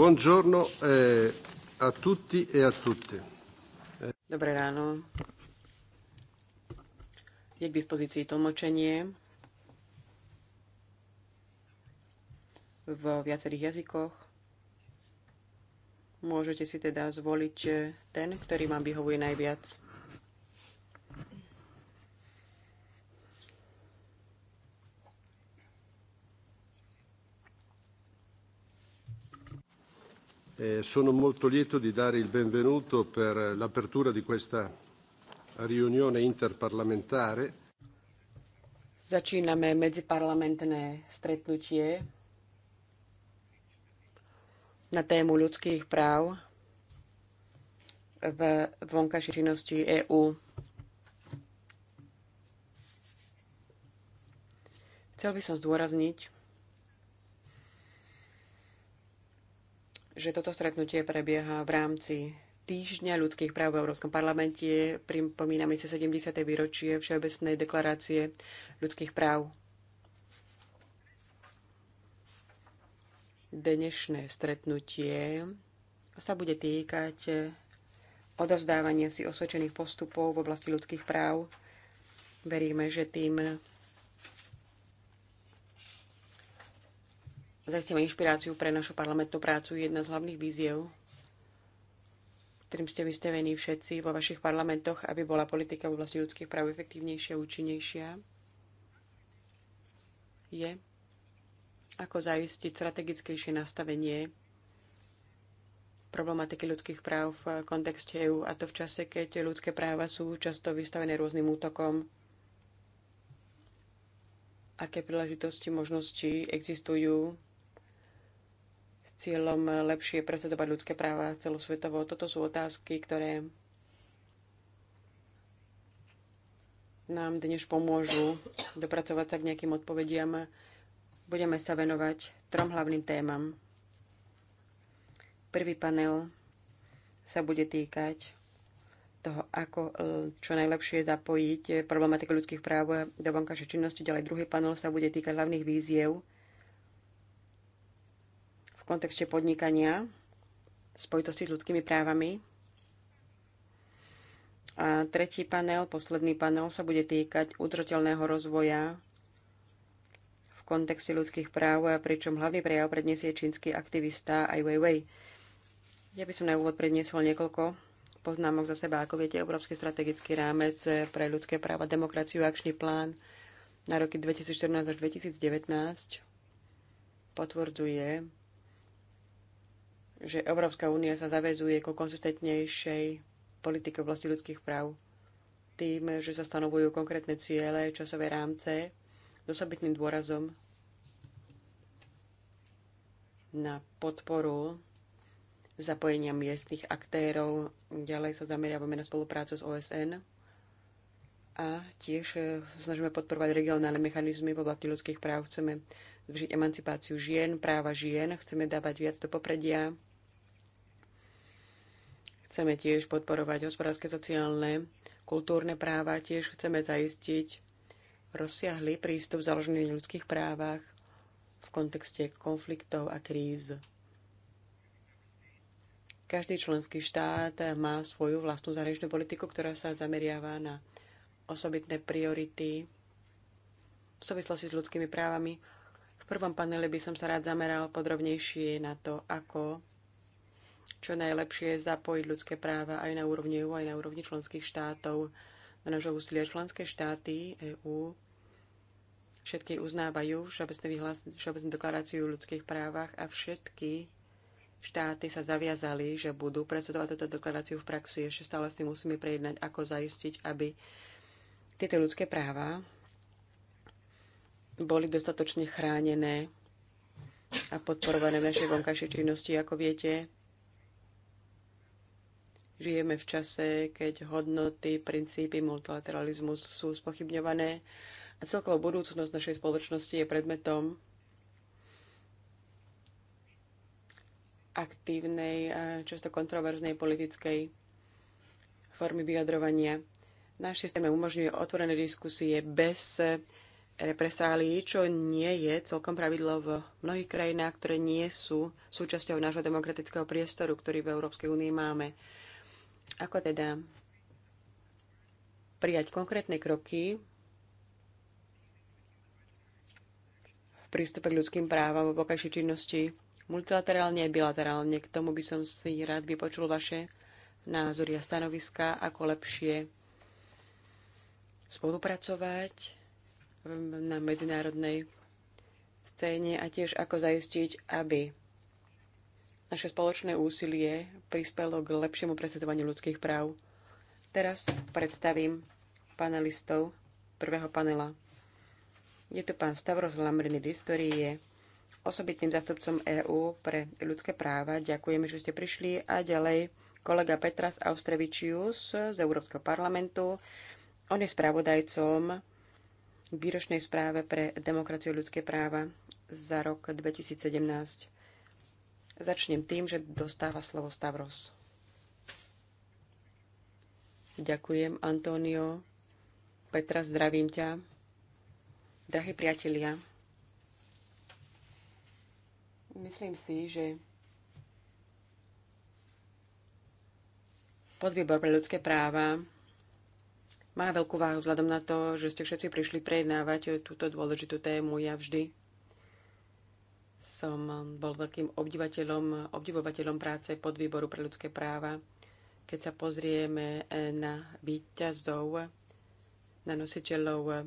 Buongiorno eh, a tutti e a tutte. Dobré ráno. Je k dispozícii tlmočenie v viacerých jazykoch. Môžete si teda zvoliť ten, ktorý vám vyhovuje najviac. Eh, sono molto lieto di dare il benvenuto per l'apertura di questa riunione interparlamentare. Začíname medziparlamentné stretnutie na tému ľudských práv v vonkajšej činnosti EÚ. Chcel by som zdôrazniť, že toto stretnutie prebieha v rámci Týždňa ľudských práv v Európskom parlamente. Pripomíname si 70. výročie Všeobecnej deklarácie ľudských práv. Dnešné stretnutie sa bude týkať odovzdávania si osvedčených postupov v oblasti ľudských práv. Veríme, že tým zaistíme inšpiráciu pre našu parlamentnú prácu. Jedna z hlavných víziev, ktorým ste vystavení všetci vo vašich parlamentoch, aby bola politika v oblasti ľudských práv efektívnejšia, a účinnejšia, je, ako zaistiť strategickejšie nastavenie problematiky ľudských práv v kontexte EU a to v čase, keď ľudské práva sú často vystavené rôznym útokom. Aké príležitosti, možnosti existujú cieľom lepšie presedovať ľudské práva celosvetovo. Toto sú otázky, ktoré nám dnes pomôžu dopracovať sa k nejakým odpovediam. Budeme sa venovať trom hlavným témam. Prvý panel sa bude týkať toho, ako e, čo najlepšie zapojiť problematiku ľudských práv do vonkajšej činnosti. Ďalej druhý panel sa bude týkať hlavných víziev kontexte podnikania v spojitosti s ľudskými právami. A tretí panel, posledný panel sa bude týkať udržateľného rozvoja v kontexte ľudských práv, a pričom hlavný prejav predniesie čínsky aktivista Ai Weiwei. Ja by som na úvod predniesol niekoľko poznámok za seba. Ako viete, Európsky strategický rámec pre ľudské práva, demokraciu, akčný plán na roky 2014 až 2019 potvrdzuje že Európska únia sa zavezuje ku konzistentnejšej politike v oblasti ľudských práv tým, že sa stanovujú konkrétne ciele, časové rámce s osobitným dôrazom na podporu zapojenia miestnych aktérov. Ďalej sa zameriavame na spoluprácu s OSN a tiež sa snažíme podporovať regionálne mechanizmy v oblasti ľudských práv. Chceme zvýšiť emancipáciu žien, práva žien, chceme dávať viac do popredia Chceme tiež podporovať hospodárske, sociálne, kultúrne práva, tiež chceme zaistiť rozsiahly prístup založený na ľudských právach v kontexte konfliktov a kríz. Každý členský štát má svoju vlastnú zahraničnú politiku, ktorá sa zameriava na osobitné priority v súvislosti s ľudskými právami. V prvom paneli by som sa rád zameral podrobnejšie na to, ako čo najlepšie zapojiť ľudské práva aj na úrovni EU, aj na úrovni členských štátov. Na nášho úsilia členské štáty EU všetky uznávajú všeobecnú, vyhlas- všeobecnú deklaráciu o ľudských právach a všetky štáty sa zaviazali, že budú predsedovať túto deklaráciu v praxi. Ešte stále si musíme prejednať, ako zaistiť, aby tieto ľudské práva boli dostatočne chránené a podporované v našej vonkajšej činnosti. Ako viete, Žijeme v čase, keď hodnoty, princípy, multilateralizmu sú spochybňované a celková budúcnosť našej spoločnosti je predmetom aktívnej, často kontroverznej politickej formy vyjadrovania. Náš systém umožňuje otvorené diskusie bez represálií, čo nie je celkom pravidlo v mnohých krajinách, ktoré nie sú súčasťou nášho demokratického priestoru, ktorý v Európskej únii máme. Ako teda prijať konkrétne kroky v prístupe k ľudským právam vo vonkajšej činnosti multilaterálne a bilaterálne. K tomu by som si rád vypočul vaše názory a stanoviska, ako lepšie spolupracovať na medzinárodnej scéne a tiež ako zaistiť, aby naše spoločné úsilie prispelo k lepšiemu presadzovaniu ľudských práv. Teraz predstavím panelistov prvého panela. Je to pán Stavros Lambrinidis, ktorý je osobitným zastupcom EÚ pre ľudské práva. Ďakujeme, že ste prišli. A ďalej kolega Petras Austrevičius z Európskeho parlamentu. On je spravodajcom výročnej správe pre demokraciu a ľudské práva za rok 2017. Začnem tým, že dostáva slovo Stavros. Ďakujem, Antonio. Petra, zdravím ťa. Drahí priatelia, myslím si, že podvýbor pre ľudské práva má veľkú váhu vzhľadom na to, že ste všetci prišli prejednávať túto dôležitú tému. Ja vždy som um, bol veľkým obdivateľom, obdivovateľom práce podvýboru pre ľudské práva. Keď sa pozrieme e, na výťazov, na nositeľov e,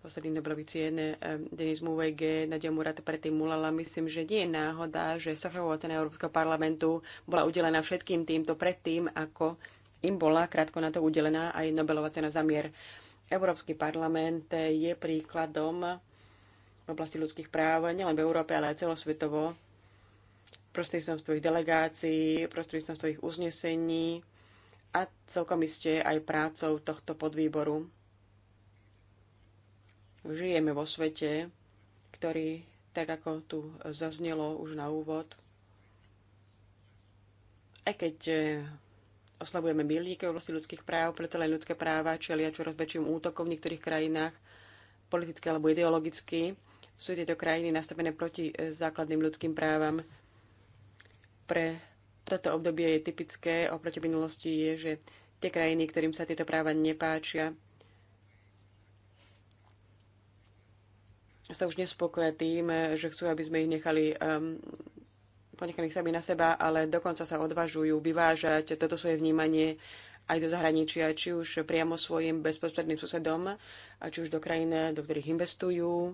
posledných Nobelových cien e, Denis Mukwege, Nadia Murata predtým Mulala. Myslím, že nie je náhoda, že Sacharová cena Európskeho parlamentu bola udelená všetkým týmto predtým, ako im bola krátko na to udelená aj Nobelová cena za mier. Európsky parlament je príkladom v oblasti ľudských práv, nielen v Európe, ale aj celosvetovo, prostredníctvom svojich delegácií, prostredníctvom svojich uznesení a celkom iste aj prácou tohto podvýboru. Žijeme vo svete, ktorý, tak ako tu zaznelo už na úvod, aj keď eh, oslabujeme milníky v oblasti ľudských práv, preto len ľudské práva čelia čoraz väčším útokom v niektorých krajinách, politicky alebo ideologicky sú tieto krajiny nastavené proti e, základným ľudským právam. Pre toto obdobie je typické oproti minulosti je, že tie krajiny, ktorým sa tieto práva nepáčia, sa už nespokoja tým, e, že chcú, aby sme ich nechali um, ponechaných sami na seba, ale dokonca sa odvažujú vyvážať toto svoje vnímanie aj do zahraničia, či už priamo svojim bezprostredným susedom, či už do krajín, do ktorých investujú,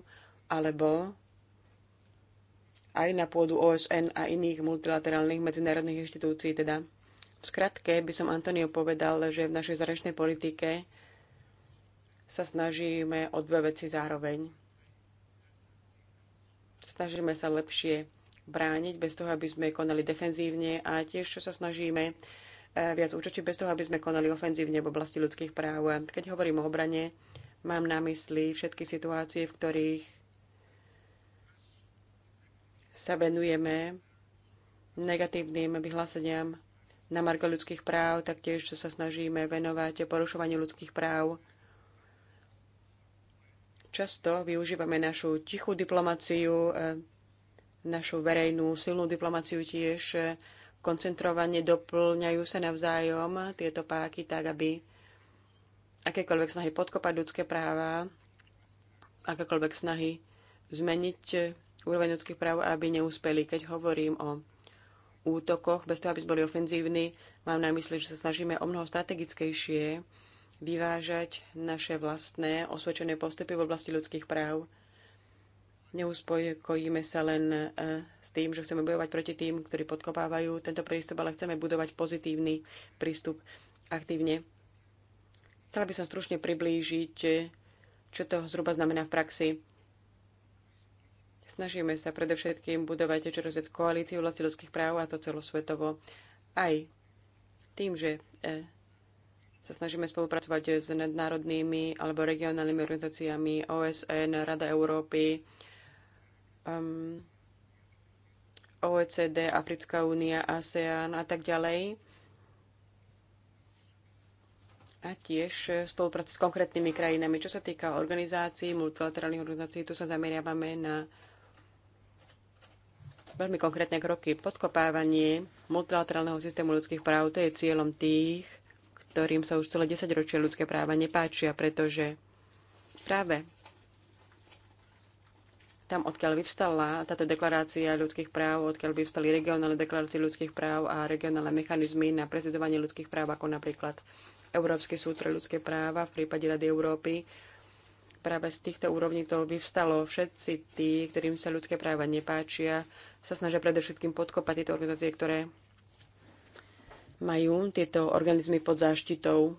alebo aj na pôdu OSN a iných multilaterálnych medzinárodných inštitúcií. Teda v skratke by som Antonio povedal, že v našej zahraničnej politike sa snažíme o dve veci zároveň. Snažíme sa lepšie brániť bez toho, aby sme konali defenzívne a tiež, čo sa snažíme, eh, viac určite bez toho, aby sme konali ofenzívne v oblasti ľudských práv. Keď hovorím o obrane, mám na mysli všetky situácie, v ktorých sa venujeme negatívnym vyhláseniam na margo ľudských práv, taktiež sa snažíme venovať porušovaniu ľudských práv. Často využívame našu tichú diplomáciu, e, našu verejnú silnú diplomáciu tiež e, koncentrovane doplňajú sa navzájom tieto páky tak, aby akékoľvek snahy podkopať ľudské práva, akékoľvek snahy zmeniť úroveň ľudských práv, aby neúspeli. Keď hovorím o útokoch, bez toho, aby boli ofenzívni, mám na mysli, že sa snažíme o mnoho strategickejšie vyvážať naše vlastné osvedčené postupy v oblasti ľudských práv. Neuspokojíme sa len e, s tým, že chceme bojovať proti tým, ktorí podkopávajú tento prístup, ale chceme budovať pozitívny prístup aktívne. Chcela by som stručne priblížiť, čo to zhruba znamená v praxi. Snažíme sa predovšetkým budovať čoraz viac koalíciu vlasti ľudských práv a to celosvetovo. Aj tým, že e, sa snažíme spolupracovať s nadnárodnými alebo regionálnymi organizáciami OSN, Rada Európy, um, OECD, Africká únia, ASEAN a tak ďalej. A tiež spolupracovať s konkrétnymi krajinami. Čo sa týka organizácií, multilaterálnych organizácií, tu sa zameriavame na veľmi konkrétne kroky. Podkopávanie multilaterálneho systému ľudských práv, to je cieľom tých, ktorým sa už celé 10 ročie ľudské práva nepáčia, pretože práve tam, odkiaľ vyvstala táto deklarácia ľudských práv, odkiaľ vyvstali regionálne deklarácie ľudských práv a regionálne mechanizmy na prezidovanie ľudských práv, ako napríklad Európsky súd pre ľudské práva v prípade Rady Európy, práve z týchto úrovní to vyvstalo. Všetci tí, ktorým sa ľudské práva nepáčia, sa snažia predovšetkým podkopať tieto organizácie, ktoré majú tieto organizmy pod záštitou.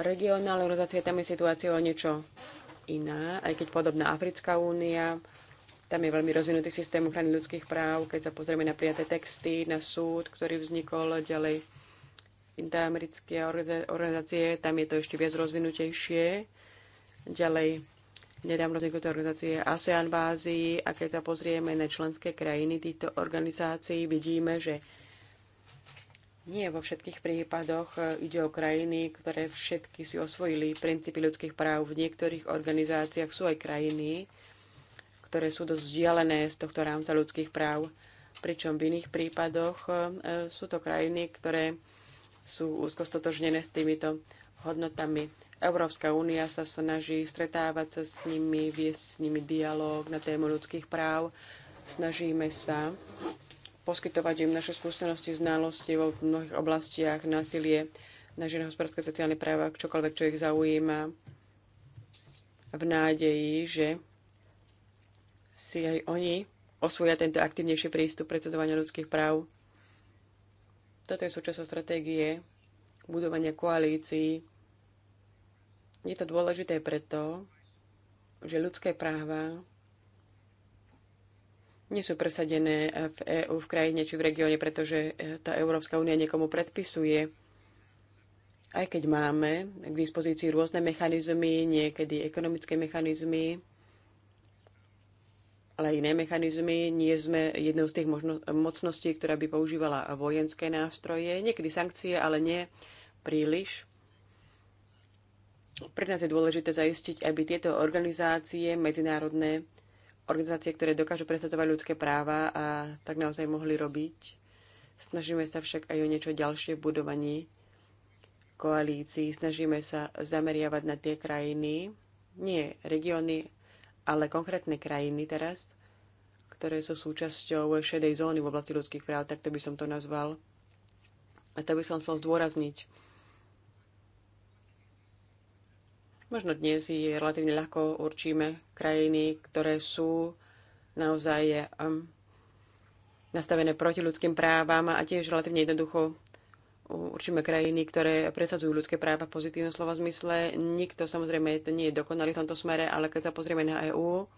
Regionálne organizácie, tam je situácia o niečo iná, aj keď podobná Africká únia, tam je veľmi rozvinutý systém ochrany ľudských práv, keď sa pozrieme na prijaté texty, na súd, ktorý vznikol ďalej interamerické organizácie, tam je to ešte viac rozvinutejšie. Ďalej nedávno vzniknuté organizácie ASEAN v Ázii a keď sa pozrieme na členské krajiny týchto organizácií, vidíme, že nie vo všetkých prípadoch e, ide o krajiny, ktoré všetky si osvojili princípy ľudských práv. V niektorých organizáciách sú aj krajiny, ktoré sú dosť vzdialené z tohto rámca ľudských práv. Pričom v iných prípadoch e, sú to krajiny, ktoré sú úzko stotožnené s týmito hodnotami. Európska únia sa snaží stretávať sa s nimi, viesť s nimi dialog na tému ľudských práv. Snažíme sa poskytovať im naše skúsenosti, znalosti vo mnohých oblastiach, násilie na žené hospodárske, sociálne práva, čokoľvek, čo ich zaujíma v nádeji, že si aj oni osvoja tento aktívnejší prístup predsedovania ľudských práv. Toto je súčasťou stratégie budovania koalícií. Je to dôležité preto, že ľudské práva nie sú presadené v EÚ, v krajine či v regióne, pretože e, tá Európska únia niekomu predpisuje. Aj keď máme k dispozícii rôzne mechanizmy, niekedy ekonomické mechanizmy, ale iné mechanizmy. Nie sme jednou z tých mocností, ktorá by používala vojenské nástroje, niekedy sankcie, ale nie príliš. Pre nás je dôležité zaistiť, aby tieto organizácie, medzinárodné organizácie, ktoré dokážu presadzovať ľudské práva a tak naozaj mohli robiť. Snažíme sa však aj o niečo ďalšie v budovaní koalícií. Snažíme sa zameriavať na tie krajiny, nie regióny, ale konkrétne krajiny teraz, ktoré sú súčasťou šedej zóny v oblasti ľudských práv, tak to by som to nazval. A to by som chcel zdôrazniť. Možno dnes je relatívne ľahko určíme krajiny, ktoré sú naozaj um, nastavené proti ľudským právam a tiež relatívne jednoducho určíme krajiny, ktoré presadzujú ľudské práva v pozitívnom slova zmysle. Nikto samozrejme nie je dokonalý v tomto smere, ale keď sa pozrieme na EÚ,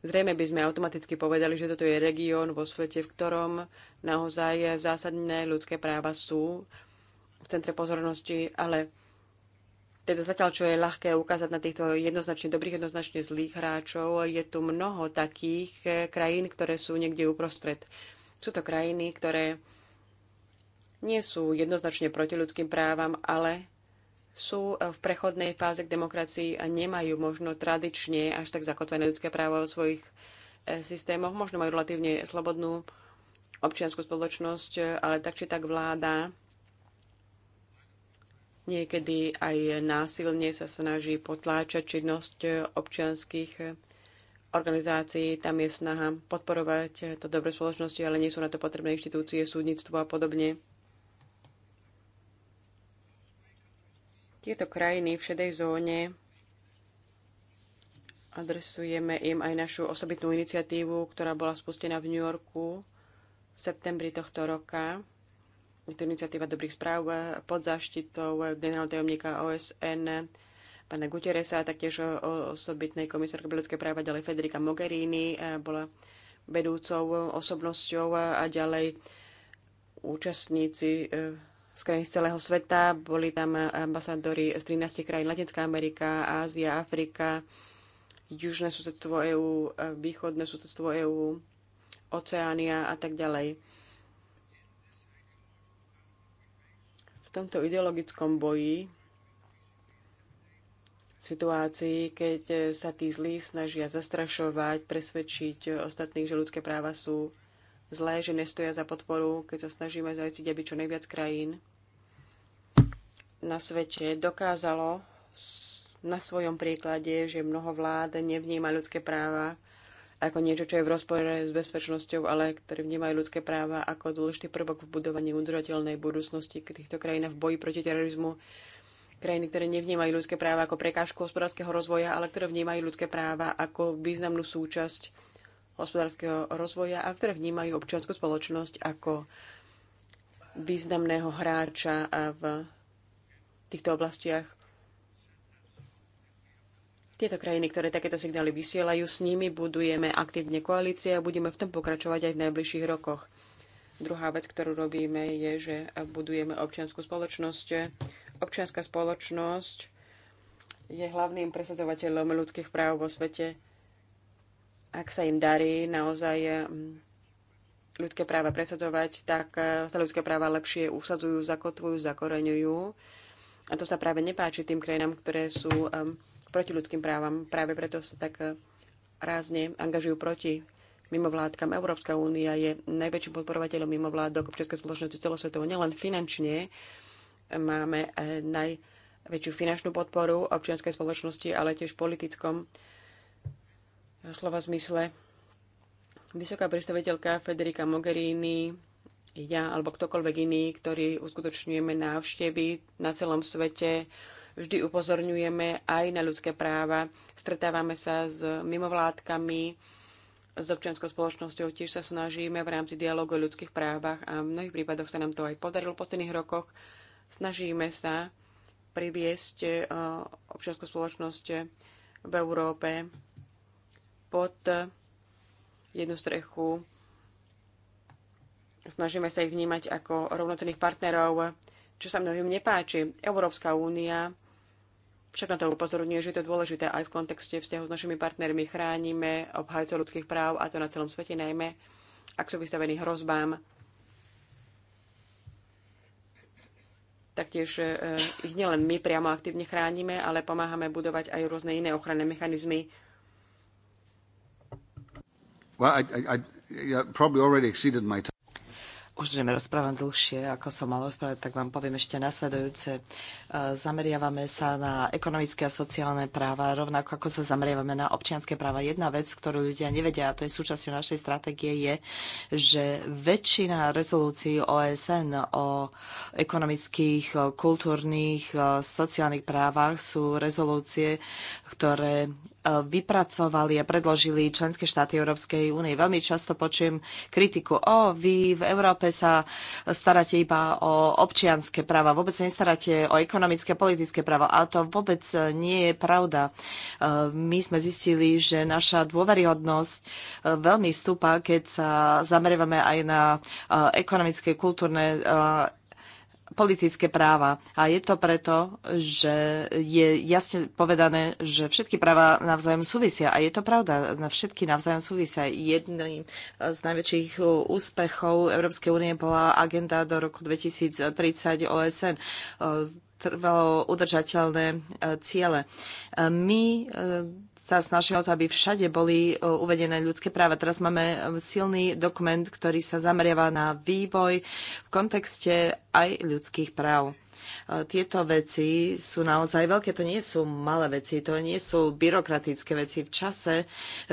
zrejme by sme automaticky povedali, že toto je región vo svete, v ktorom naozaj zásadné ľudské práva sú v centre pozornosti, ale teda zatiaľ, čo je ľahké ukázať na týchto jednoznačne dobrých, jednoznačne zlých hráčov, je tu mnoho takých eh, krajín, ktoré sú niekde uprostred. Sú to krajiny, ktoré nie sú jednoznačne proti ľudským právam, ale sú eh, v prechodnej fáze k demokracii a nemajú možno tradične až tak zakotvené ľudské práva vo svojich eh, systémoch. Možno majú relatívne slobodnú občianskú spoločnosť, eh, ale tak či tak vláda niekedy aj násilne sa snaží potláčať činnosť občianských organizácií. Tam je snaha podporovať to dobre spoločnosti, ale nie sú na to potrebné inštitúcie, súdnictvo a podobne. Tieto krajiny v šedej zóne adresujeme im aj našu osobitnú iniciatívu, ktorá bola spustená v New Yorku v septembri tohto roka. Je to iniciatíva dobrých správ pod záštitou generálneho tajomníka OSN pána Guteresa a taktiež osobitnej komisárky pre ľudské práva ďalej Federica Mogherini e, bola vedúcou osobnosťou a ďalej účastníci e, z krajín z celého sveta. Boli tam ambasádori z 13 krajín Latinská Amerika, Ázia, Afrika, južné sústredstvo EÚ, východné sústredstvo EÚ, Oceánia a tak ďalej. V tomto ideologickom boji v situácii, keď sa tí zlí snažia zastrašovať, presvedčiť ostatných, že ľudské práva sú zlé, že nestoja za podporu, keď sa snažíme zajistiť, aby čo najviac krajín na svete dokázalo na svojom príklade, že mnoho vlád nevníma ľudské práva ako niečo, čo je v rozpore s bezpečnosťou, ale ktoré vnímajú ľudské práva ako dôležitý prvok v budovaní udržateľnej budúcnosti k týchto krajín v boji proti terorizmu. Krajiny, ktoré nevnímajú ľudské práva ako prekážku hospodárskeho rozvoja, ale ktoré vnímajú ľudské práva ako významnú súčasť hospodárskeho rozvoja a ktoré vnímajú občianskú spoločnosť ako významného hráča v týchto oblastiach. Tieto krajiny, ktoré takéto signály vysielajú, s nimi budujeme aktívne koalície a budeme v tom pokračovať aj v najbližších rokoch. Druhá vec, ktorú robíme, je, že budujeme občianskú spoločnosť. Občianská spoločnosť je hlavným presadzovateľom ľudských práv vo svete ak sa im darí naozaj mm, ľudské práva presadzovať, tak e, sa ľudské práva lepšie usadzujú, zakotvujú, zakoreňujú. A to sa práve nepáči tým krajinám, ktoré sú um, proti ľudským právam. Práve preto sa tak e, rázne angažujú proti mimovládkam. Európska únia je najväčším podporovateľom mimovládok občianskej spoločnosti celosvetovo, nielen finančne. Máme e, najväčšiu finančnú podporu občianskej spoločnosti, ale tiež politickom slova zmysle. Vysoká predstaviteľka Federika Mogherini, ja alebo ktokoľvek iný, ktorý uskutočňujeme návštevy na celom svete, vždy upozorňujeme aj na ľudské práva. Stretávame sa s mimovládkami, s občianskou spoločnosťou tiež sa snažíme v rámci dialogu o ľudských právach a v mnohých prípadoch sa nám to aj podarilo v posledných rokoch. Snažíme sa priviesť eh, občianskú spoločnosť v Európe pod jednu strechu. Snažíme sa ich vnímať ako rovnocenných partnerov, čo sa mnohým nepáči. Európska únia však na to upozorňuje, že to je dôležité aj v kontexte vzťahu s našimi partnermi. Chránime obhajcov ľudských práv a to na celom svete najmä, ak sú vystavení hrozbám. Taktiež e, ich nielen my priamo aktívne chránime, ale pomáhame budovať aj rôzne iné ochranné mechanizmy, Well, I, I, I probably already exceeded my time. Už budeme rozprávať dlhšie, ako som mal rozprávať, tak vám poviem ešte nasledujúce. E, zameriavame sa na ekonomické a sociálne práva, rovnako ako sa zameriavame na občianské práva. Jedna vec, ktorú ľudia nevedia, a to je súčasťou našej stratégie, je, že väčšina rezolúcií OSN o ekonomických, kultúrnych, sociálnych právach sú rezolúcie, ktoré e, vypracovali a predložili členské štáty Európskej únie. Veľmi často počujem kritiku, o, vy v Európe Európe sa staráte iba o občianské práva, vôbec sa nestaráte o ekonomické a politické práva. A to vôbec nie je pravda. E, my sme zistili, že naša dôveryhodnosť e, veľmi stúpa, keď sa zameriavame aj na e, ekonomické, kultúrne politické práva. A je to preto, že je jasne povedané, že všetky práva navzájom súvisia. A je to pravda, na všetky navzájom súvisia. Jedným z najväčších úspechov Európskej únie bola agenda do roku 2030 OSN trvalo udržateľné e, ciele. E, my e, sa snažíme o to, aby všade boli e, uvedené ľudské práva. Teraz máme silný dokument, ktorý sa zameriava na vývoj v kontexte aj ľudských práv. E, tieto veci sú naozaj veľké, to nie sú malé veci, to nie sú byrokratické veci. V čase, e,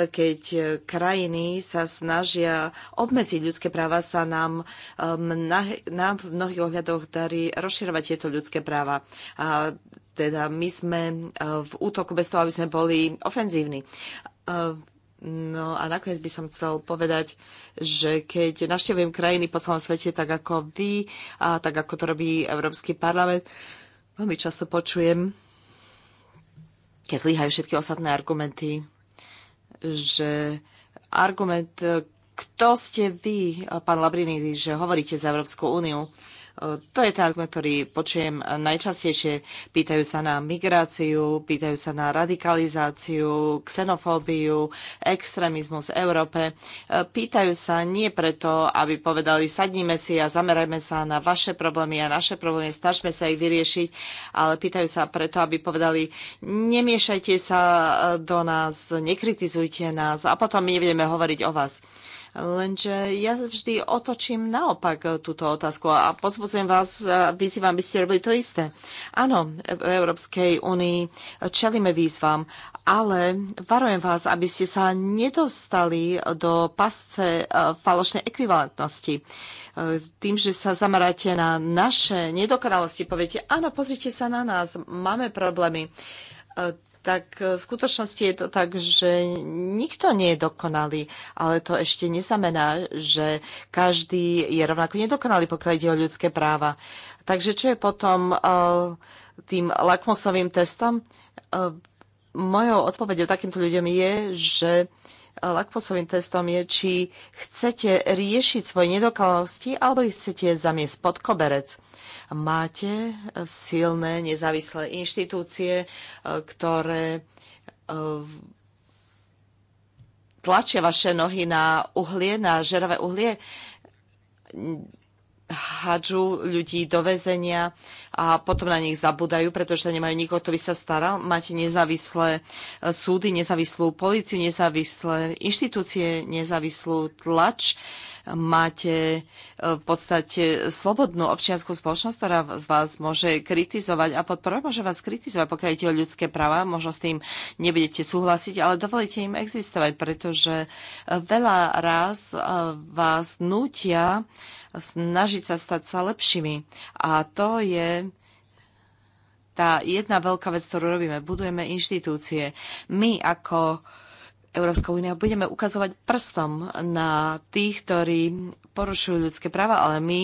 keď krajiny sa snažia obmedziť ľudské práva, sa nám nám v mnohých ohľadoch darí rozširovať tieto ľudské práva. A teda my sme e, v útoku bez toho, aby sme boli ofenzívni. E, no a nakoniec by som chcel povedať, že keď navštevujem krajiny po celom svete tak ako vy a tak ako to robí Európsky parlament, veľmi často počujem, keď zlyhajú všetky ostatné argumenty, že argument, e, kto ste vy, pán Labrinidi, že hovoríte za Európsku úniu, to je tá argument, ktorý počujem najčastejšie. Pýtajú sa na migráciu, pýtajú sa na radikalizáciu, xenofóbiu, extrémizmus v Európe. Pýtajú sa nie preto, aby povedali sadníme si a zamerajme sa na vaše problémy a naše problémy, snažme sa ich vyriešiť, ale pýtajú sa preto, aby povedali nemiešajte sa do nás, nekritizujte nás a potom my nebudeme hovoriť o vás. Lenže ja vždy otočím naopak e, túto otázku a pozbudzujem vás, e, vyzývam, aby ste robili to isté. Áno, e, v Európskej únii čelíme výzvam, ale varujem vás, aby ste sa nedostali do pasce falošnej ekvivalentnosti tým, že sa zamaráte na naše nedokonalosti, poviete, áno, pozrite sa na nás, máme problémy tak e, v skutočnosti je to tak, že nikto nie je dokonalý, ale to ešte neznamená, že každý je rovnako nedokonalý, pokiaľ ide o ľudské práva. Takže čo je potom e, tým lakmosovým testom? E, mojou odpovedou takýmto ľuďom je, že lakmosovým testom je, či chcete riešiť svoje nedokalosti alebo ich chcete zamiesť pod koberec. Máte silné nezávislé inštitúcie, e, ktoré e, tlačia vaše nohy na uhlie, na žeravé uhlie, hádžu ľudí do väzenia a potom na nich zabudajú, pretože nemajú nikoho, kto by sa staral. Máte nezávislé e, súdy, nezávislú policiu, nezávislé inštitúcie, nezávislú tlač. Uh, máte e, v podstate slobodnú občianskú spoločnosť, ktorá z vás môže kritizovať a podporovať, môže vás kritizovať, pokiaľ ide o ľudské práva, možno s tým nebudete súhlasiť, ale dovolíte im existovať, pretože e, veľa raz e, vás nutia snažiť sa stať sa lepšími. A to je tá jedna veľká vec, ktorú robíme, budujeme inštitúcie. My ako Európska únia budeme ukazovať prstom na tých, ktorí porušujú ľudské práva, ale my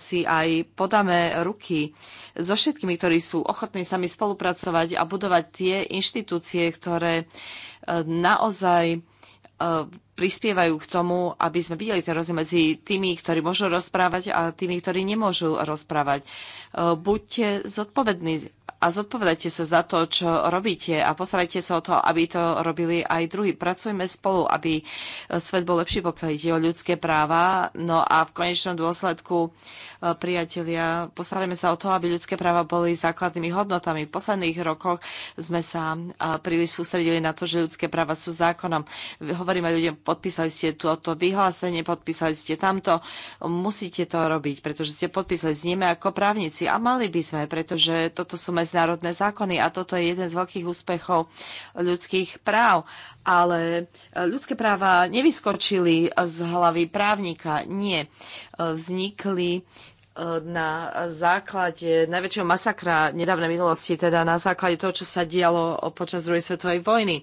si aj podáme ruky so všetkými, ktorí sú ochotní sami spolupracovať a budovať tie inštitúcie, ktoré e, naozaj e, prispievajú k tomu, aby sme videli ten rozdiel medzi tými, ktorí môžu rozprávať a tými, ktorí nemôžu rozprávať. E, buďte zodpovední a zodpovedajte sa za to, čo robíte a postarajte sa o to, aby to robili aj druhí. Pracujme spolu, aby e, svet bol lepší, pokiaľ ide o ľudské práva. No a v konečnom dôsledku E, priatelia. Postarajme sa o to, aby ľudské práva boli základnými hodnotami. V posledných rokoch sme sa e, príliš sústredili na to, že ľudské práva sú zákonom. Hovoríme ľuďom, podpísali ste toto vyhlásenie, podpísali ste tamto. Musíte to robiť, pretože ste podpísali. s nimi ako právnici a mali by sme, pretože toto sú medzinárodné zákony a toto je jeden z veľkých úspechov ľudských práv ale e, ľudské práva nevyskočili z hlavy právnika, nie. E, vznikli na základe najväčšieho masakra nedávnej minulosti, teda na základe toho, čo sa dialo počas druhej svetovej vojny.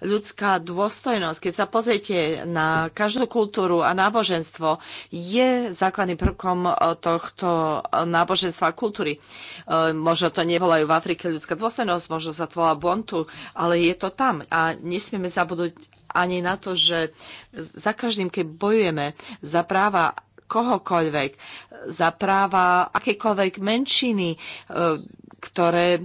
Ľudská dôstojnosť, keď sa pozriete na každú kultúru a náboženstvo, je základným prvkom e, tohto náboženstva a kultúry. E, možno to nevolajú v Afrike ľudská dôstojnosť, možno sa to volá Bontu, ale je to tam a nesmieme zabudnúť ani na to, že za každým, keď bojujeme za práva kohokoľvek, za práva akékoľvek menšiny, e, ktoré e,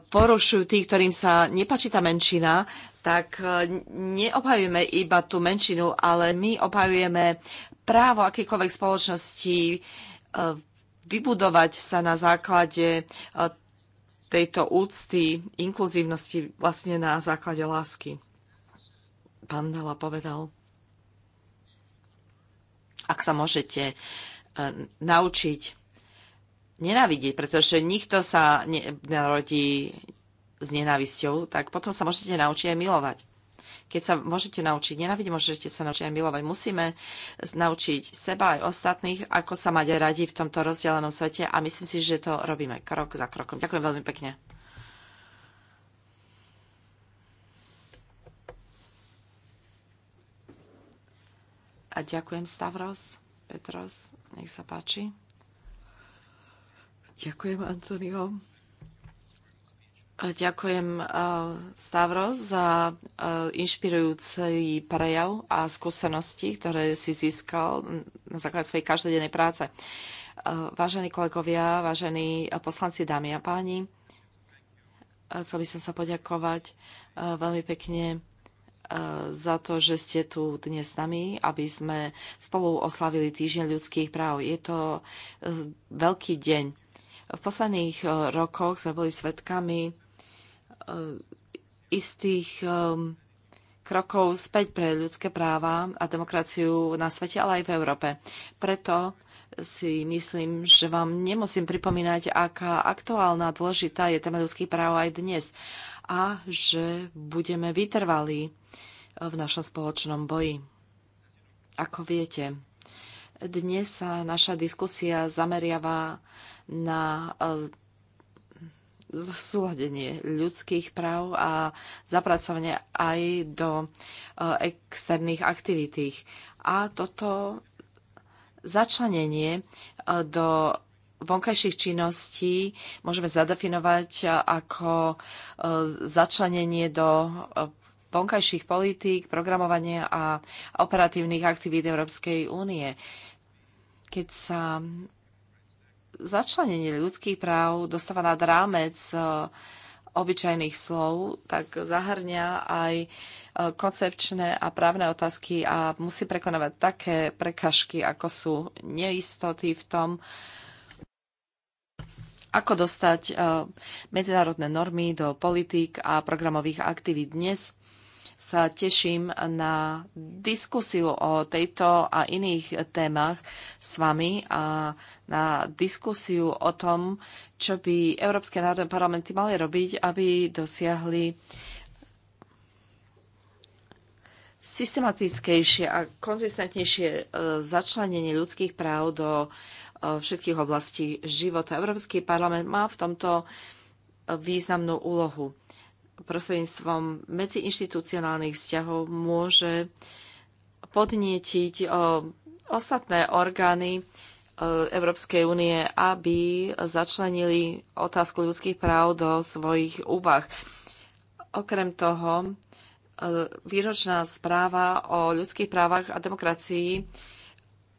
porušujú tých, ktorým sa nepačí tá menšina, tak e, neobhajujeme iba tú menšinu, ale my obhajujeme právo akékoľvek spoločnosti vybudovať sa na základe tejto úcty, inkluzívnosti vlastne na základe lásky. Pán Dala povedal ak sa môžete e, naučiť nenávidieť, pretože nikto sa narodí s nenávisťou, tak potom sa môžete naučiť aj milovať. Keď sa môžete naučiť nenávidieť, môžete sa naučiť aj milovať. Musíme naučiť seba aj ostatných, ako sa mať radi v tomto rozdelenom svete a myslím si, že to robíme krok za krokom. Ďakujem veľmi pekne. A ďakujem Stavros, Petros, nech sa páči. Ďakujem Antonio. A ďakujem uh, Stavros za uh, inšpirujúci prejav a skúsenosti, ktoré si získal na základe svojej každodennej práce. Uh, vážení kolegovia, vážení poslanci, dámy a páni, chcel by som sa poďakovať veľmi pekne E, za to, že ste tu dnes s nami, aby sme spolu oslavili Týždeň ľudských práv. Je to e, veľký deň. V posledných e, rokoch sme boli svedkami istých krokov späť pre ľudské práva a demokraciu na svete, ale aj v Európe. Preto si myslím, že vám nemusím pripomínať, aká aktuálna dôležitá je téma ľudských práv aj dnes a že budeme vytrvali v našom spoločnom boji. Ako viete, dnes sa naša diskusia zameriava na e, zosúladenie ľudských práv a zapracovanie aj do e, externých aktivít. A toto začlenenie e, do vonkajších činností môžeme zadefinovať e, ako e, začlenenie do e, vonkajších politík, programovania a operatívnych aktivít Európskej únie. Keď sa začlenenie ľudských práv dostáva nad rámec obyčajných slov, tak zahrňa aj koncepčné a právne otázky a musí prekonávať také prekažky, ako sú neistoty v tom, ako dostať eh, medzinárodné normy do politík a programových aktivít dnes. Sa teším na diskusiu o tejto a iných témach s vami a na diskusiu o tom, čo by Európske národné parlamenty mali robiť, aby dosiahli systematickejšie a konzistentnejšie eh, začlenenie ľudských práv do všetkých oblastí života. Európsky parlament má v tomto významnú úlohu. Prostredníctvom medziinštitucionálnych vzťahov môže podnietiť ostatné orgány Európskej únie, aby začlenili otázku ľudských práv do svojich úvah. Okrem toho, výročná správa o ľudských právach a demokracii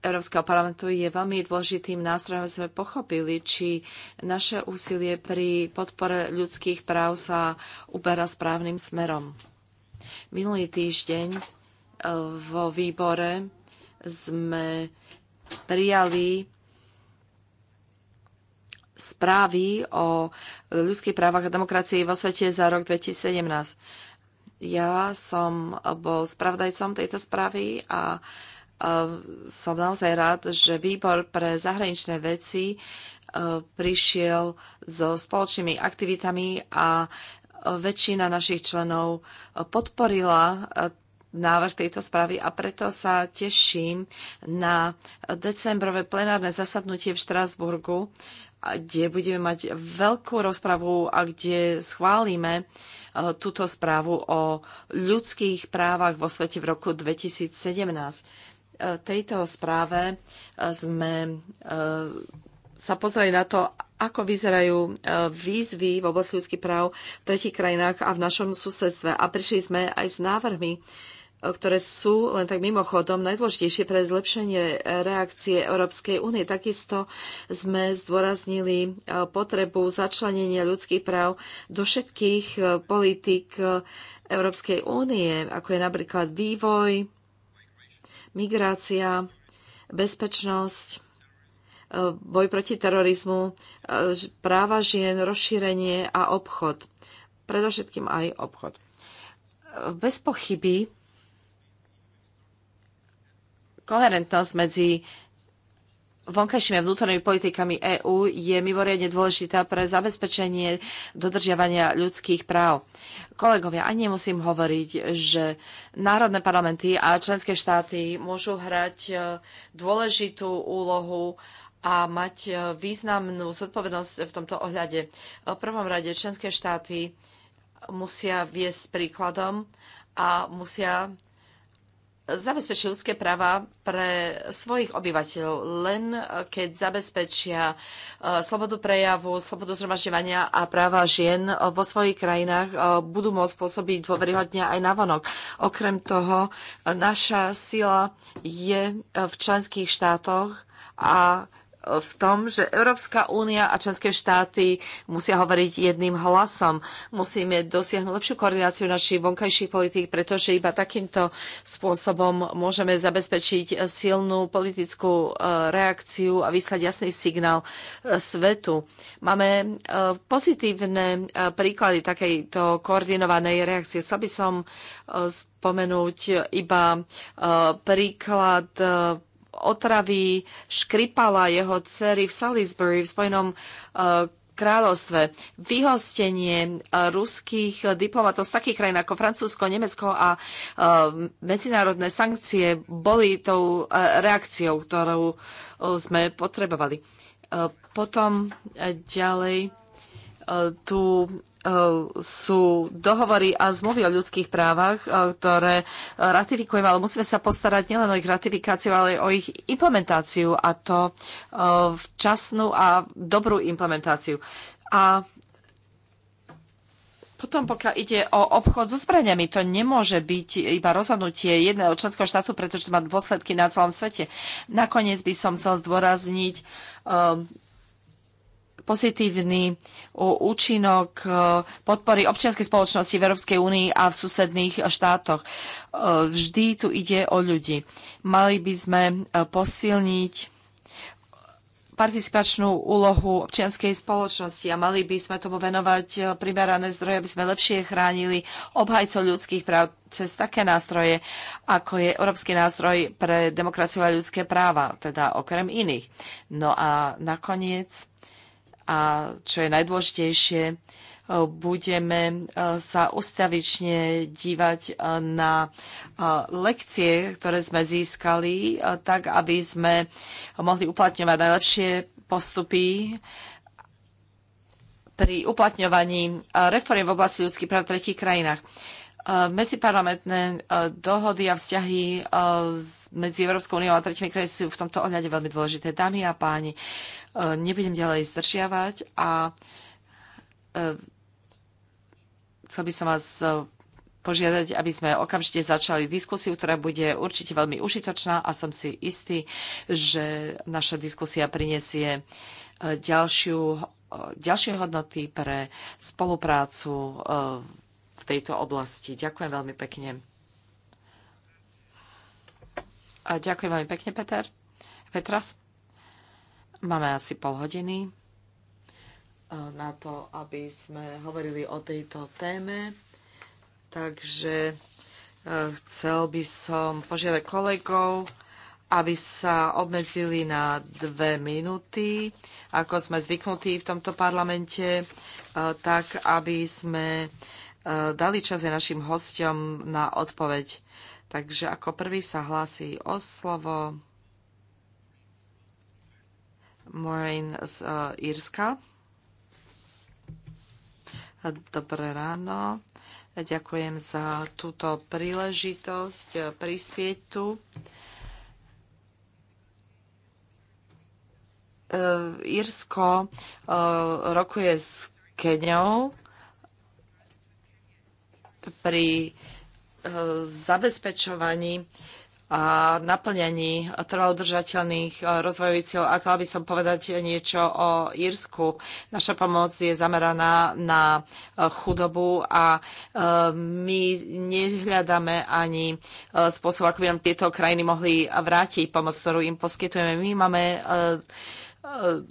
Európskeho parlamentu je veľmi dôležitým nástrojom, aby sme pochopili, či naše úsilie pri podpore ľudských práv sa uberá správnym smerom. Minulý týždeň e, vo výbore sme prijali správy o ľudských právach a demokracii vo svete za rok 2017. Ja som bol spravodajcom tejto správy a Ehm, som naozaj rád, že výbor pre zahraničné veci ehm, prišiel so spoločnými aktivitami a e, väčšina našich členov e, podporila e, návrh tejto správy a preto sa teším na decembrové plenárne zasadnutie v Štrásburgu, kde budeme mať veľkú rozpravu a kde schválime túto správu o ľudských právach vo svete v roku 2017 tejto správe e, sme e, sa pozreli na to, ako vyzerajú e, výzvy v oblasti ľudských práv v tretich krajinách a v našom susedstve. A prišli sme aj s návrhmi, ktoré sú len tak mimochodom najdôležitejšie pre zlepšenie reakcie Európskej únie. Takisto sme zdôraznili potrebu začlenenia ľudských práv do všetkých politík Európskej únie, ako je napríklad vývoj, migrácia, bezpečnosť, e, boj proti terorizmu, e, práva žien, rozšírenie a obchod. Predovšetkým aj obchod. E, bez pochyby koherentnosť medzi vonkajšími a vnútornými politikami EÚ je mimoriadne dôležitá pre zabezpečenie dodržiavania ľudských práv. Kolegovia, ani nemusím hovoriť, že národné parlamenty a členské štáty môžu hrať e, dôležitú úlohu a mať e, významnú zodpovednosť v tomto ohľade. V prvom rade členské štáty musia viesť príkladom a musia zabezpečia ľudské práva pre svojich obyvateľov, len keď zabezpečia e, slobodu prejavu, slobodu zhromažďovania a práva žien e, vo svojich krajinách e, budú môcť pôsobiť dôveryhodne aj navonok. Okrem toho, naša sila je v členských štátoch a v tom, že Európska únia a členské štáty musia hovoriť jedným hlasom. Musíme dosiahnuť lepšiu koordináciu našich vonkajších politík, pretože iba takýmto spôsobom môžeme zabezpečiť silnú politickú e, reakciu a vyslať jasný signál e, svetu. Máme e, pozitívne príklady takejto koordinovanej reakcie. Chcel by som spomenúť iba príklad otravy Škripala, jeho dcery v Salisbury v Spojenom eh, kráľovstve, vyhostenie eh, ruských diplomatov z takých krajín ako Francúzsko, Nemecko a eh, medzinárodné sankcie boli tou reakciou, ktorú sme potrebovali. Potom ďalej tu sú dohovory a zmluvy o ľudských právach, e, ktoré ratifikujeme, ale musíme sa postarať nielen o ich ratifikáciu, ale aj o ich implementáciu a to e, včasnú a dobrú implementáciu. A potom, pokiaľ ide o obchod so zbraniami, to nemôže byť iba rozhodnutie jedného členského štátu, pretože to má dôsledky na celom svete. Nakoniec by som chcel zdôrazniť e, pozitívny účinok e, podpory občianskej spoločnosti v Európskej únii a v susedných štátoch. E, vždy tu ide o ľudí. Mali by sme e, posilniť participačnú úlohu občianskej spoločnosti a mali by sme tomu venovať primerané zdroje, aby sme lepšie chránili obhajcov ľudských práv cez také nástroje, ako je Európsky nástroj pre demokraciu a ľudské práva, teda okrem iných. No a nakoniec a čo je najdôležitejšie, e, budeme e, sa ustavične dívať e, na lekcie, ktoré sme získali, tak aby sme mohli uplatňovať najlepšie postupy pri uplatňovaní reform v oblasti ľudských práv v tretích krajinách. Eh, medziparlamentné eh, dohody a vzťahy eh, medzi Európskou úniou a tretími krajmi sú v tomto ohľade veľmi dôležité. Dámy a páni, nebudem ďalej zdržiavať a chcel by som vás požiadať, aby sme okamžite začali diskusiu, ktorá bude určite veľmi užitočná a som si istý, že naša diskusia prinesie ďalšiu, ďalšie hodnoty pre spoluprácu tejto oblasti. Ďakujem veľmi pekne. A ďakujem veľmi pekne, Peter. Petras, máme asi pol hodiny eh, na to, aby sme hovorili o tejto téme. Takže eh, chcel by som požiadať kolegov, aby sa obmedzili na dve minúty, ako sme zvyknutí v tomto parlamente, eh, tak aby sme E, dali čas aj našim hostiom na odpoveď. Takže ako prvý sa hlási o slovo Maureen z uh, e, Írska. E, dobré ráno. Ďakujem za túto príležitosť prispieť tu. Írsko rokuje s Keňou pri e, zabezpečovaní a naplňaní trvalodržateľných e, rozvojových cieľov. A chcela by som povedať niečo o Írsku. Naša pomoc je zameraná na e, chudobu a my nehľadáme ani spôsob, ako by nám tieto krajiny mohli vrátiť pomoc, ktorú im poskytujeme. My máme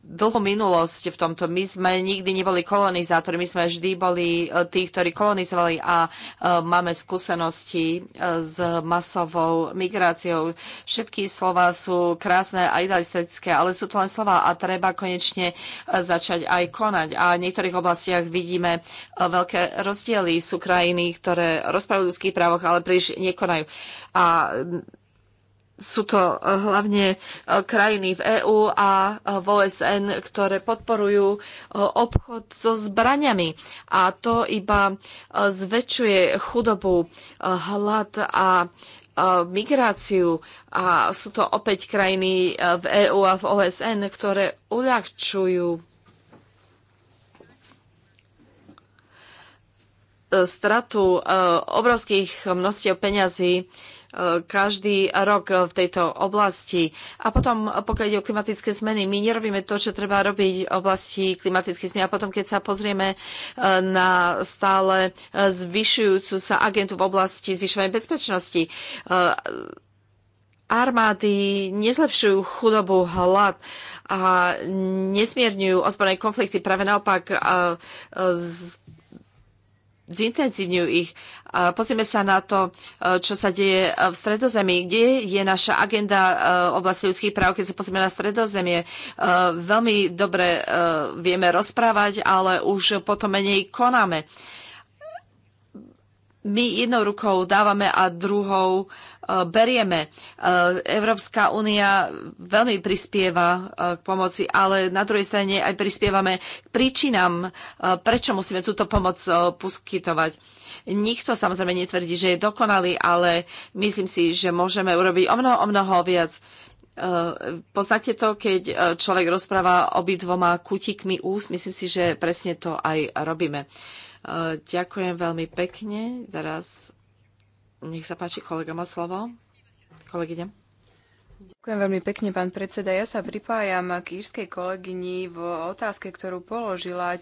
dlhú minulosť v tomto. My sme nikdy neboli kolonizátori, my sme vždy boli e, tí, ktorí kolonizovali a e, máme skúsenosti e, s masovou migráciou. Všetky slova sú krásne a idealistické, ale sú to len slova a treba konečne začať aj konať. A v niektorých oblastiach vidíme veľké rozdiely. Sú krajiny, ktoré rozprávajú o ľudských právoch, ale príliš nekonajú. A sú to eh, hlavne eh, krajiny v EÚ a eh, v OSN, ktoré podporujú obchod so zbraniami. A to iba zväčšuje chudobu, hlad a migráciu. A sú to opäť krajiny v EÚ a v OSN, ktoré uľahčujú stratu obrovských množstiev peňazí každý rok v tejto oblasti. A potom, pokiaľ ide o klimatické zmeny, my nerobíme to, čo treba robiť v oblasti klimatických zmien. A potom, keď sa pozrieme e, na stále e, zvyšujúcu sa agentu v oblasti zvyšovania bezpečnosti, e, armády nezlepšujú chudobu, hlad a nesmierňujú ozbrojené konflikty. Práve naopak zintenzívňujú ich. Pozrieme sa na to, e, čo sa deje v stredozemí. Kde je naša agenda e, v oblasti ľudských práv, keď sa pozrieme na stredozemie? E, veľmi dobre vieme rozprávať, ale už potom menej konáme my jednou rukou dávame a druhou e, berieme. E, Európska únia veľmi prispieva e, k pomoci, ale na druhej strane aj prispievame k príčinám, prečo musíme túto pomoc poskytovať. Nikto samozrejme netvrdí, že je dokonalý, ale myslím si, že môžeme urobiť o mnoho, o mnoho viac. Poznáte to, keď človek rozpráva obidvoma kutíkmi úst? Myslím si, že presne to aj robíme. Ďakujem veľmi pekne. Teraz nech sa páči, kolega má slovo. Kolegyňa. Ďakujem veľmi pekne, pán predseda. Ja sa pripájam k írskej kolegyni v otázke, ktorú položila.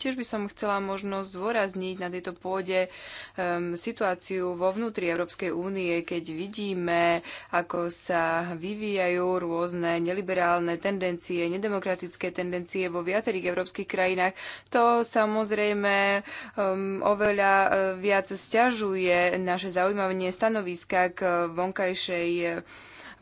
Tiež by som chcela možno zdôrazniť na tejto pôde um, situáciu vo vnútri Európskej únie, keď vidíme, ako sa vyvíjajú rôzne neliberálne tendencie, nedemokratické tendencie vo viacerých európskych krajinách. To samozrejme um, oveľa eh, viac stiažuje naše zaujímavé stanoviska k vonkajšej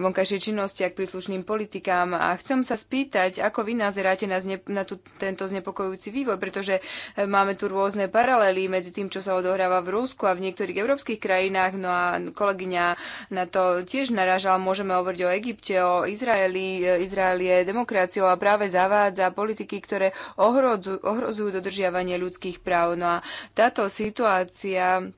vonkajšej činnosti a k príslušným politikám. A chcem sa spýtať, ako vy nazeráte na, zne, na tú, tento znepokojujúci vývoj, pretože e, máme tu rôzne paralely medzi tým, čo sa odohráva v Rusku a v niektorých európskych krajinách. No a kolegyňa na to tiež naražala. Môžeme hovoriť o Egypte, o Izraeli. E, Izrael je demokraciou a práve zavádza politiky, ktoré ohrozujú, ohrozujú dodržiavanie ľudských práv. No a táto situácia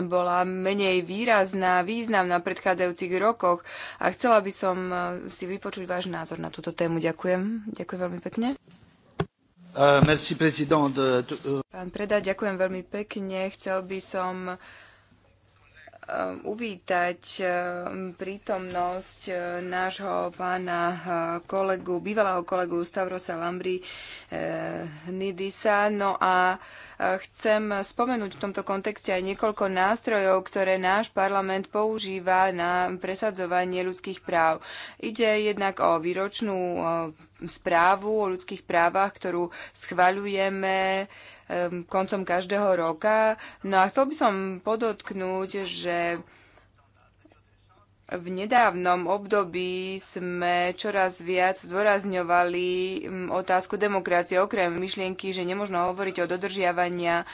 bola menej výrazná, významná v predchádzajúcich rokoch a chcela by som e, si vypočuť váš názor na túto tému. Ďakujem. Ďakujem veľmi pekne. Uh, merci, Pán Preda, ďakujem veľmi pekne. Chcel by som uh, Um, uvítať um, prítomnosť uh, nášho pána uh, kolegu, bývalého kolegu Stavrosa Lambri uh, Nidisa. No a chcem spomenúť v tomto kontexte aj niekoľko nástrojov, ktoré náš parlament používa na presadzovanie ľudských práv. Ide jednak o výročnú správu o ľudských právach, ktorú schvaľujeme koncom každého roka. No a chcel by som podotknúť, že v nedávnom období sme čoraz viac zdôrazňovali mm, otázku demokracie, okrem myšlienky, že nemožno hovoriť o, dodržiavania,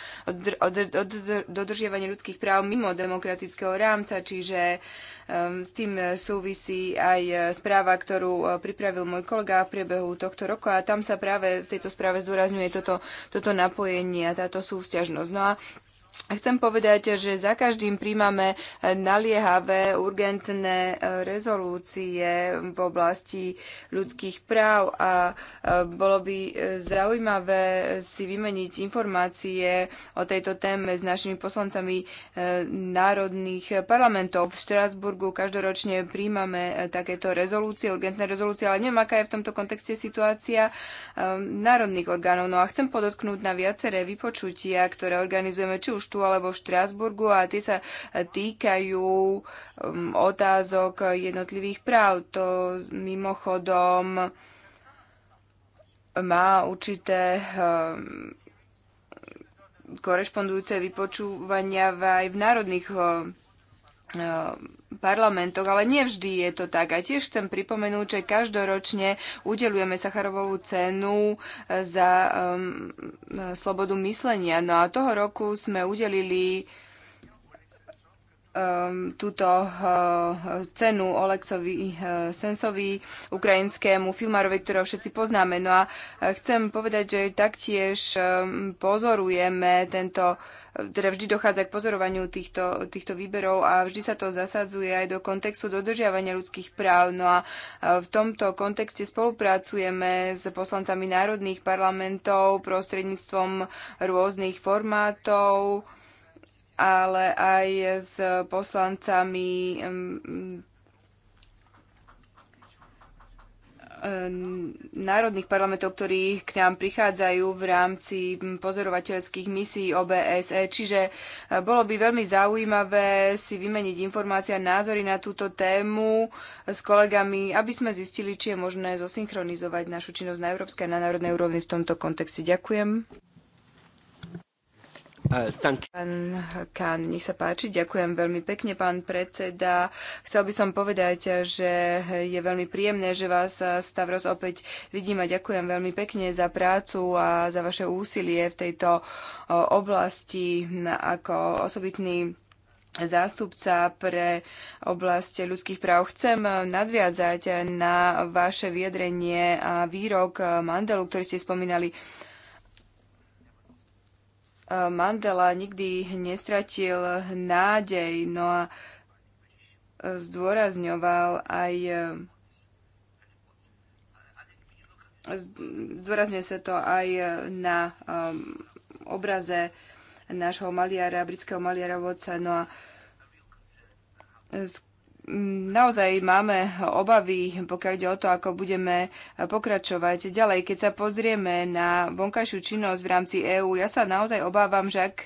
dodržiavaní ľudských práv mimo demokratického rámca, čiže um, s tým súvisí aj e, správa, ktorú e, pripravil môj kolega v priebehu tohto roku a tam sa práve v tejto správe zdôrazňuje toto, toto napojenie a táto súvzťažnosť. No a Chcem povedať, že za každým príjmame eh, naliehavé, urgentné eh, rezolúcie v oblasti ľudských práv a eh, bolo by zaujímavé si vymeniť informácie o tejto téme s našimi poslancami národných parlamentov. V Štrasburgu každoročne príjmame takéto rezolúcie, urgentné rezolúcie, ale neviem, aká je v tomto kontexte situácia národných orgánov. No a chcem podotknúť na viaceré vypočutia, ktoré organizujeme či už Bukureštu alebo v Štrasburgu a tie sa týkajú um, otázok jednotlivých práv. To mimochodom má určité um, korešpondujúce vypočúvania aj v národných um, parlamentoch, ale nevždy je to tak. A tiež chcem pripomenúť, že každoročne udelujeme Sacharovovú cenu eh, za um, slobodu myslenia. No a toho roku sme udelili um, túto uh, cenu Olexovi uh, Sensovi, ukrajinskému filmárovi, ktorého všetci poznáme. No a uh, chcem povedať, že taktiež um, pozorujeme tento uh, teda vždy dochádza k pozorovaniu týchto, týchto výberov a vždy sa to zasadzuje aj do kontextu dodržiavania ľudských práv. No a uh, v tomto kontexte spolupracujeme s poslancami národných parlamentov prostredníctvom rôznych formátov, ale aj s poslancami mm, mm, národných parlamentov, ktorí k nám prichádzajú v rámci mm, pozorovateľských misií OBSE. Čiže e, bolo by veľmi zaujímavé si vymeniť informácia a názory na túto tému e, s kolegami, aby sme zistili, či je možné zosynchronizovať našu činnosť na európskej a na národnej úrovni v tomto kontexte. Ďakujem. Uh, pán Kán, nech sa páči, ďakujem veľmi pekne, pán predseda. Chcel by som povedať, že je veľmi príjemné, že vás eh, Stavros opäť vidím a ďakujem veľmi pekne za prácu a za vaše úsilie v tejto eh, oblasti ako osobitný zástupca pre oblasť ľudských práv. Chcem eh, nadviazať na vaše vyjadrenie a výrok Mandelu, ktorý ste spomínali Mandela nikdy nestratil nádej, no a e, zdôrazňoval aj e, zdôrazňuje sa to aj e, na um, obraze nášho maliara, britského maliara vodca. No a z naozaj máme obavy, pokiaľ ide o to, ako budeme pokračovať ďalej. Keď sa pozrieme na vonkajšiu činnosť v rámci EÚ, ja sa naozaj obávam, že ak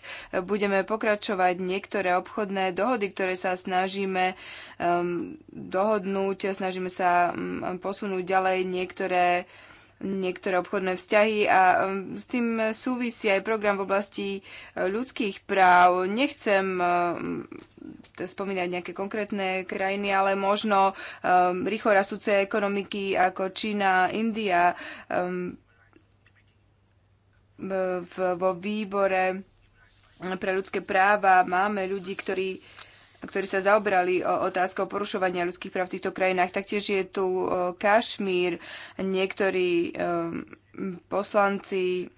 budeme pokračovať niektoré obchodné dohody, ktoré sa snažíme um, dohodnúť, snažíme sa um, posunúť ďalej niektoré um, niektoré obchodné vzťahy a um, s tým súvisí aj program v oblasti eh, ľudských práv. Nechcem eh, mm, spomínať nejaké konkrétne krajiny, ale možno eh, rýchlo rastúce ekonomiky ako Čína, India vo výbore pre ľudské práva máme ľudí, ktorí ktorí sa zaobrali otázkou porušovania ľudských práv v týchto krajinách. Taktiež je tu Kašmír, niektorí poslanci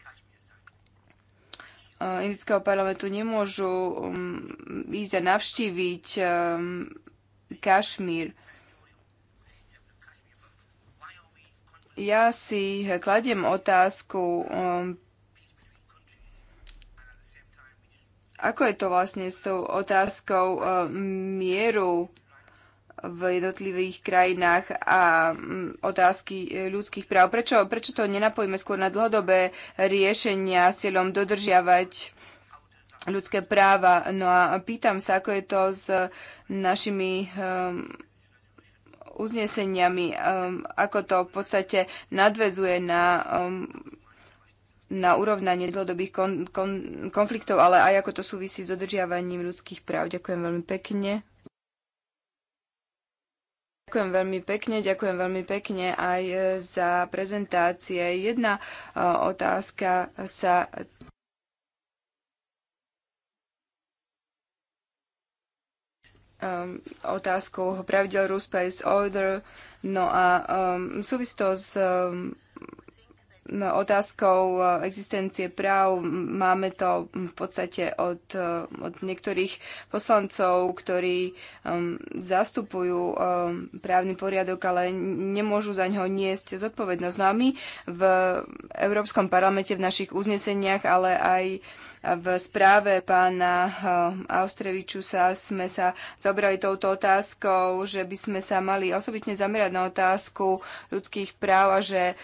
indického parlamentu nemôžu um, ísť a navštíviť Kašmír. Ja si kladiem otázku, Ako je to vlastne s tou otázkou e, mieru v jednotlivých krajinách a mm, otázky e, ľudských práv. Prečo, prečo to nenapojíme skôr na dlhodobé riešenia s cieľom dodržiavať ľudské práva? No a pýtam sa, ako je to s našimi um, uzneseniami, um, ako to v podstate nadvezuje na um, na urovnanie dlhodobých kon, kon, konfliktov, ale aj ako to súvisí s dodržiavaním ľudských práv. Ďakujem veľmi pekne. Ďakujem veľmi pekne, ďakujem veľmi pekne aj e, za prezentácie. Jedna e, otázka sa ehm, otázkou pravidel Rules Space Order, no a um, súvisí to s um, otázkou eh, existencie práv. Máme to v podstate od, eh, od niektorých poslancov, ktorí um, zastupujú um, právny poriadok, ale nemôžu za ňo niesť zodpovednosť. No a my v Európskom parlamente v našich uzneseniach, ale aj v správe pána eh, Austreviču sa sme sa zabrali touto otázkou, že by sme sa mali osobitne zamerať na otázku ľudských práv a že uh,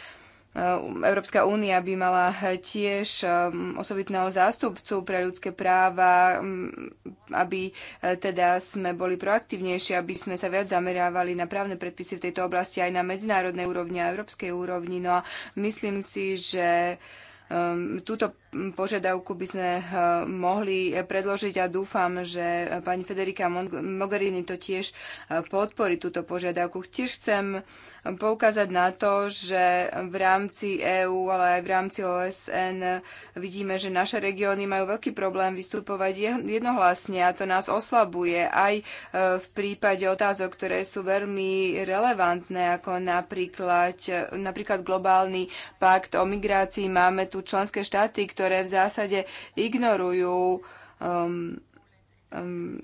Ehm, Európska únia by mala tiež ehm, osobitného zástupcu pre ľudské práva, ehm, aby e, teda sme boli proaktívnejšie, aby sme sa viac zamerávali na právne predpisy v tejto oblasti aj na medzinárodnej úrovni a európskej úrovni. No a myslím si, že Ehm, túto požiadavku by sme eh, mohli predložiť a dúfam, že pani Federika Mogherini to tiež eh, podporí túto požiadavku. Tiež chcem poukázať na to, že v rámci EÚ, ale aj v rámci OSN eh, vidíme, že naše regióny majú veľký problém vystupovať jednohlasne a to nás oslabuje aj v prípade otázok, ktoré sú veľmi relevantné, ako napríklad, napríklad globálny pakt o migrácii. Máme tu členské štáty, ktoré v zásade ignorujú um, um,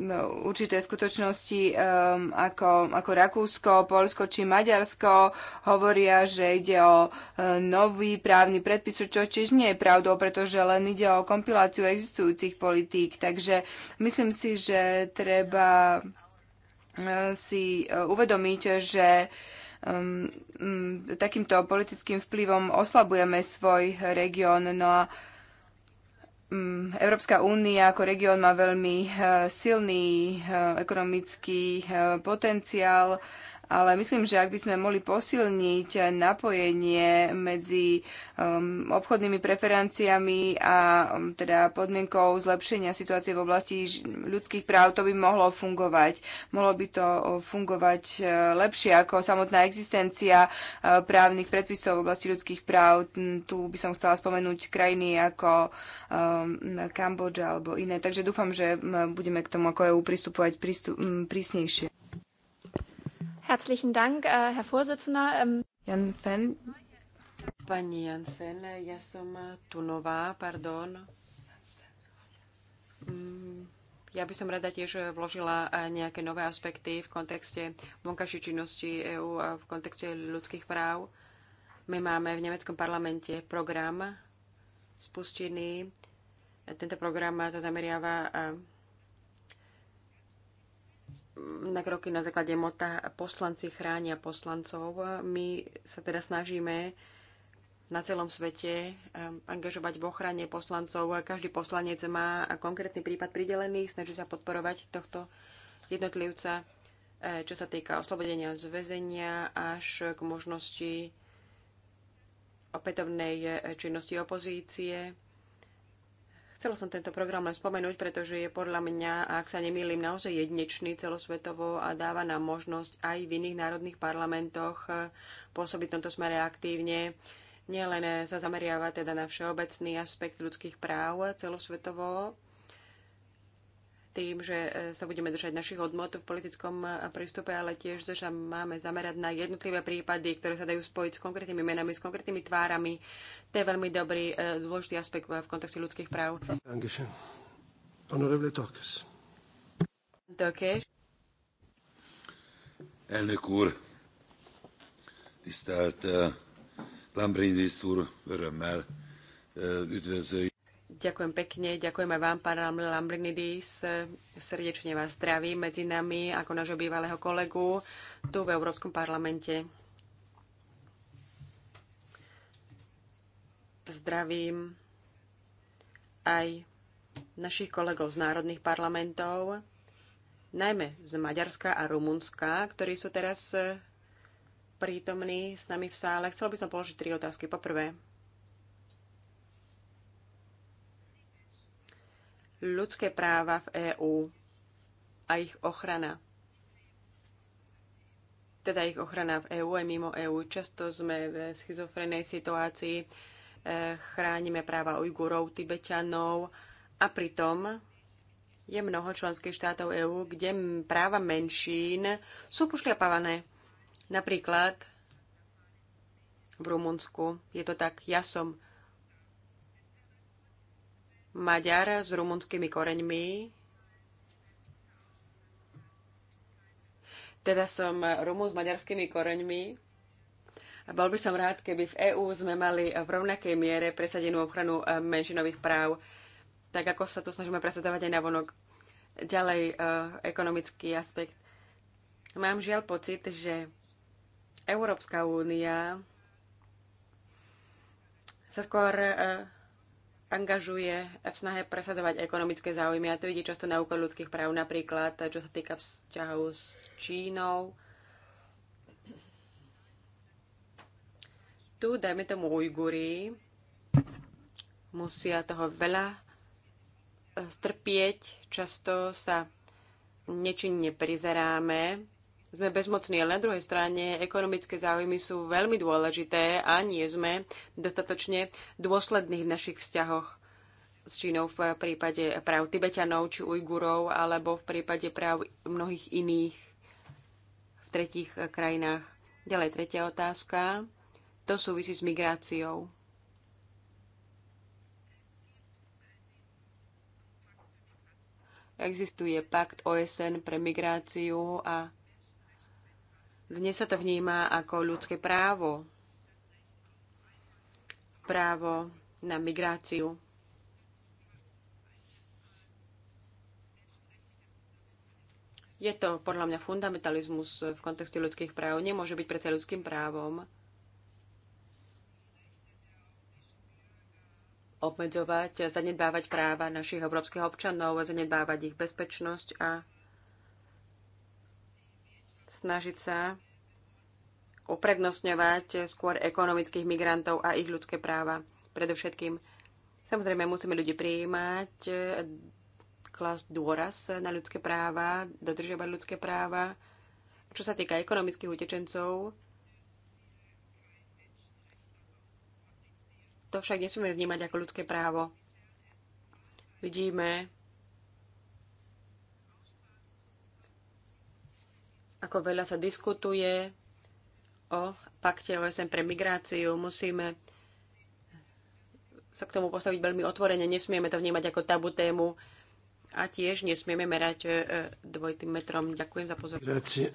no, určité skutočnosti um, ako, ako Rakúsko, Polsko či Maďarsko hovoria, že ide o uh, nový právny predpis, čo tiež nie je pravdou, pretože len ide o kompiláciu existujúcich politík. Takže myslím si, že treba uh, si uh, uvedomiť, že uh, um, um, takýmto politickým vplyvom oslabujeme svoj región. No a um, Európska únia ako región má veľmi uh, silný uh, ekonomický uh, potenciál. Uh, ale myslím, že ak by sme mohli posilniť napojenie medzi um, obchodnými preferenciami a um, teda podmienkou zlepšenia situácie v oblasti ľudských práv, to by mohlo fungovať. Mohlo by to fungovať e, lepšie ako samotná existencia e, právnych predpisov v oblasti ľudských práv. Tu by som chcela spomenúť krajiny ako um, Kambodža alebo iné. Takže dúfam, že budeme k tomu ako EU pristupovať prístup, prísnejšie. Herzlichen Dank, äh, Herr Vorsitzender. Ähm, Jan Fen. Pani Jansen, ja som äh, tu nová, pardon. Mm, ja by som rada tiež äh, vložila nejaké nové aspekty v kontexte vonkajšej činnosti EÚ a v kontexte ľudských práv. My máme v nemeckom parlamente program spustený. Tento program sa zameriava na kroky na základe mota poslanci chránia poslancov. My sa teda snažíme na celom svete um, angažovať v ochrane poslancov. Každý poslanec má konkrétny prípad pridelený, snaží sa podporovať tohto jednotlivca, eh, čo sa týka oslobodenia z väzenia až k možnosti opätovnej eh, činnosti opozície. Chcela som tento program len spomenúť, pretože je podľa mňa, ak sa nemýlim, naozaj jednečný celosvetovo a dáva nám možnosť aj v iných národných parlamentoch eh, pôsobiť v tomto smere aktívne. Nielen eh, sa zameriava teda na všeobecný aspekt ľudských práv eh, celosvetovo, tým, že e, sa budeme držať našich hodnot v politickom e, prístupe, ale tiež, že sa máme zamerať na jednotlivé prípady, ktoré sa dajú spojiť s konkrétnymi menami, s konkrétnymi tvárami. To je veľmi dobrý, e, dôležitý aspekt v kontexte ľudských práv. Honorable Tokes. Tokes. Elnök úr, tisztelt Lambrindis úr, örömmel üdvözöljük. Ďakujem pekne, ďakujem aj vám, pán Lambrinidis. Srdečne vás zdravím medzi nami ako nášho bývalého kolegu tu v Európskom parlamente. Zdravím aj našich kolegov z národných parlamentov, najmä z Maďarska a Rumunska, ktorí sú teraz prítomní s nami v sále. Chcel by som položiť tri otázky. Poprvé, ľudské práva v EÚ a ich ochrana. Teda ich ochrana v EÚ aj mimo EÚ. Často sme v schizofrenej situácii, eh, chránime práva Ujgurov, Tibetanov a pritom je mnoho členských štátov EÚ, kde práva menšín sú pošliapávané. Napríklad v Rumunsku je to tak. Ja som Maďar s rumunskými koreňmi. Teda som Rumun s maďarskými koreňmi. A bol by som rád, keby v EÚ sme mali v rovnakej miere presadenú ochranu e, menšinových práv, tak ako sa to snažíme presadovať aj na vonok. Ďalej, e, ekonomický aspekt. Mám žiaľ pocit, že Európska únia sa skôr e, angažuje v snahe presadzovať ekonomické záujmy a to ide často na úkor ľudských práv, napríklad čo sa týka vzťahov s Čínou. Tu, dajme tomu Ujguri, musia toho veľa eh, strpieť, často sa nečinne prizeráme sme bezmocní, ale na druhej strane ekonomické záujmy sú veľmi dôležité a nie sme dostatočne dôslední v našich vzťahoch s Čínou v prípade práv Tibetanov či Ujgurov alebo v prípade práv mnohých iných v tretích krajinách. Ďalej tretia otázka. To súvisí s migráciou. Existuje pakt OSN pre migráciu a dnes sa to vníma ako ľudské právo. Právo na migráciu. Je to podľa mňa fundamentalizmus v kontexte ľudských práv. Nemôže byť predsa ľudským právom obmedzovať, zanedbávať práva našich európskych občanov, zanedbávať ich bezpečnosť a snažiť sa uprednostňovať skôr ekonomických migrantov a ich ľudské práva. Predovšetkým, samozrejme, musíme ľudí prijímať, klasť dôraz na ľudské práva, dodržiavať ľudské práva. Čo sa týka ekonomických utečencov, to však nesmieme vnímať ako ľudské právo. Vidíme, ako veľa sa diskutuje o pakte OSN pre migráciu. Musíme sa k tomu postaviť veľmi otvorene. Nesmieme to vnímať ako tabu tému a tiež nesmieme merať e, e, dvojitým metrom. Ďakujem za pozornosť. Grazie.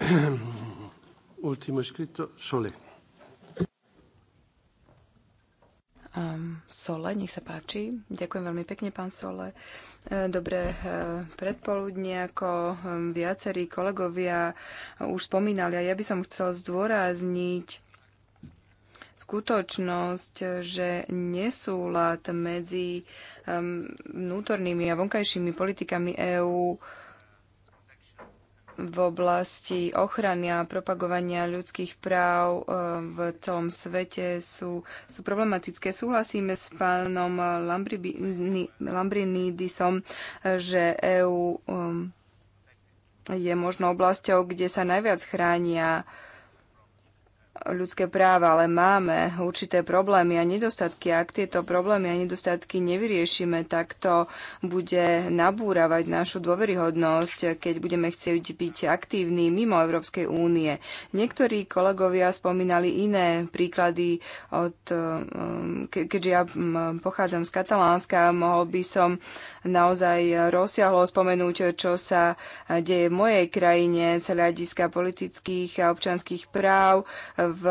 Ultimo Sole. um, Sole, nech sa páči. Ďakujem veľmi pekne, pán Sole. E, dobré e, predpoludne, ako viacerí kolegovia už spomínali. A ja by som chcel zdôrazniť skutočnosť, že nesúlad medzi vnútornými a vonkajšími politikami EÚ v oblasti ochrany a propagovania ľudských práv eh, v celom svete sú, sú problematické. Súhlasíme s pánom Lambrinidisom, že EÚ eh, je možno oblasťou, kde sa najviac chránia ľudské práva, ale máme určité problémy a nedostatky. Ak tieto problémy a nedostatky nevyriešime, tak to bude nabúravať našu dôveryhodnosť, keď budeme chcieť byť aktívni mimo Európskej únie. Niektorí kolegovia spomínali iné príklady, od, um, ke, keďže ja um, pochádzam z Katalánska, mohol by som naozaj rozsiahlo spomenúť, čo sa deje v mojej krajine z hľadiska politických a občanských práv v v,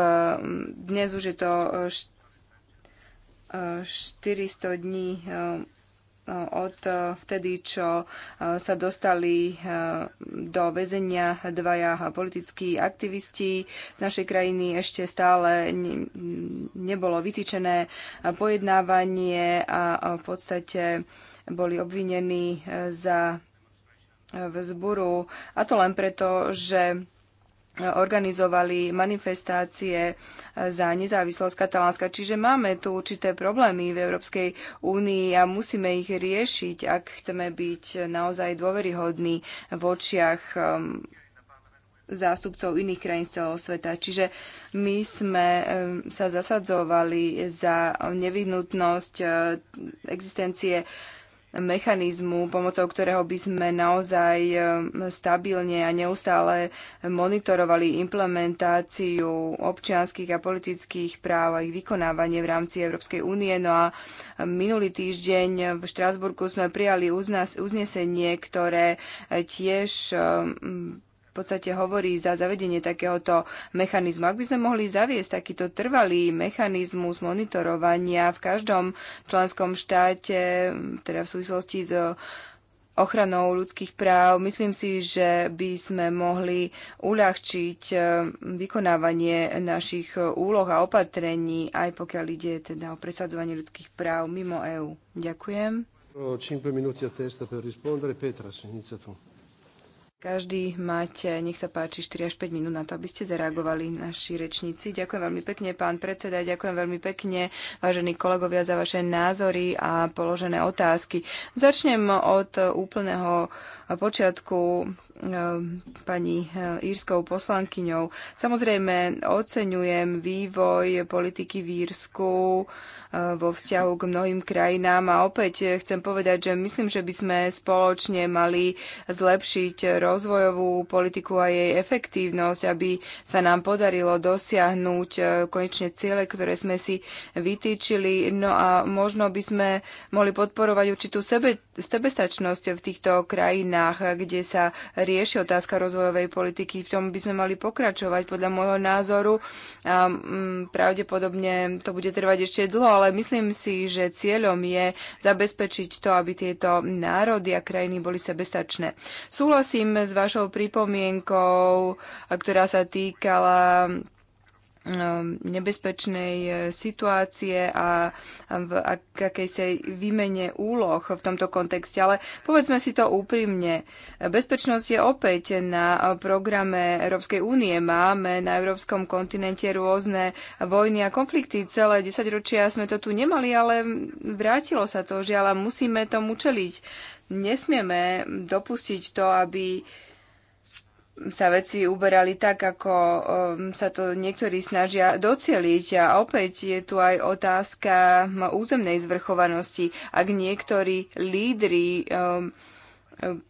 dnes už je to 400 eh, eh, dní eh, od vtedy, čo sa dostali do väzenia dvaja politickí aktivisti z našej krajiny. Ešte stále nebolo vytýčené pojednávanie a v podstate boli obvinení za vzburu. A to len preto, že organizovali manifestácie za nezávislosť Katalánska. Čiže máme tu určité problémy v Európskej únii a musíme ich riešiť, ak chceme byť naozaj dôveryhodní v očiach um, zástupcov iných krajín z celého sveta. Čiže my sme um, sa zasadzovali za nevyhnutnosť uh, existencie mechanizmu, pomocou ktorého by sme naozaj e, stabilne a neustále monitorovali implementáciu občianských a politických práv a ich vykonávanie v rámci Európskej únie. No a minulý týždeň v Štrásburku sme prijali uznesenie, ktoré tiež e, podstate hovorí za zavedenie takéhoto mechanizmu. Ak by sme mohli zaviesť takýto trvalý mechanizmus monitorovania v každom členskom štáte, teda v súvislosti s ochranou ľudských práv, myslím si, že by sme mohli uľahčiť eh, vykonávanie našich úloh a opatrení, aj pokiaľ ide teda o presadzovanie ľudských práv mimo EÚ. Ďakujem. 5 minúti a testa per rispondere. Petras, inizia tu. Každý máte, nech sa páči, 4 až 5 minút na to, aby ste zareagovali naši rečníci. Ďakujem veľmi pekne, pán predseda, ďakujem veľmi pekne, vážení kolegovia, za vaše názory a položené otázky. Začnem od úplného počiatku E, pani e, írskou poslankyňou. Samozrejme, oceňujem vývoj politiky v Írsku e, vo vzťahu k mnohým krajinám a opäť chcem povedať, že myslím, že by sme spoločne mali zlepšiť rozvojovú politiku a jej efektívnosť, aby sa nám podarilo dosiahnuť konečne ciele, ktoré sme si vytýčili. No a možno by sme mohli podporovať určitú sebe, sebestačnosť v týchto krajinách, kde sa rieši otázka rozvojovej politiky. V tom by sme mali pokračovať podľa môjho názoru. A, m, mm, pravdepodobne to bude trvať ešte dlho, ale myslím si, že cieľom je zabezpečiť to, aby tieto národy a krajiny boli sebestačné. Súhlasím s vašou pripomienkou, ktorá sa týkala Um, nebezpečnej eh, situácie a v akejsi výmene úloh v tomto kontexte. Ale povedzme si to úprimne. Bezpečnosť je opäť na programe Európskej únie. Máme na európskom kontinente rôzne vojny a konflikty. Celé desaťročia sme to tu nemali, ale vrátilo sa to, žiaľ, musíme tomu čeliť. Nesmieme dopustiť to, aby sa veci uberali tak, ako um, sa to niektorí snažia docieliť. A opäť je tu aj otázka územnej zvrchovanosti. Ak niektorí lídry um, um,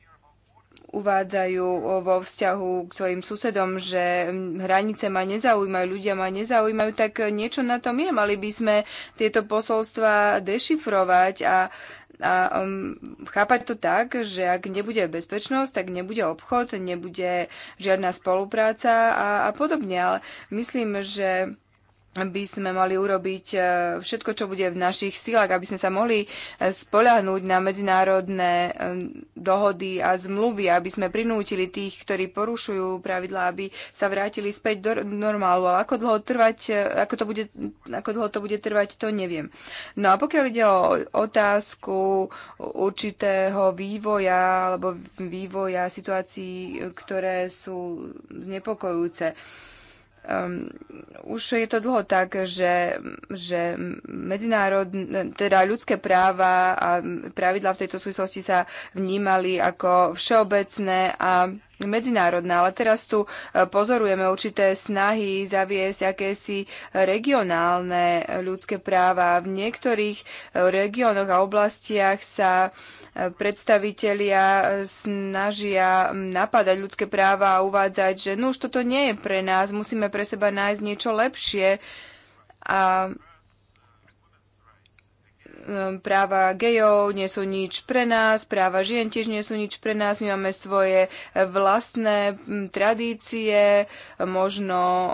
uvádzajú vo vzťahu k svojim susedom, že hranice ma nezaujímajú, ľudia ma nezaujímajú, tak niečo na tom je. Mali by sme tieto posolstva dešifrovať a a um, chápať to tak, že ak nebude bezpečnosť, tak nebude obchod, nebude žiadna spolupráca a, a podobne. Ale myslím, že by sme mali urobiť e, všetko, čo bude v našich silách, aby sme sa mohli e, spoľahnúť na medzinárodné e, dohody a zmluvy, aby sme prinútili tých, ktorí porušujú pravidlá, aby sa vrátili späť do normálu. Ale ako dlho, trvať, ako to bude, ako dlho to bude trvať, to neviem. No a pokiaľ ide o otázku určitého vývoja alebo vývoja situácií, ktoré sú znepokojúce, um, už je to dlho tak, že, že medzinárodné, teda ľudské práva a pravidla v tejto súvislosti sa vnímali ako všeobecné a medzinárodná. Ale teraz tu e, pozorujeme určité snahy zaviesť akési regionálne ľudské práva. V niektorých e, regiónoch a oblastiach sa e, predstavitelia snažia napadať ľudské práva a uvádzať, že no už toto nie je pre nás, musíme pre seba nájsť niečo lepšie. A Ehm, práva gejov nie sú nič pre nás, práva žien tiež nie sú nič pre nás, my máme svoje eh, vlastné hm, tradície, možno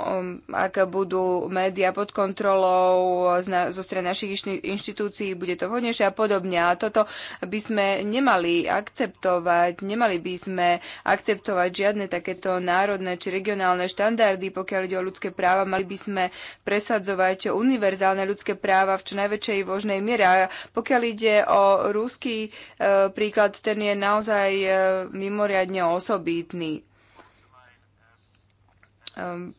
hm, ak budú médiá pod kontrolou zo strany našich inštitúcií, bude to vhodnejšie a podobne. A toto by sme nemali akceptovať, nemali by sme akceptovať žiadne takéto národné či regionálne štandardy, pokiaľ ide o ľudské práva, mali by sme presadzovať univerzálne ľudské práva v čo najväčšej možnej miere pokiaľ ide o ruský e, príklad, ten je naozaj e, mimoriadne osobitný. Ehm,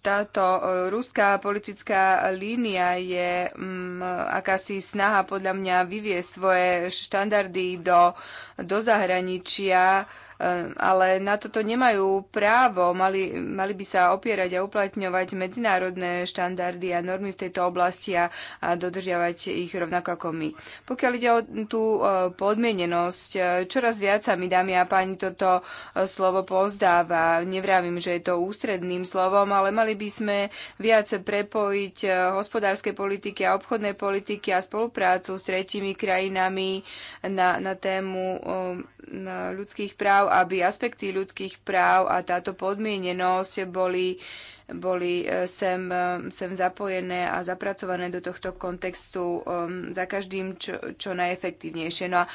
táto e, ruská politická línia je mm, akási snaha podľa mňa vyvie svoje štandardy do, do zahraničia. Uh, Ehm, ale na toto nemajú právo. Mali, mali by sa opierať a uplatňovať medzinárodné štandardy a normy v tejto oblasti a, a dodržiavať ich rovnako ako my. Pokiaľ ide o tú e, podmienenosť, e, čoraz viac sa mi, dámy a páni, toto e, slovo pozdáva. Nevrávim, že je to ústredným slovom, ale mali by sme viac prepojiť hospodárske politiky a obchodné politiky a spoluprácu s tretími krajinami na, na tému na ľudských práv aby aspekty ľudských práv a táto podmienenosť boli uh, boli e, sem, e, sem zapojené a zapracované do tohto kontextu e, za každým čo, čo najefektívnejšie. No a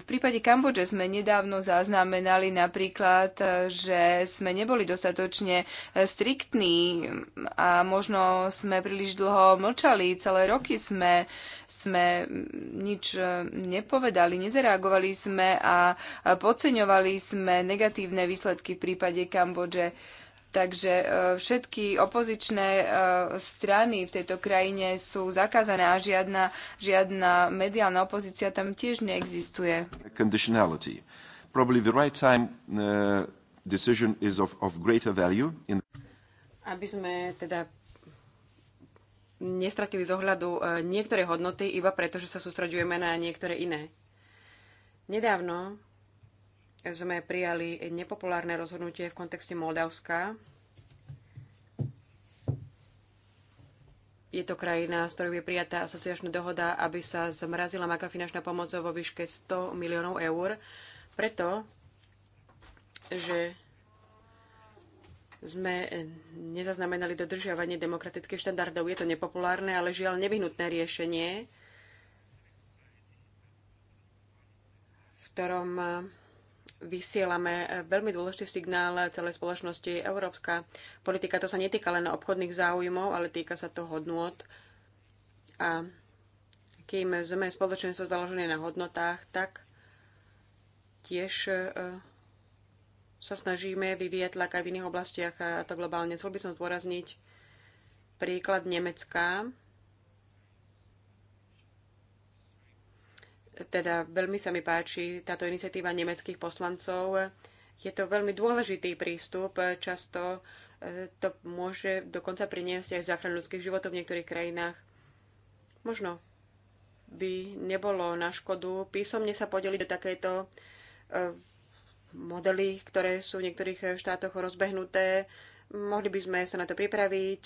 v prípade Kambodže sme nedávno zaznamenali napríklad, že sme neboli dostatočne striktní a možno sme príliš dlho mlčali, celé roky sme, sme nič nepovedali, nezareagovali sme a podceňovali sme negatívne výsledky v prípade Kambodže. Takže e, všetky opozičné e, strany v tejto krajine sú zakázané a žiadna, žiadna mediálna opozícia tam tiež neexistuje. Conditionality. Probably the right time e, decision is of, of greater value. In... Aby sme teda nestratili z ohľadu niektoré hodnoty iba preto, že sa sústraďujeme na niektoré iné. Nedávno sme prijali nepopulárne rozhodnutie v kontexte Moldavska. Je to krajina, z ktorej je prijatá asociačná dohoda, aby sa zmrazila maká finančná pomoc vo výške 100 miliónov eur, preto, že sme nezaznamenali dodržiavanie demokratických štandardov. Je to nepopulárne, ale žiaľ nevyhnutné riešenie, v ktorom vysielame e, veľmi dôležitý signál celej spoločnosti. Európska politika to sa netýka len obchodných záujmov, ale týka sa to hodnôt. A kým sme spoločenstvo založené na hodnotách, tak tiež e, sa snažíme vyvíjať tlak aj v iných oblastiach, a to globálne. Chcel by som zdôrazniť príklad Nemecka, Teda veľmi sa mi páči táto iniciatíva nemeckých poslancov. Je to veľmi dôležitý prístup. Často e, to môže dokonca priniesť aj záchranu ľudských životov v niektorých krajinách. Možno by nebolo na škodu písomne sa podeliť do takéto e, modely, ktoré sú v niektorých štátoch rozbehnuté. Mohli by sme sa na to pripraviť.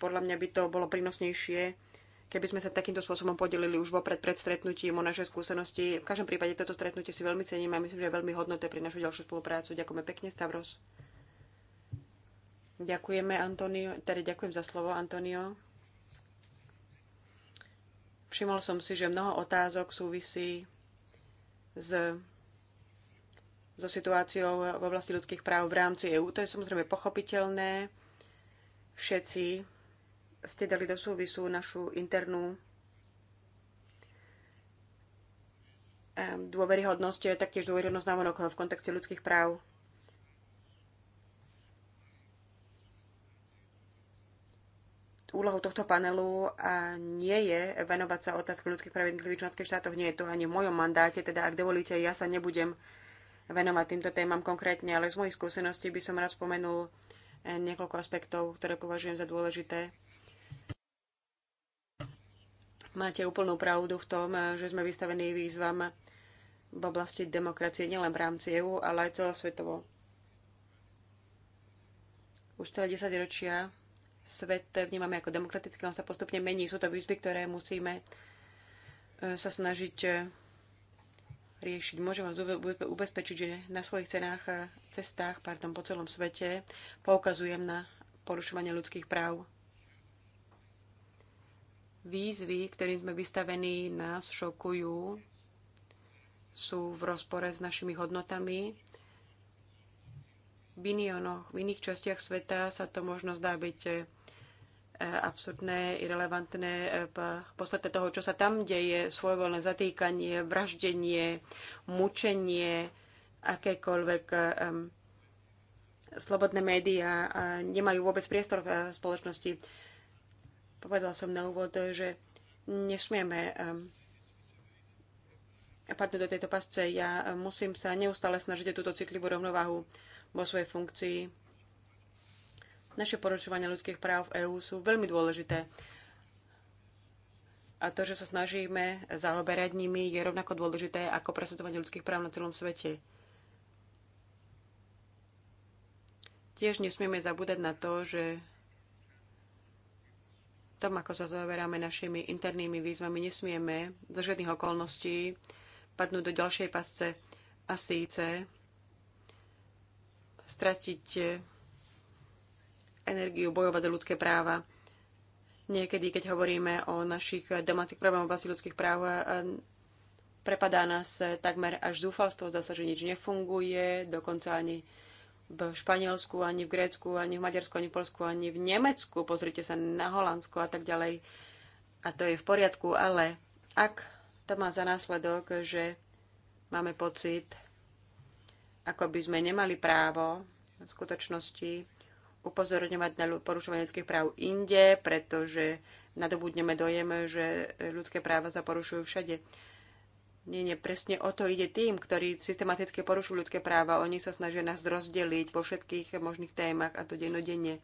Podľa mňa by to bolo prínosnejšie keby sme sa takýmto spôsobom podelili už vopred pred stretnutím o naše skúsenosti. V každom prípade toto stretnutie si veľmi cením a myslím, že je veľmi hodnoté pri našu ďalšiu spoluprácu. Ďakujeme pekne, Stavros. Ďakujeme, Antonio. Teda ďakujem za slovo, Antonio. Všimol som si, že mnoho otázok súvisí s so situáciou v oblasti ľudských práv v rámci EÚ. To je samozrejme pochopiteľné. Všetci ste dali do súvisu našu internú dôveryhodnosť, eh, taktiež dôveryhodnosť vonok eh, v kontexte ľudských práv. Úlohou tohto panelu eh, nie je venovať sa otázke ľudských práv v jednotlivých členských štátoch, nie je to ani v mojom mandáte, teda ak dovolíte, ja sa nebudem venovať týmto témam konkrétne, ale z mojich skúseností by som rád spomenul niekoľko aspektov, ktoré považujem za dôležité Máte úplnú pravdu v tom, že sme vystavení výzvam v oblasti demokracie nielen v rámci EÚ, ale aj celosvetovo. Už celé 10 ročia svet vnímame ako demokratický, on sa postupne mení. Sú to výzvy, ktoré musíme e, sa snažiť e, riešiť. Môžem vás ubezpečiť, že na svojich cenách, e, cestách pardon, po celom svete poukazujem na porušovanie ľudských práv Výzvy, ktorým sme vystavení, nás šokujú, sú v rozpore s našimi hodnotami. V, inionoch, v iných častiach sveta sa to možno zdá byť e, absurdné, irrelevantné v e, podstate toho, čo sa tam deje, svojvoľné zatýkanie, vraždenie, mučenie, akékoľvek um, slobodné médiá nemajú vôbec priestor v spoločnosti. Povedala som na úvod, že nesmieme ehm, padnúť do tejto pasce. Ja eh, musím sa neustále snažiť o túto citlivú rovnováhu vo svojej funkcii. Naše poručovania ľudských práv v EÚ sú veľmi dôležité. A to, že sa snažíme zaoberať nimi, je rovnako dôležité ako presadzovanie ľudských práv na celom svete. Tiež nesmieme zabúdať na to, že tom, ako sa zaoberáme našimi internými výzvami, nesmieme za žiadnych okolností padnúť do ďalšej pasce a síce stratiť energiu bojovať za ľudské práva. Niekedy, keď hovoríme o našich domácich problémoch v oblasti ľudských práv, prepadá nás takmer až zúfalstvo, zase, že nič nefunguje, dokonca ani v Španielsku, ani v Grécku, ani v Maďarsku, ani v Polsku, ani v Nemecku. Pozrite sa na Holandsko a tak ďalej. A to je v poriadku, ale ak to má za následok, že máme pocit, ako by sme nemali právo v skutočnosti upozorňovať na porušovanie ľudských práv inde, pretože nadobudneme dojem, že ľudské práva sa porušujú všade. Nie, nie, presne o to ide tým, ktorí systematicky porušujú ľudské práva. Oni sa snažia nás rozdeliť vo všetkých možných témach a to dennodenne.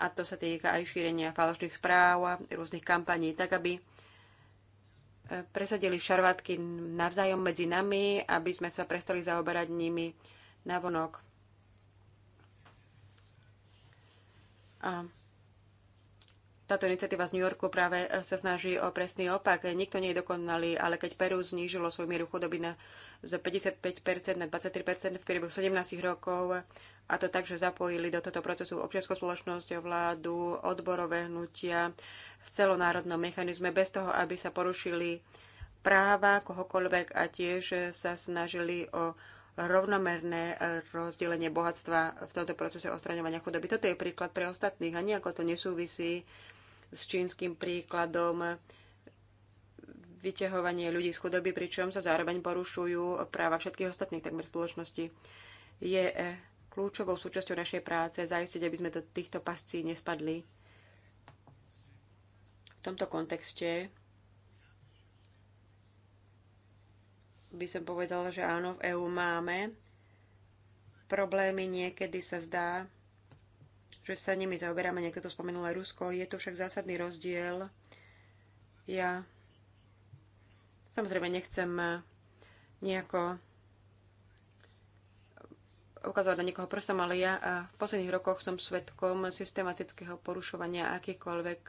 A to sa týka aj šírenia falošných správ a rôznych kampaní, tak aby e, presadili šarvátky navzájom medzi nami, aby sme sa prestali zaoberať nimi navonok. A táto iniciatíva z New Yorku práve e, sa snaží o presný opak. Nikto nie je dokonalý, ale keď Peru znížilo svoju mieru chudoby na, z 55% na 23% v priebehu 17 rokov, a to tak, že zapojili do tohto procesu občianskú spoločnosť, vládu, odborové hnutia v celonárodnom mechanizme, bez toho, aby sa porušili práva kohokoľvek a tiež sa snažili o rovnomerné e, rozdelenie bohatstva v tomto procese ostraňovania chudoby. Toto je príklad pre ostatných a nejako to nesúvisí s čínskym príkladom vyťahovanie ľudí z chudoby, pričom sa zároveň porušujú práva všetkých ostatných takmer spoločnosti. Je eh, kľúčovou súčasťou našej práce zaistiť, aby sme do týchto pascí nespadli. V tomto kontexte by som povedala, že áno, v EÚ máme problémy, niekedy sa zdá, že sa nimi zaoberáme, niekto to spomenul aj Rusko, je to však zásadný rozdiel. Ja samozrejme nechcem nejako ukazovať na niekoho prstom, ale ja v posledných rokoch som svetkom systematického porušovania akýchkoľvek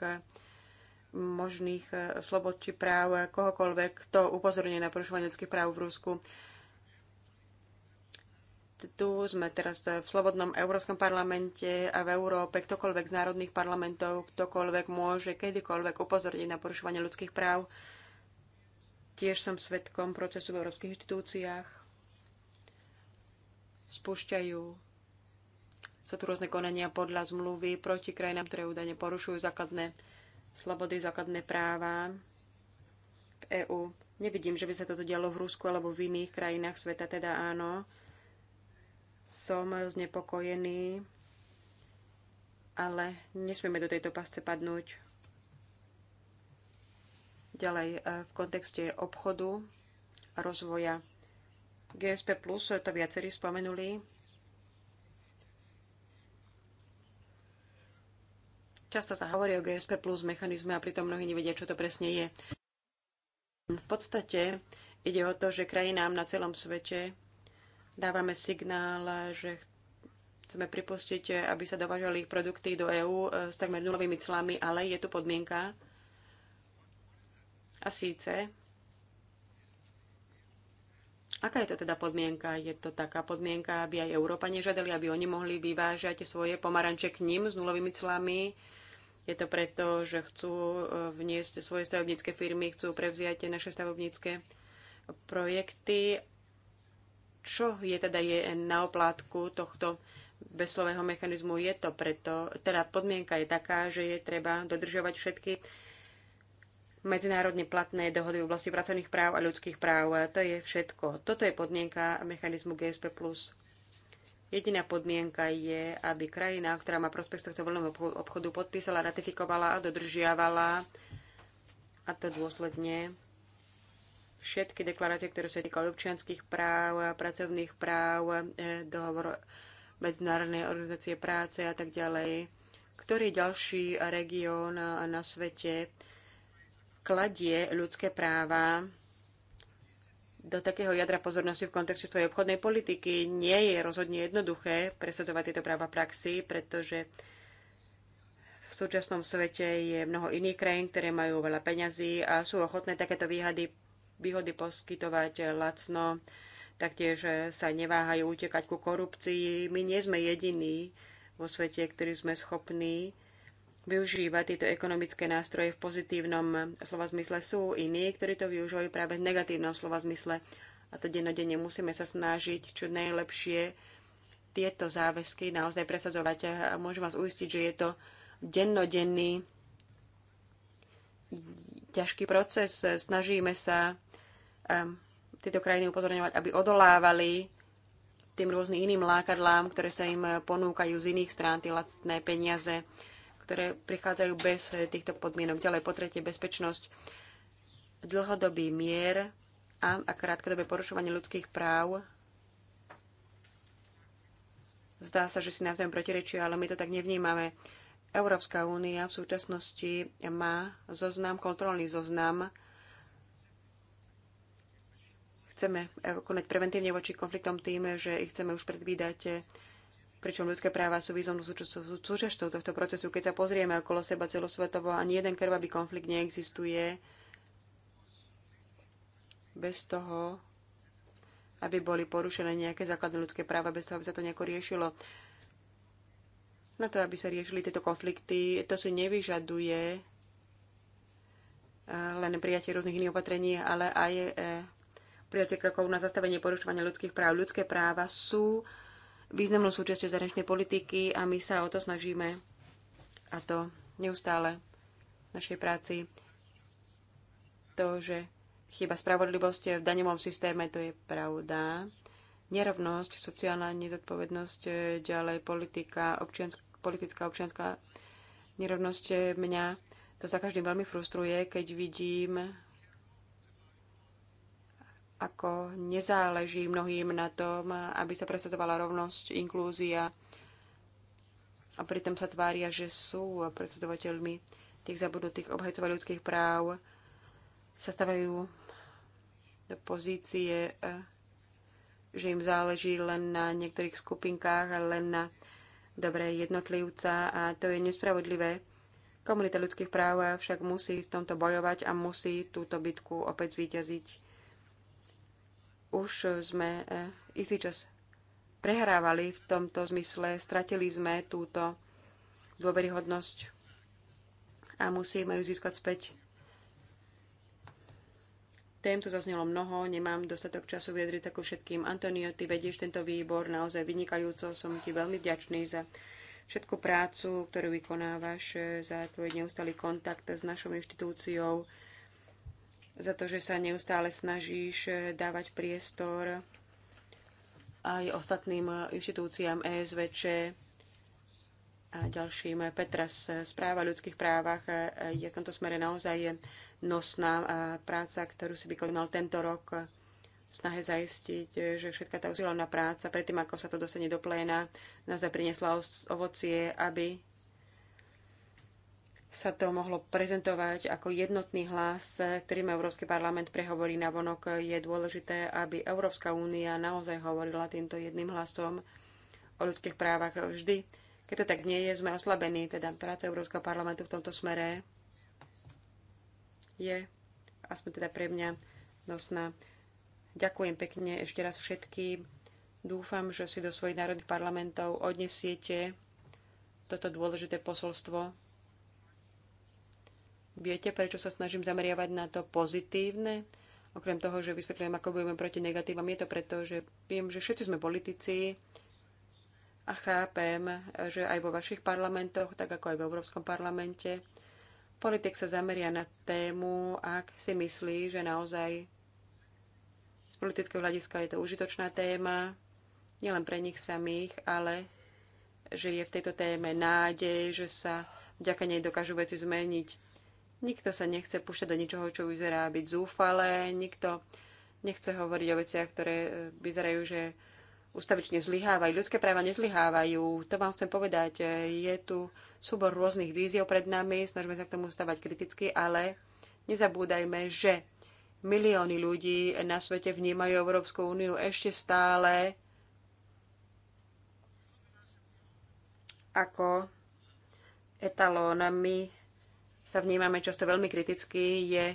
možných slobod či práv kohokoľvek, kto upozorňuje na porušovanie ľudských práv v Rusku tu sme teraz v Slobodnom Európskom parlamente a v Európe ktokoľvek z národných parlamentov, ktokoľvek môže kedykoľvek upozorniť na porušovanie ľudských práv. Tiež som svetkom procesu v európskych inštitúciách. Spúšťajú sa tu rôzne konania podľa zmluvy proti krajinám, ktoré údajne porušujú základné slobody, základné práva v EÚ. Nevidím, že by sa toto dialo v Rusku alebo v iných krajinách sveta, teda áno som znepokojený, ale nesmieme do tejto pasce padnúť. Ďalej, e, v kontexte obchodu a rozvoja GSP+, Plus to viacerí spomenuli, Často sa hovorí o GSP plus mechanizme a pritom mnohí nevedia, čo to presne je. V podstate ide o to, že krajinám na celom svete Dávame signál, že chceme pripustiť, aby sa dovážali produkty do EÚ eh, s takmer nulovými clami, ale je tu podmienka. A síce, aká je to teda podmienka? Je to taká podmienka, aby aj Európa nežadali, aby oni mohli vyvážať svoje pomaranče k ním s nulovými clami. Je to preto, že chcú eh, vniesť svoje stavebnícke firmy, chcú prevziať naše stavebnické projekty čo je teda je na oplátku tohto bezslového mechanizmu? Je to preto, teda podmienka je taká, že je treba dodržovať všetky medzinárodne platné dohody v oblasti pracovných práv a ľudských práv. A to je všetko. Toto je podmienka mechanizmu GSP+. Jediná podmienka je, aby krajina, ktorá má prospekt z tohto voľného obchodu, podpísala, ratifikovala a dodržiavala, a to dôsledne, všetky deklarácie, ktoré sa týkajú občianských práv, pracovných práv, e, dohovor Medzinárodnej organizácie práce a tak ďalej. Ktorý ďalší región na svete kladie ľudské práva do takého jadra pozornosti v kontexte svojej obchodnej politiky nie je rozhodne jednoduché presadzovať tieto práva praxi, pretože v súčasnom svete je mnoho iných krajín, ktoré majú veľa peňazí a sú ochotné takéto výhady výhody poskytovať lacno, taktiež eh, sa neváhajú utekať ku korupcii. My nie sme jediní vo svete, ktorí sme schopní využívať tieto ekonomické nástroje v pozitívnom slova zmysle. Sú iní, ktorí to využívajú práve v negatívnom slova zmysle. A to dennodenne musíme sa snažiť čo najlepšie tieto záväzky naozaj presadzovať. A môžem vás uistiť, že je to dennodenný ťažký proces. Snažíme sa tieto krajiny upozorňovať, aby odolávali tým rôznym iným lákadlám, ktoré sa im ponúkajú z iných strán, tie lacné peniaze, ktoré prichádzajú bez eh, týchto podmienok. Ďalej po tretie bezpečnosť, dlhodobý mier a, a krátkodobé porušovanie ľudských práv. Zdá sa, že si navzájom protirečia, ale my to tak nevnímame. Európska únia v súčasnosti má zoznam, kontrolný zoznam Chceme eh, konať preventívne voči konfliktom tým, že ich chceme už predvídať, eh, pričom ľudské práva sú významnou súčasťou tohto procesu. Keď sa pozrieme okolo seba celosvetovo, ani jeden krvavý konflikt neexistuje bez toho, aby boli porušené nejaké základné ľudské práva, bez toho, aby sa to nejako riešilo. Na to, aby sa riešili tieto konflikty, to si nevyžaduje eh, len prijatie rôznych iných opatrení, ale aj prijatie krokov na zastavenie porušovania ľudských práv. Ľudské práva sú významnou súčasťou zahraničnej politiky a my sa o to snažíme a to neustále v našej práci. To, že chyba spravodlivosť v daňovom systéme, to je pravda. Nerovnosť, sociálna nezodpovednosť, ďalej politika, občiansk- politická občianská nerovnosť mňa to sa každým veľmi frustruje, keď vidím ako nezáleží mnohým na tom, aby sa presadovala rovnosť, inklúzia a pritom sa tvária, že sú predsedovateľmi tých zabudnutých obhajcov ľudských práv, sa stavajú do pozície, eh, že im záleží len na niektorých skupinkách, len na dobré jednotlivca a to je nespravodlivé. Komunita ľudských práv však musí v tomto bojovať a musí túto bitku opäť zvíťaziť. Už e, sme e, istý čas prehrávali v tomto zmysle, stratili sme túto dôveryhodnosť a musíme ju získať späť. Tém tu zaznelo mnoho, nemám dostatok času vyjadriť sa ku všetkým. Antonio, ty vedieš tento výbor naozaj vynikajúco, som ti veľmi vďačný za všetku prácu, ktorú vykonávaš, e, za tvoj neustály kontakt s našou inštitúciou za to, že sa neustále snažíš eh, dávať priestor aj ostatným eh, inštitúciám ESVČ a ďalším. Petra eh, správa o ľudských právach je v tomto smere naozaj nosná práca, ktorú si vykonal tento rok snahe zaistiť, že všetká tá usilovná práca, predtým ako sa to dostane do pléna, naozaj priniesla ovocie, aby sa to mohlo prezentovať ako jednotný hlas, ktorým Európsky parlament prehovorí na vonok. Je dôležité, aby Európska únia naozaj hovorila týmto jedným hlasom o ľudských právach vždy. Keď to tak nie je, sme oslabení. Teda práca Európskeho parlamentu v tomto smere je, aspoň teda pre mňa, nosná. Ďakujem pekne ešte raz všetkým. Dúfam, že si do svojich národných parlamentov odnesiete toto dôležité posolstvo Viete, prečo sa snažím zameriavať na to pozitívne? Okrem toho, že vysvetľujem, ako budeme proti negatívam, je to preto, že viem, že všetci sme politici a chápem, že aj vo vašich parlamentoch, tak ako aj v Európskom parlamente, politik sa zameria na tému, ak si myslí, že naozaj z politického hľadiska je to užitočná téma, nielen pre nich samých, ale že je v tejto téme nádej, že sa vďaka nej dokážu veci zmeniť. Nikto sa nechce púšťať do ničoho, čo vyzerá byť zúfalé, nikto nechce hovoriť o veciach, ktoré e, vyzerajú, že ustavične zlyhávajú. Ľudské práva nezlyhávajú. To vám chcem povedať. E, je tu súbor rôznych víziev pred nami, snažíme sa k tomu stavať kriticky, ale nezabúdajme, že milióny ľudí na svete vnímajú Európsku úniu ešte stále ako etalónami sa vnímame často veľmi kriticky, je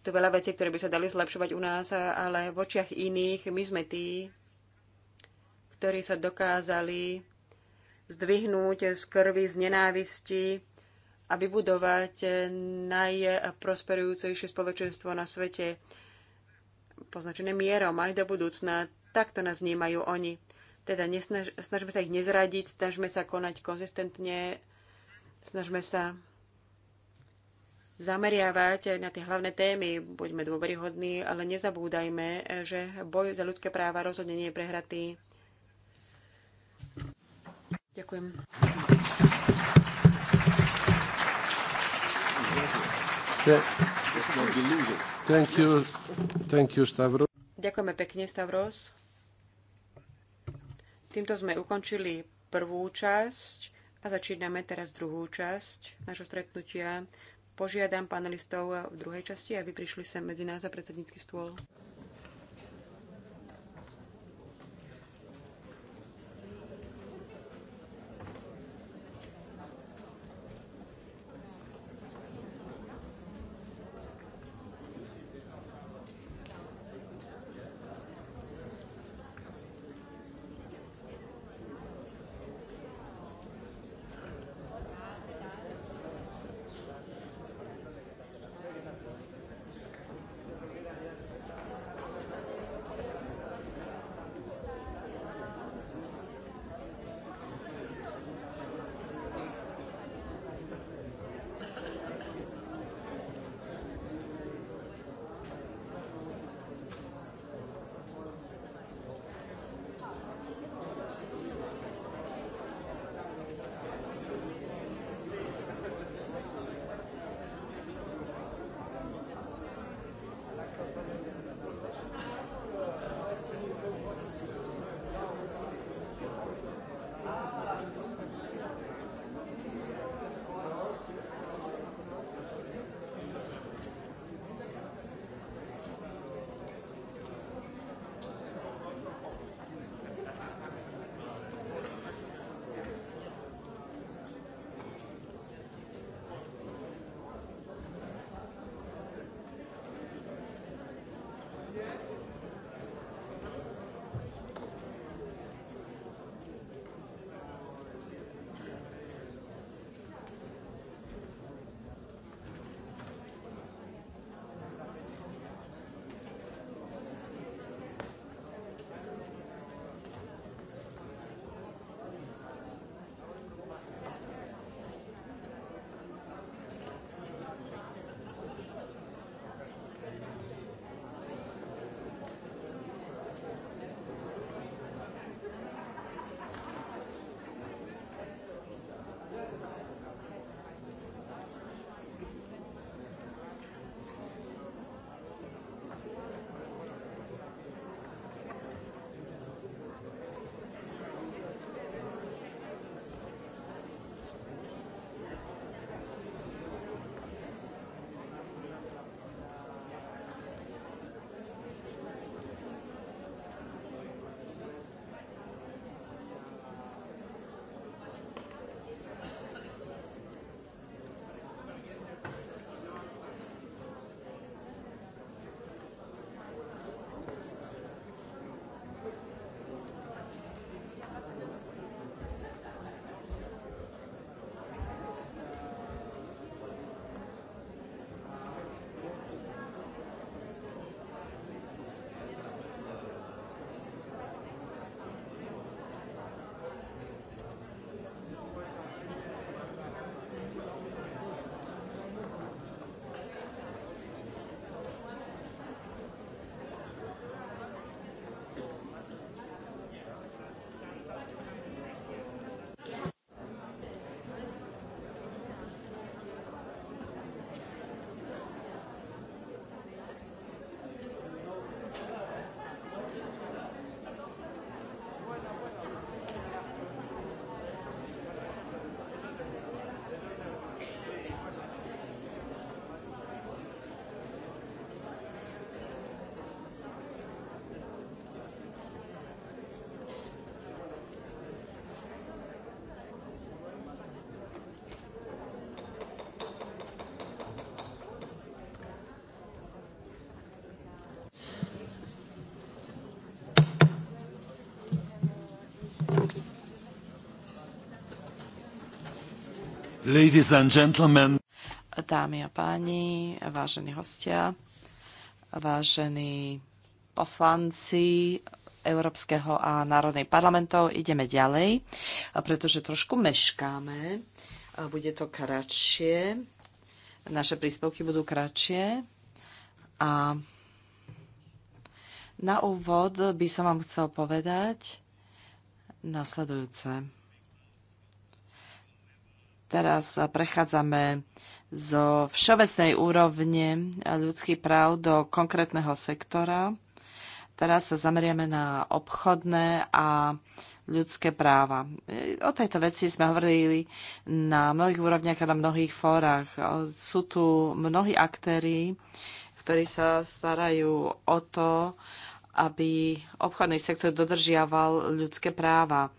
tu veľa vecí, ktoré by sa dali zlepšovať u nás, ale v očiach iných my sme tí, ktorí sa dokázali zdvihnúť z krvi, z nenávisti a vybudovať najprosperujúcejšie spoločenstvo na svete poznačené mierom aj do budúcna. Takto nás vnímajú oni. Teda nesnaž, snažme sa ich nezradiť, snažme sa konať konzistentne, snažme sa zameriavať na tie hlavné témy. Buďme dôveryhodní, ale nezabúdajme, že boj za ľudské práva rozhodne nie je prehratý. Ďakujem. Thank you. Thank you, Stavros. Ďakujeme pekne, Stavros. Týmto sme ukončili prvú časť a začíname teraz druhú časť našho stretnutia požiadam panelistov v druhej časti, aby prišli sem medzi nás za predsednícky stôl. Ladies and gentlemen. Dámy a páni, vážení hostia, vážení poslanci Európskeho a Národnej parlamentov, ideme ďalej, pretože trošku meškáme. Bude to kratšie. Naše príspevky budú kratšie. A na úvod by som vám chcel povedať nasledujúce. Teraz prechádzame zo všeobecnej úrovne ľudských práv do konkrétneho sektora. Teraz sa zameriame na obchodné a ľudské práva. O tejto veci sme hovorili na mnohých úrovniach a na mnohých fórach. Sú tu mnohí aktéry, ktorí sa starajú o to, aby obchodný sektor dodržiaval ľudské práva.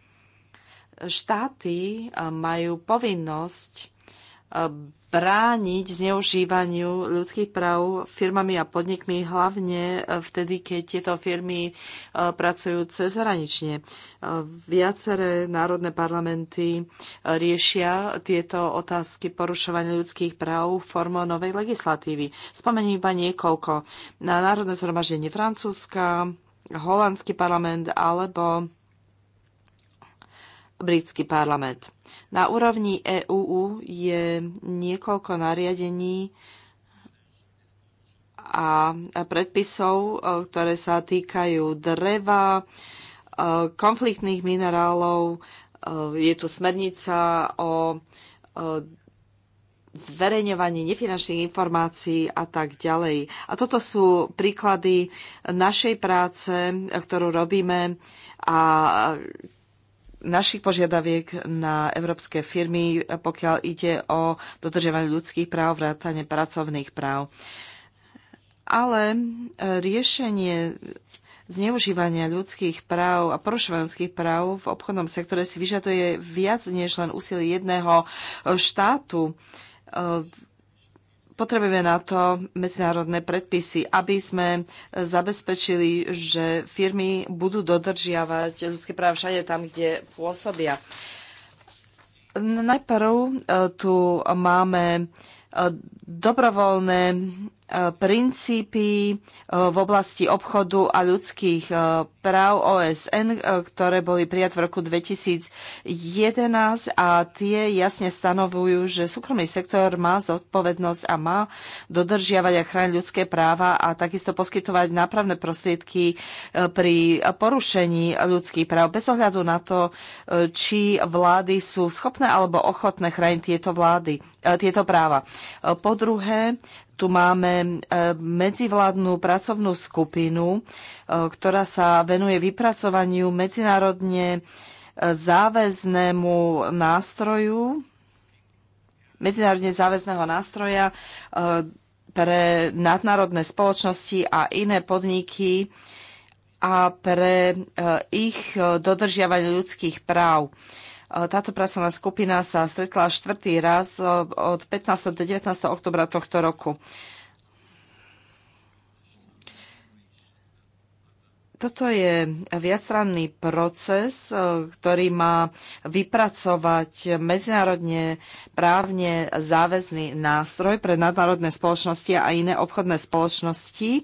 Štáty e, majú povinnosť e, brániť zneužívaniu ľudských práv firmami a podnikmi, hlavne e, vtedy, keď tieto firmy pracujú cezhranične. Viaceré národné parlamenty riešia tieto otázky porušovania ľudských práv formou novej legislatívy. Spomením iba niekoľko. Na Národné zhromaždenie Francúzska, Holandský parlament alebo britský parlament. Na úrovni EÚ je niekoľko nariadení a predpisov, e, ktoré sa týkajú dreva, e, konfliktných minerálov, e, je tu smernica o zverejňovaní nefinančných informácií a tak ďalej. A toto sú príklady našej práce, ktorú robíme a našich požiadaviek na európske firmy, pokiaľ ide o dodržiavanie ľudských práv, vrátanie pracovných práv. Ale e, riešenie zneužívania ľudských práv a porušovania ľudských práv v obchodnom sektore si vyžaduje viac než len úsilie jedného štátu e, Potrebujeme na to medzinárodné predpisy, aby sme zabezpečili, že firmy budú dodržiavať ľudské práva všade tam, kde pôsobia. Najprv e, tu máme e, dobrovoľné E, princípy e, v oblasti obchodu a ľudských e, práv OSN, ktoré boli prijaté v roku 2011 a tie jasne stanovujú, že súkromný sektor má zodpovednosť a má dodržiavať a chrániť ľudské práva a takisto poskytovať nápravné prostriedky pri porušení ľudských práv bez ohľadu na to, či vlády sú schopné alebo ochotné chrániť tieto vlády tieto práva. Po druhé, tu máme e, medzivládnu pracovnú skupinu, e, ktorá sa venuje vypracovaniu medzinárodne e, záväznému nástroju, medzinárodne záväzného nástroja pre nadnárodné spoločnosti a iné podniky a pre ich dodržiavanie ľudských práv. Táto pracovná skupina sa stretla štvrtý raz e, od 15. do 19. oktobra tohto roku. Toto je viacranný proces, e, ktorý má vypracovať medzinárodne právne záväzný nástroj pre nadnárodné spoločnosti a iné obchodné spoločnosti e,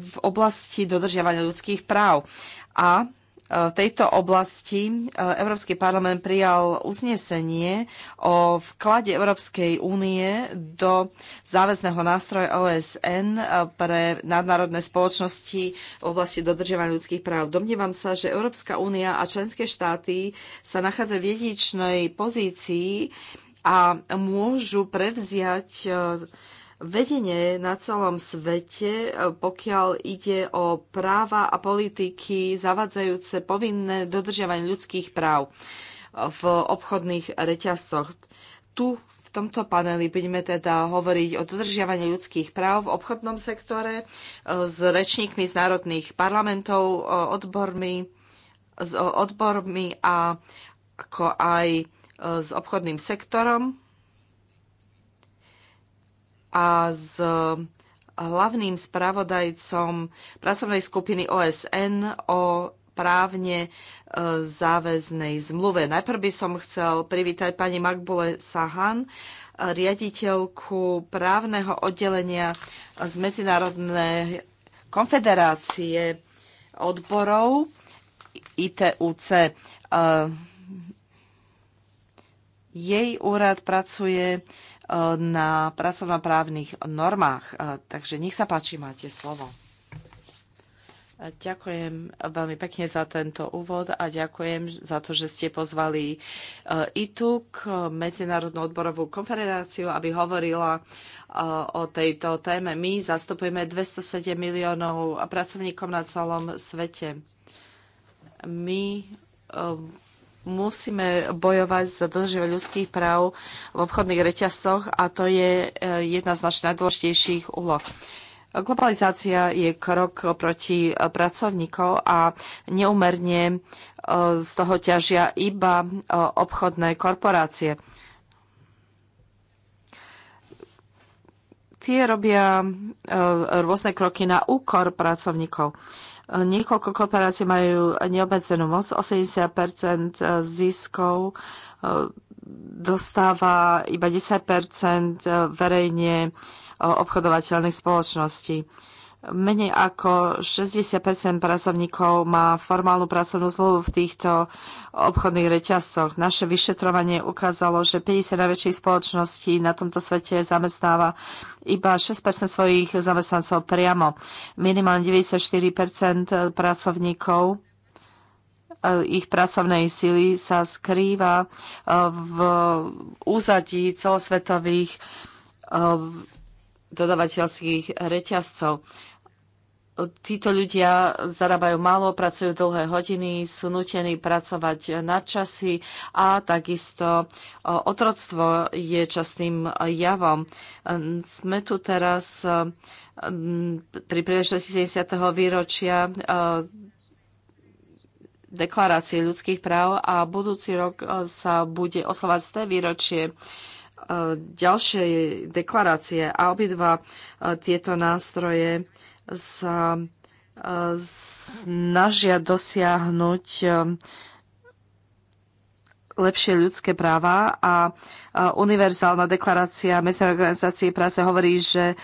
v oblasti dodržiavania ľudských práv. A v e, tejto oblasti e, Európsky parlament prijal uznesenie o vklade Európskej únie do záväzného nástroja OSN e, pre nadnárodné spoločnosti v oblasti dodržiavania ľudských práv. Domnievam sa, že Európska únia a členské štáty sa nachádzajú v jedinečnej pozícii a môžu prevziať vedenie na celom svete, e, pokiaľ ide o práva a politiky zavadzajúce povinné dodržiavanie ľudských práv e, v obchodných reťazcoch. Tu v tomto paneli budeme teda hovoriť o dodržiavaní ľudských práv v obchodnom sektore e, s rečníkmi z národných parlamentov, odbormi, s odbormi a ako aj s obchodným sektorom a s eh, hlavným spravodajcom pracovnej skupiny OSN o právne eh, záväznej zmluve. Najprv by som chcel privítať pani Magbule Sahan, eh, riaditeľku právneho oddelenia z Medzinárodnej konfederácie odborov ITUC. Jej úrad pracuje na pracovnoprávnych normách. E, takže nech sa páči, máte slovo. E, ďakujem veľmi pekne za tento úvod a ďakujem za to, že ste pozvali e, ITUK, Medzinárodnú odborovú konferenciu, aby hovorila o tejto téme. My zastupujeme 207 miliónov pracovníkov na celom svete. My musíme bojovať za dodržiavanie ľudských práv v obchodných reťazcoch a to je e, jedna z našich najdôležitejších úloh. Globalizácia je krok proti pracovníkov a neumerne e, z toho ťažia iba e, obchodné korporácie. Tie robia rôzne kroky na úkor pracovníkov Niekoľko korporácií majú neobmedzenú moc, 80 e, ziskov e, dostáva iba 10 e, verejne obchodovateľných spoločností. Menej ako 60 pracovníkov má formálnu pracovnú zmluvu v týchto obchodných reťazcoch. Naše vyšetrovanie ukázalo, že 50 najväčších spoločností na tomto svete zamestnáva iba 6 svojich zamestnancov priamo. Minimálne 94 pracovníkov eh, ich pracovnej sily sa skrýva eh, v úzadí celosvetových eh, dodavateľských reťazcov. Títo ľudia zarábajú málo, pracujú dlhé hodiny, sú nutení pracovať na časy a takisto otroctvo je častým javom. Sme tu teraz pri príležitosti 70. výročia deklarácie ľudských práv a budúci rok sa bude oslovať z té výročie ďalšej deklarácie a obidva e, tieto nástroje sa e, snažia dosiahnuť e, lepšie ľudské práva a univerzálna deklarácia Medzinárodnej organizácie práce hovorí, že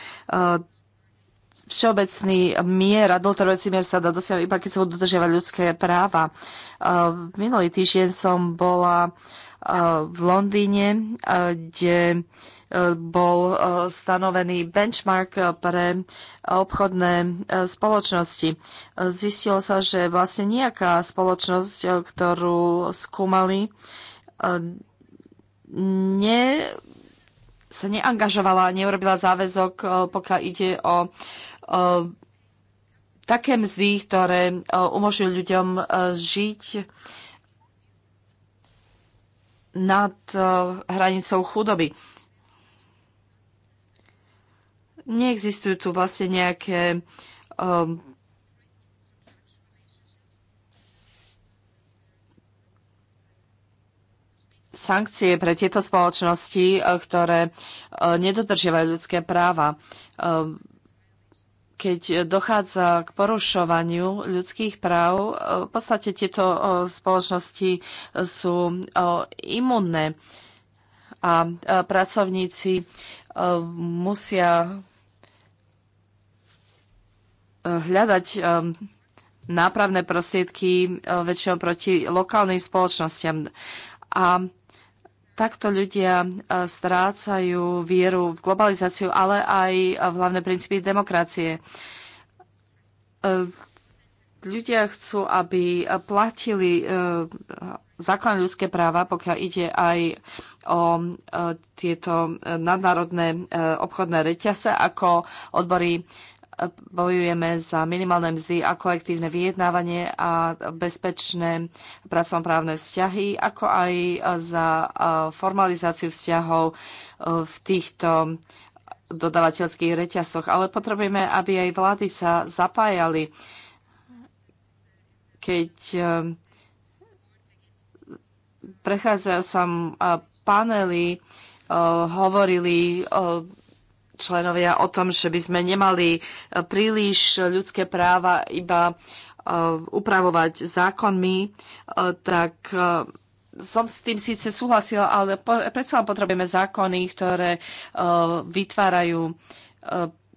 všeobecný mier a dlhotrvajúci mier sa dá dosiahnuť iba, keď sa budú dodržiavať ľudské práva. Minulý týždeň som bola v Londýne, eh, kde eh, bol eh, stanovený benchmark pre obchodné spoločnosti. Zistilo sa, že vlastne nejaká spoločnosť, ktorú skúmali, ne, sa neangažovala, neurobila záväzok, pokiaľ ide o také mzdy, ktoré umožňujú ľuďom žiť nad e, hranicou chudoby. Neexistujú tu vlastne nejaké um, sankcie pre tieto spoločnosti, e, ktoré nedodržiavajú ľudské práva. Um, keď dochádza k porušovaniu ľudských práv, e, v podstate tieto e, spoločnosti e, sú imunné a pracovníci musia hľadať nápravné prostriedky väčšinou proti lokálnym spoločnostiam. A Takto ľudia e, strácajú vieru v globalizáciu, ale aj v hlavné princípy demokracie. E, ľudia chcú, aby platili e, základné ľudské práva, pokiaľ ide aj o tieto nadnárodné obchodné reťase, ako odbory bojujeme za minimálne mzdy a kolektívne vyjednávanie a bezpečné pracovnoprávne vzťahy, ako aj za formalizáciu vzťahov e, v týchto dodavateľských reťazoch. Ale potrebujeme, aby aj vlády sa zapájali, keď e, prechádzajú sa e, panely hovorili členovia o tom, že by sme nemali e, príliš ľudské práva iba e, upravovať zákonmi, e, tak som s tým síce súhlasila, ale predsa len potrebujeme zákony, ktoré vytvárajú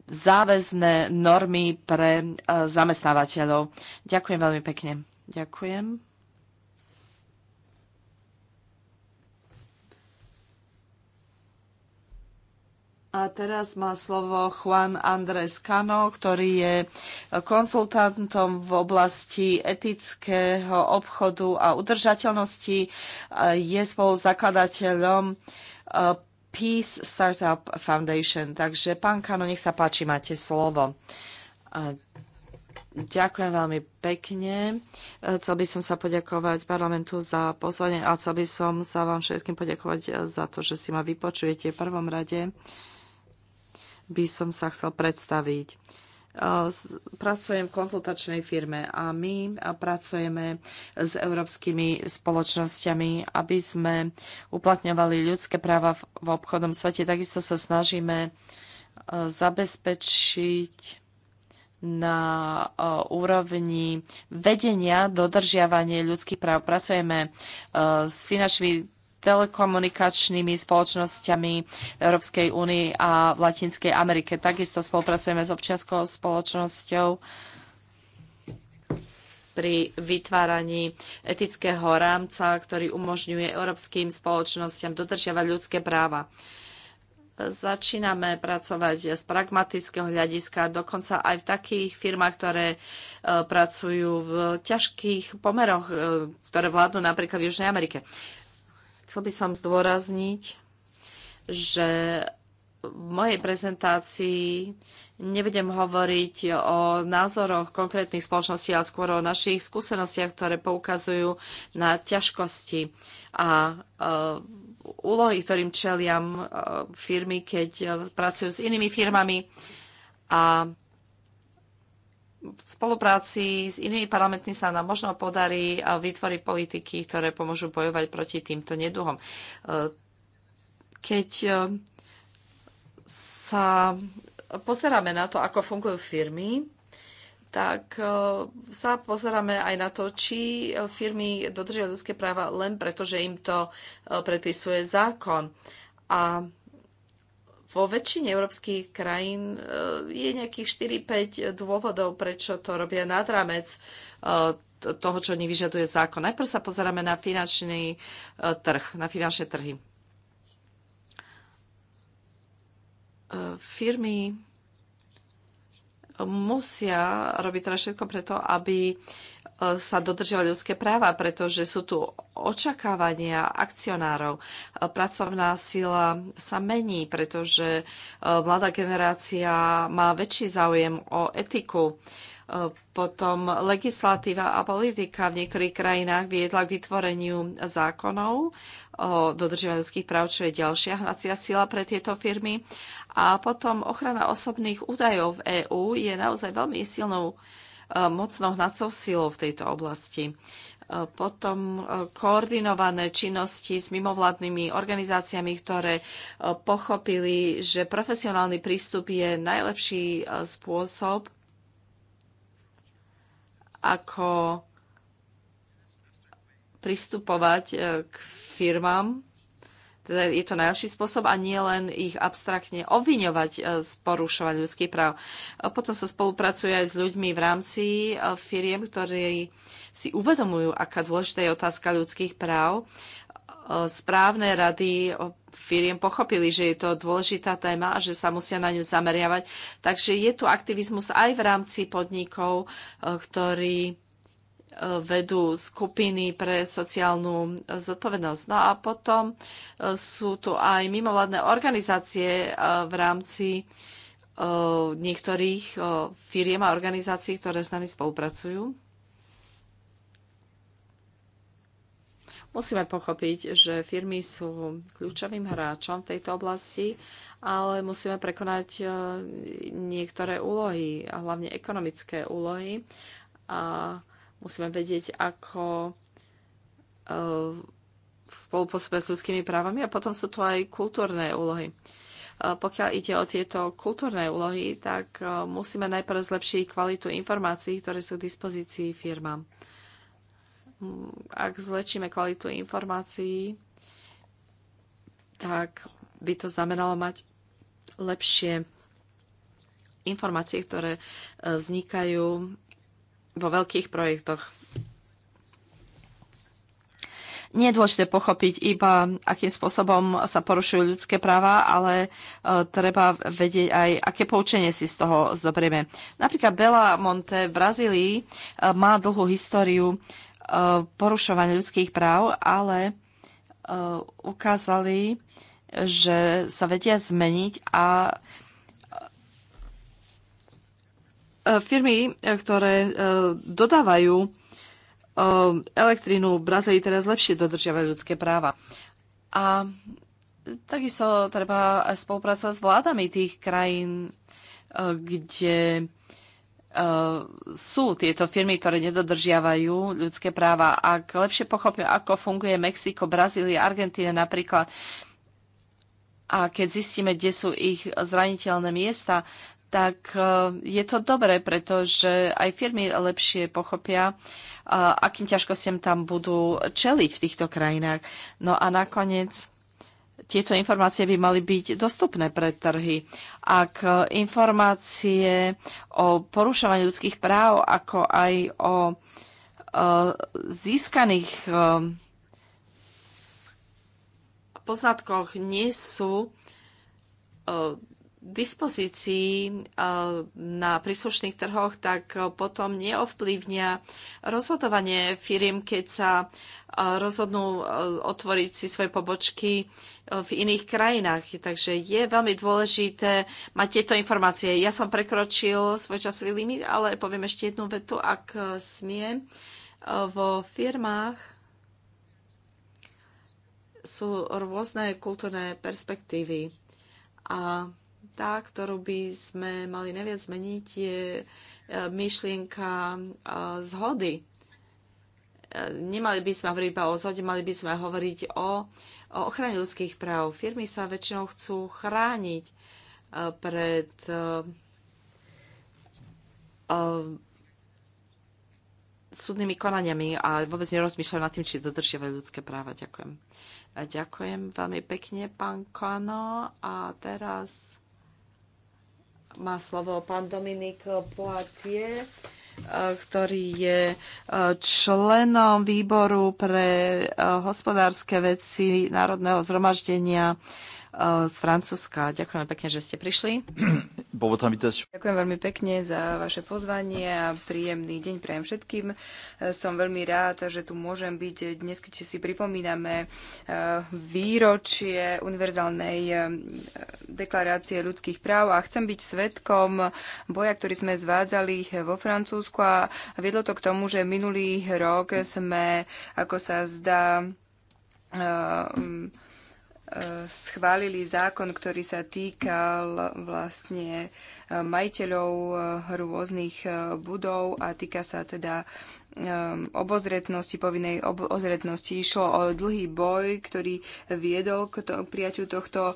záväzné normy pre zamestnávateľov. Ďakujem veľmi pekne. Ďakujem. A teraz má slovo Juan Andrés Cano, ktorý je konzultantom v oblasti etického obchodu a udržateľnosti. Je spoluzakladateľom e, Peace Startup Foundation. Takže, pán Kano, nech sa páči, máte slovo. Ďakujem veľmi pekne. E, chcel by som sa poďakovať parlamentu za pozvanie a chcel by som sa vám všetkým poďakovať e, za to, že si ma vypočujete v prvom rade. Uh, by som sa chcel predstaviť. E, pracujem v konzultačnej firme a my e, pracujeme s európskymi spoločnosťami, aby sme uplatňovali ľudské práva v obchodnom svete. Takisto sa snažíme e, zabezpečiť na úrovni vedenia, dodržiavanie ľudských práv. Pracujeme s finančnými telekomunikačnými spoločnosťami v Európskej únii a v Latinskej Amerike. Takisto spolupracujeme s občianskou spoločnosťou pri vytváraní etického rámca, ktorý umožňuje európskym spoločnosťam dodržiavať ľudské práva. Začíname pracovať z pragmatického hľadiska, dokonca aj v takých firmách, ktoré e, pracujú v ťažkých pomeroch, e, ktoré vládnu napríklad v Južnej Amerike. Chcel by som zdôrazniť, že v mojej prezentácii nebudem hovoriť o názoroch konkrétnych spoločností, ale skôr o našich skúsenostiach, ktoré poukazujú na ťažkosti a e, úlohy, ktorým čeliam e, firmy, keď e, pracujú s inými firmami a v spolupráci s inými parlamentmi sa nám možno podarí vytvoriť politiky, ktoré pomôžu bojovať proti týmto neduhom. E, keď e, sa pozeráme na to, ako fungujú firmy, tak e, sa pozeráme aj na to, či firmy dodržia ľudské práva len preto, že im to predpisuje zákon. A vo väčšine európskych krajín e, je nejakých 4-5 dôvodov, prečo to robia nad rámec e, toho, čo nevyžaduje zákon. Najprv sa pozeráme na finančný e, trh, na finančné trhy. Firmy musia robiť teraz všetko preto, aby sa dodržiavať ľudské práva, pretože sú tu očakávania akcionárov. Pracovná sila sa mení, pretože e, mladá generácia má väčší záujem o etiku. E, potom legislatíva a politika v niektorých krajinách viedla k vytvoreniu zákonov o dodržiavaní ľudských práv, čo je ďalšia hnacia sila pre tieto firmy. A potom ochrana osobných údajov v EÚ je naozaj veľmi silnou E, mocnou hnacou silou v tejto oblasti. E, potom e, koordinované činnosti s mimovládnymi organizáciami, ktoré pochopili, že profesionálny prístup je najlepší spôsob, ako pristupovať k firmám teda je to najlepší spôsob a nie len ich abstraktne obviňovať e, z porušovania ľudských práv. E, potom sa spolupracuje aj s ľuďmi v rámci e, firiem, ktorí si uvedomujú, aká dôležitá je otázka ľudských práv. Správne rady firiem pochopili, že je to dôležitá téma a že sa musia na ňu zameriavať. Takže je tu aktivizmus aj v rámci podnikov, ktorý vedú skupiny pre sociálnu zodpovednosť. No a potom e, sú tu aj mimovládne organizácie e, v rámci e, niektorých firiem a organizácií, ktoré s nami spolupracujú. Musíme pochopiť, že firmy sú kľúčovým hráčom v tejto oblasti, ale musíme prekonať niektoré úlohy, hlavne ekonomické úlohy. A Musíme vedieť, ako eh, spolupôsobia s ľudskými právami a potom sú tu aj kultúrne úlohy. Eh, pokiaľ ide o tieto kultúrne úlohy, tak eh, musíme najprv zlepšiť kvalitu informácií, ktoré sú k dispozícii firmám. Mm, ak zlepšíme kvalitu informácií, tak by to znamenalo mať lepšie informácie, ktoré vznikajú vo veľkých projektoch. Nie je dôležité pochopiť iba, akým spôsobom sa porušujú ľudské práva, ale uh, treba vedieť aj, aké poučenie si z toho zoberieme. Napríklad Bela Monte v Brazílii uh, má dlhú históriu uh, porušovania ľudských práv, ale ukázali, že sa vedia zmeniť a E, firmy, e, ktoré e, dodávajú elektrínu v Brazílii teraz lepšie dodržiavajú ľudské práva. A takisto treba spolupracovať s vládami tých krajín, kde sú tieto firmy, ktoré nedodržiavajú ľudské práva. Ak lepšie pochopia, ako funguje Mexiko, Brazília, Argentína napríklad, a keď zistíme, kde sú ich zraniteľné miesta, tak e, je to dobré, pretože aj firmy lepšie pochopia, e, akým ťažkostiam tam budú čeliť v týchto krajinách. No a nakoniec tieto informácie by mali byť dostupné pre trhy. Ak e, informácie o porušovaní ľudských práv, ako aj o získaných poznatkoch nie sú dispozícii eh, na príslušných trhoch, tak eh, potom neovplyvnia rozhodovanie firiem, keď sa eh, rozhodnú otvoriť si svoje pobočky v iných krajinách. Takže je veľmi dôležité mať tieto informácie. Ja som prekročil svoj časový limit, ale poviem ešte jednu vetu, ak smiem. Vo firmách sú rôzne kultúrne perspektívy. A tá, ktorú by sme mali neviac zmeniť, je e, myšlienka e, zhody. E, nemali by sme hovoriť iba o zhode, mali by sme hovoriť o, o ochrane ľudských práv. Firmy sa väčšinou chcú chrániť pred súdnymi konaniami a vôbec nerozmýšľajú nad tým, či dodržiavajú ľudské práva. Ďakujem. Ďakujem veľmi pekne, pán Kano. A teraz má slovo pán Dominik Poatie, eh, ktorý je eh, členom výboru pre eh, hospodárske veci Národného zhromaždenia z Francúzska. Ďakujem pekne, že ste prišli. Ďakujem veľmi pekne za vaše pozvanie a príjemný deň prajem všetkým. Som veľmi rád, že tu môžem byť dnes, keď si pripomíname eh, výročie Univerzálnej eh, deklarácie ľudských práv a chcem byť svetkom boja, ktorý sme zvádzali vo Francúzsku a viedlo to k tomu, že minulý rok sme, ako sa zdá, uh, schválili zákon, ktorý sa týkal vlastne eh, majiteľov eh, rôznych eh, budov a týka sa teda ehm, obozretnosti, povinnej obozretnosti. Išlo o dlhý boj, ktorý viedol k, to, k prijaťu tohto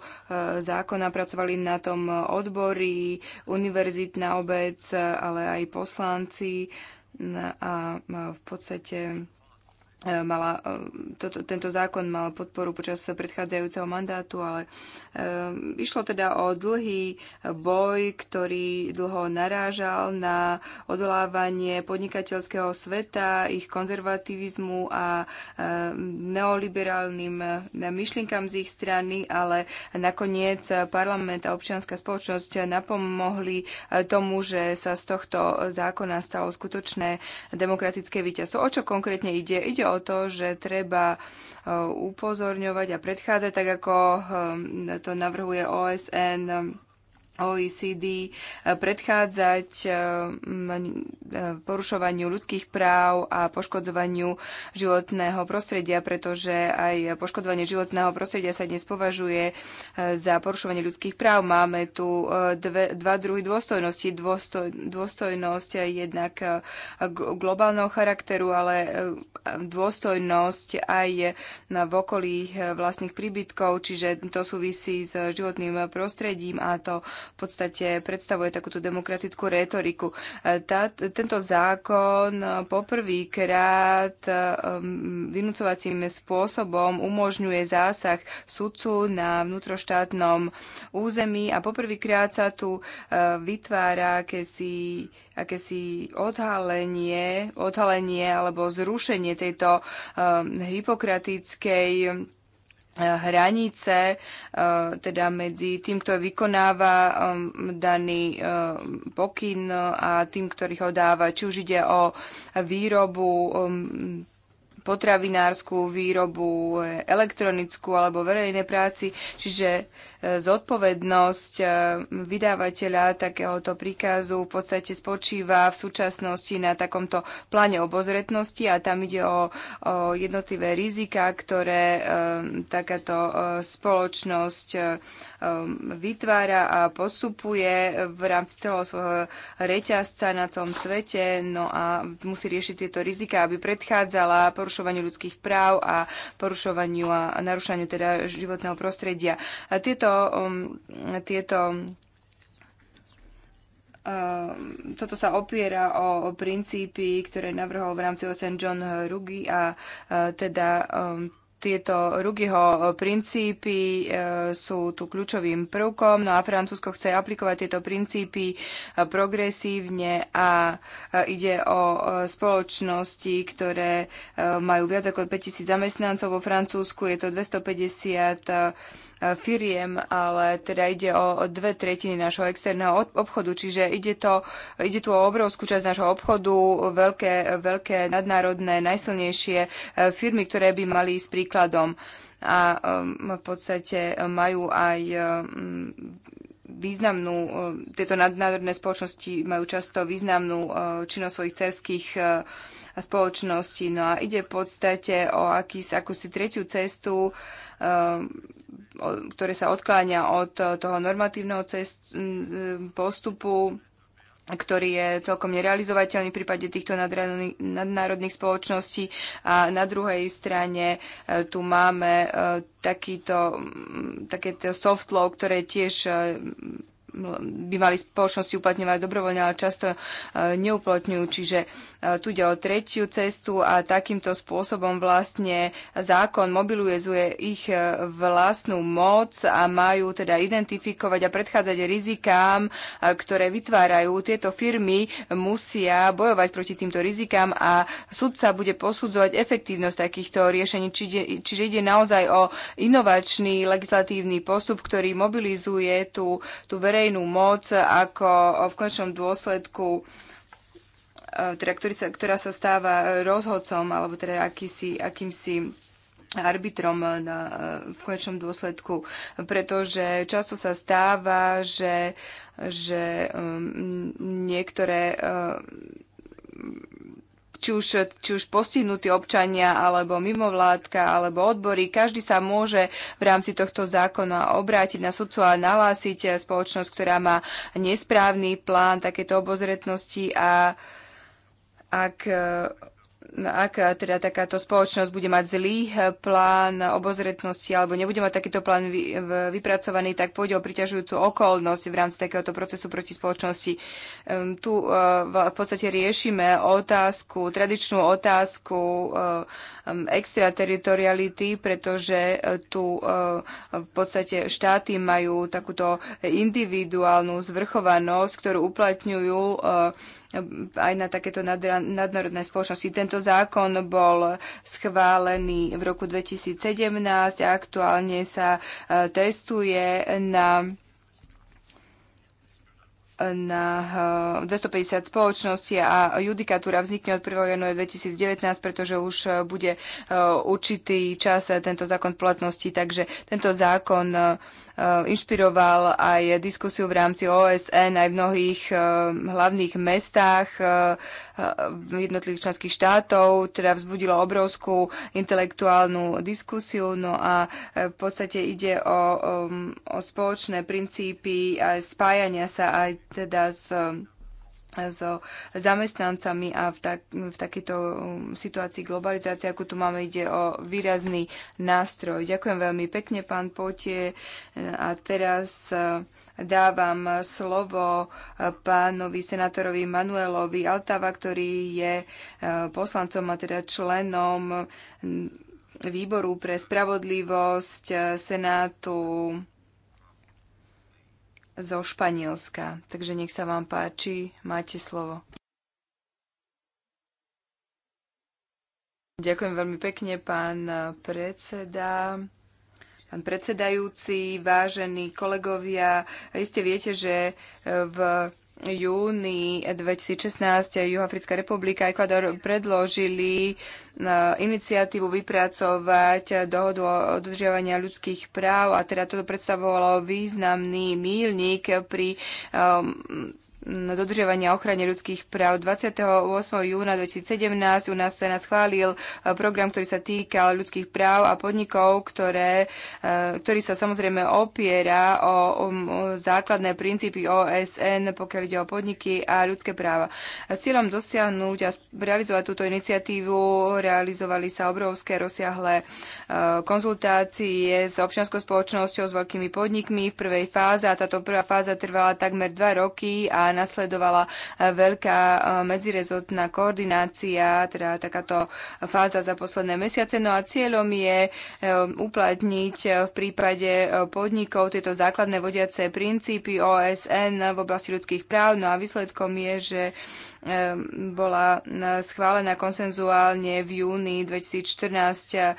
zákona. Pracovali na tom odbory, univerzitná obec, ale aj poslanci a v podstate E, mala, e, to, tento zákon mal podporu počas predchádzajúceho mandátu, ale e, išlo teda o dlhý boj, ktorý dlho narážal na odolávanie podnikateľského sveta, ich konzervativizmu a e, neoliberálnym e, myšlienkam z ich strany, ale nakoniec parlament a občianská spoločnosť napomohli tomu, že sa z tohto zákona stalo skutočné demokratické víťazstvo. O čo konkrétne ide? Ide o o to, že treba e, upozorňovať a predchádzať, tak ako e, to navrhuje OSN OECD e, predchádzať e, e, porušovaniu ľudských práv a poškodzovaniu životného prostredia, pretože aj poškodzovanie životného prostredia sa dnes považuje za porušovanie ľudských práv. Máme tu dve, dva druhy dôstojnosti. Dôstoj, dôstojnosť jednak globálneho charakteru, ale dôstojnosť aj v okolí vlastných príbytkov, čiže to súvisí s životným prostredím a to v podstate predstavuje takúto demokratickú retoriku. E, tá, tento zákon poprvýkrát e, vynúcovacím spôsobom umožňuje zásah sudcu na vnútroštátnom území a poprvýkrát sa tu e, vytvára akési, akési odhalenie, odhalenie alebo zrušenie tejto um, hypokratickej hranice eh, teda medzi tým, kto vykonáva eh, daný eh, pokyn a tým, ktorý ho dáva. Či už ide o výrobu potravinárskú výrobu, e, elektronickú alebo verejnej práci. Čiže e, zodpovednosť e, vydávateľa takéhoto príkazu v podstate spočíva v súčasnosti na takomto pláne obozretnosti a tam ide o, o jednotlivé rizika, ktoré takáto spoločnosť vytvára a postupuje v rámci celého svojho reťazca na celom svete no a musí riešiť tieto rizika, aby predchádzala porušovaniu ľudských práv a porušovaniu a narušaniu teda životného prostredia. A tieto, um, tieto um, toto sa opiera o, o princípy, ktoré navrhol v rámci OSN John Ruggie a, teda um, tieto Rugiho eh, princípy eh, sú tu kľúčovým prvkom, no a Francúzsko chce aplikovať tieto princípy eh, progresívne a ide o spoločnosti, ktoré majú viac ako 5000 zamestnancov vo Francúzsku, je to 250 Eh, firiem, ale teda ide o dve tretiny našho externého obchodu, čiže ide, to, ide tu o obrovskú časť našho obchodu, veľké, veľké nadnárodné, najsilnejšie eh, firmy, ktoré by mali ísť príkladom a v podstate majú aj významnú, eh, tieto nadnárodné spoločnosti majú často významnú činnosť svojich cerských spoločnosti. No a ide v podstate o akýs, akúsi tretiu cestu, eh, ktoré sa odkláňa od toho normatívneho cest, postupu ktorý je celkom nerealizovateľný v prípade týchto nadnárodných spoločností. A na druhej strane eh, tu máme eh, takýto, takéto soft law, ktoré tiež by mali spoločnosti uplatňovať dobrovoľne, ale často e, neuplatňujú. Čiže e, tu ide o tretiu cestu a takýmto spôsobom vlastne zákon mobilizuje ich e, vlastnú moc a majú teda identifikovať a predchádzať rizikám, ktoré vytvárajú. Tieto firmy musia bojovať proti týmto rizikám a sudca bude posudzovať efektívnosť takýchto riešení. Čiže, čiže ide naozaj o inovačný legislatívny postup, ktorý mobilizuje tú, tú verejnú moc ako v konečnom dôsledku e, teda, ktorý sa, ktorá sa stáva rozhodcom alebo teda akýsi, akýmsi arbitrom na, e, v konečnom dôsledku, pretože často sa stáva, že, že um, niektoré um, či už, či už postihnutí občania, alebo mimovládka, alebo odbory. Každý sa môže v rámci tohto zákona obrátiť na sudcu a nahlásiť spoločnosť, ktorá má nesprávny plán takéto obozretnosti a ak ak teda takáto spoločnosť bude mať zlý eh, plán obozretnosti alebo nebude mať takýto plán vypracovaný, tak pôjde o priťažujúcu okolnosť v rámci takéhoto procesu proti spoločnosti. Ehm, tu eh, v podstate riešime otázku, tradičnú otázku eh, ehm, extrateritoriality, pretože tu v podstate štáty majú takúto individuálnu zvrchovanosť, ktorú uplatňujú aj na takéto nadnárodné spoločnosti. Tento zákon bol schválený v roku 2017 a aktuálne sa e, testuje na na 250 e, spoločností a judikatúra vznikne od 1. januára 2019, pretože už e, bude určitý čas tento zákon v platnosti, takže tento zákon Eh, inšpiroval aj diskusiu v rámci OSN aj v mnohých eh, hlavných mestách eh, jednotlivých členských štátov, teda vzbudilo obrovskú intelektuálnu diskusiu, no a v podstate ide o, o, o spoločné princípy aj spájania sa aj teda s so zamestnancami a v, tak, v takejto um, situácii globalizácie, ako tu máme, ide o výrazný nástroj. Ďakujem veľmi pekne, pán Potie. A teraz eh, dávam slovo eh, pánovi senátorovi Manuelovi Altava, ktorý je eh, poslancom a teda členom mm, výboru pre spravodlivosť Senátu zo Španielska. Takže nech sa vám páči, máte slovo. Ďakujem veľmi pekne, pán predseda. Pán predsedajúci, vážení kolegovia, iste viete, že v júni 2016 Juhafrická republika a Ekvador predložili e, iniciatívu vypracovať dohodu o dodržiavaní ľudských práv a teda toto predstavovalo významný mílnik pri um, dodržiavania ochrane ľudských práv. 28. júna 2017 u nás Senát schválil e, program, ktorý sa týkal ľudských práv a podnikov, ktoré, e, ktorý sa samozrejme opiera o, o základné princípy OSN, pokiaľ ide o podniky a ľudské práva. S cieľom dosiahnuť a realizovať túto iniciatívu realizovali sa obrovské rozsiahle e, konzultácie s občianskou spoločnosťou, s veľkými podnikmi v prvej fáze a táto prvá fáza trvala takmer dva roky a nasledovala e, veľká e, medzirezotná koordinácia, teda takáto fáza za posledné mesiace. No a cieľom je e, uplatniť v prípade podnikov tieto základné vodiace princípy OSN v oblasti ľudských práv. No a výsledkom je, že bola schválená konsenzuálne v júni 2014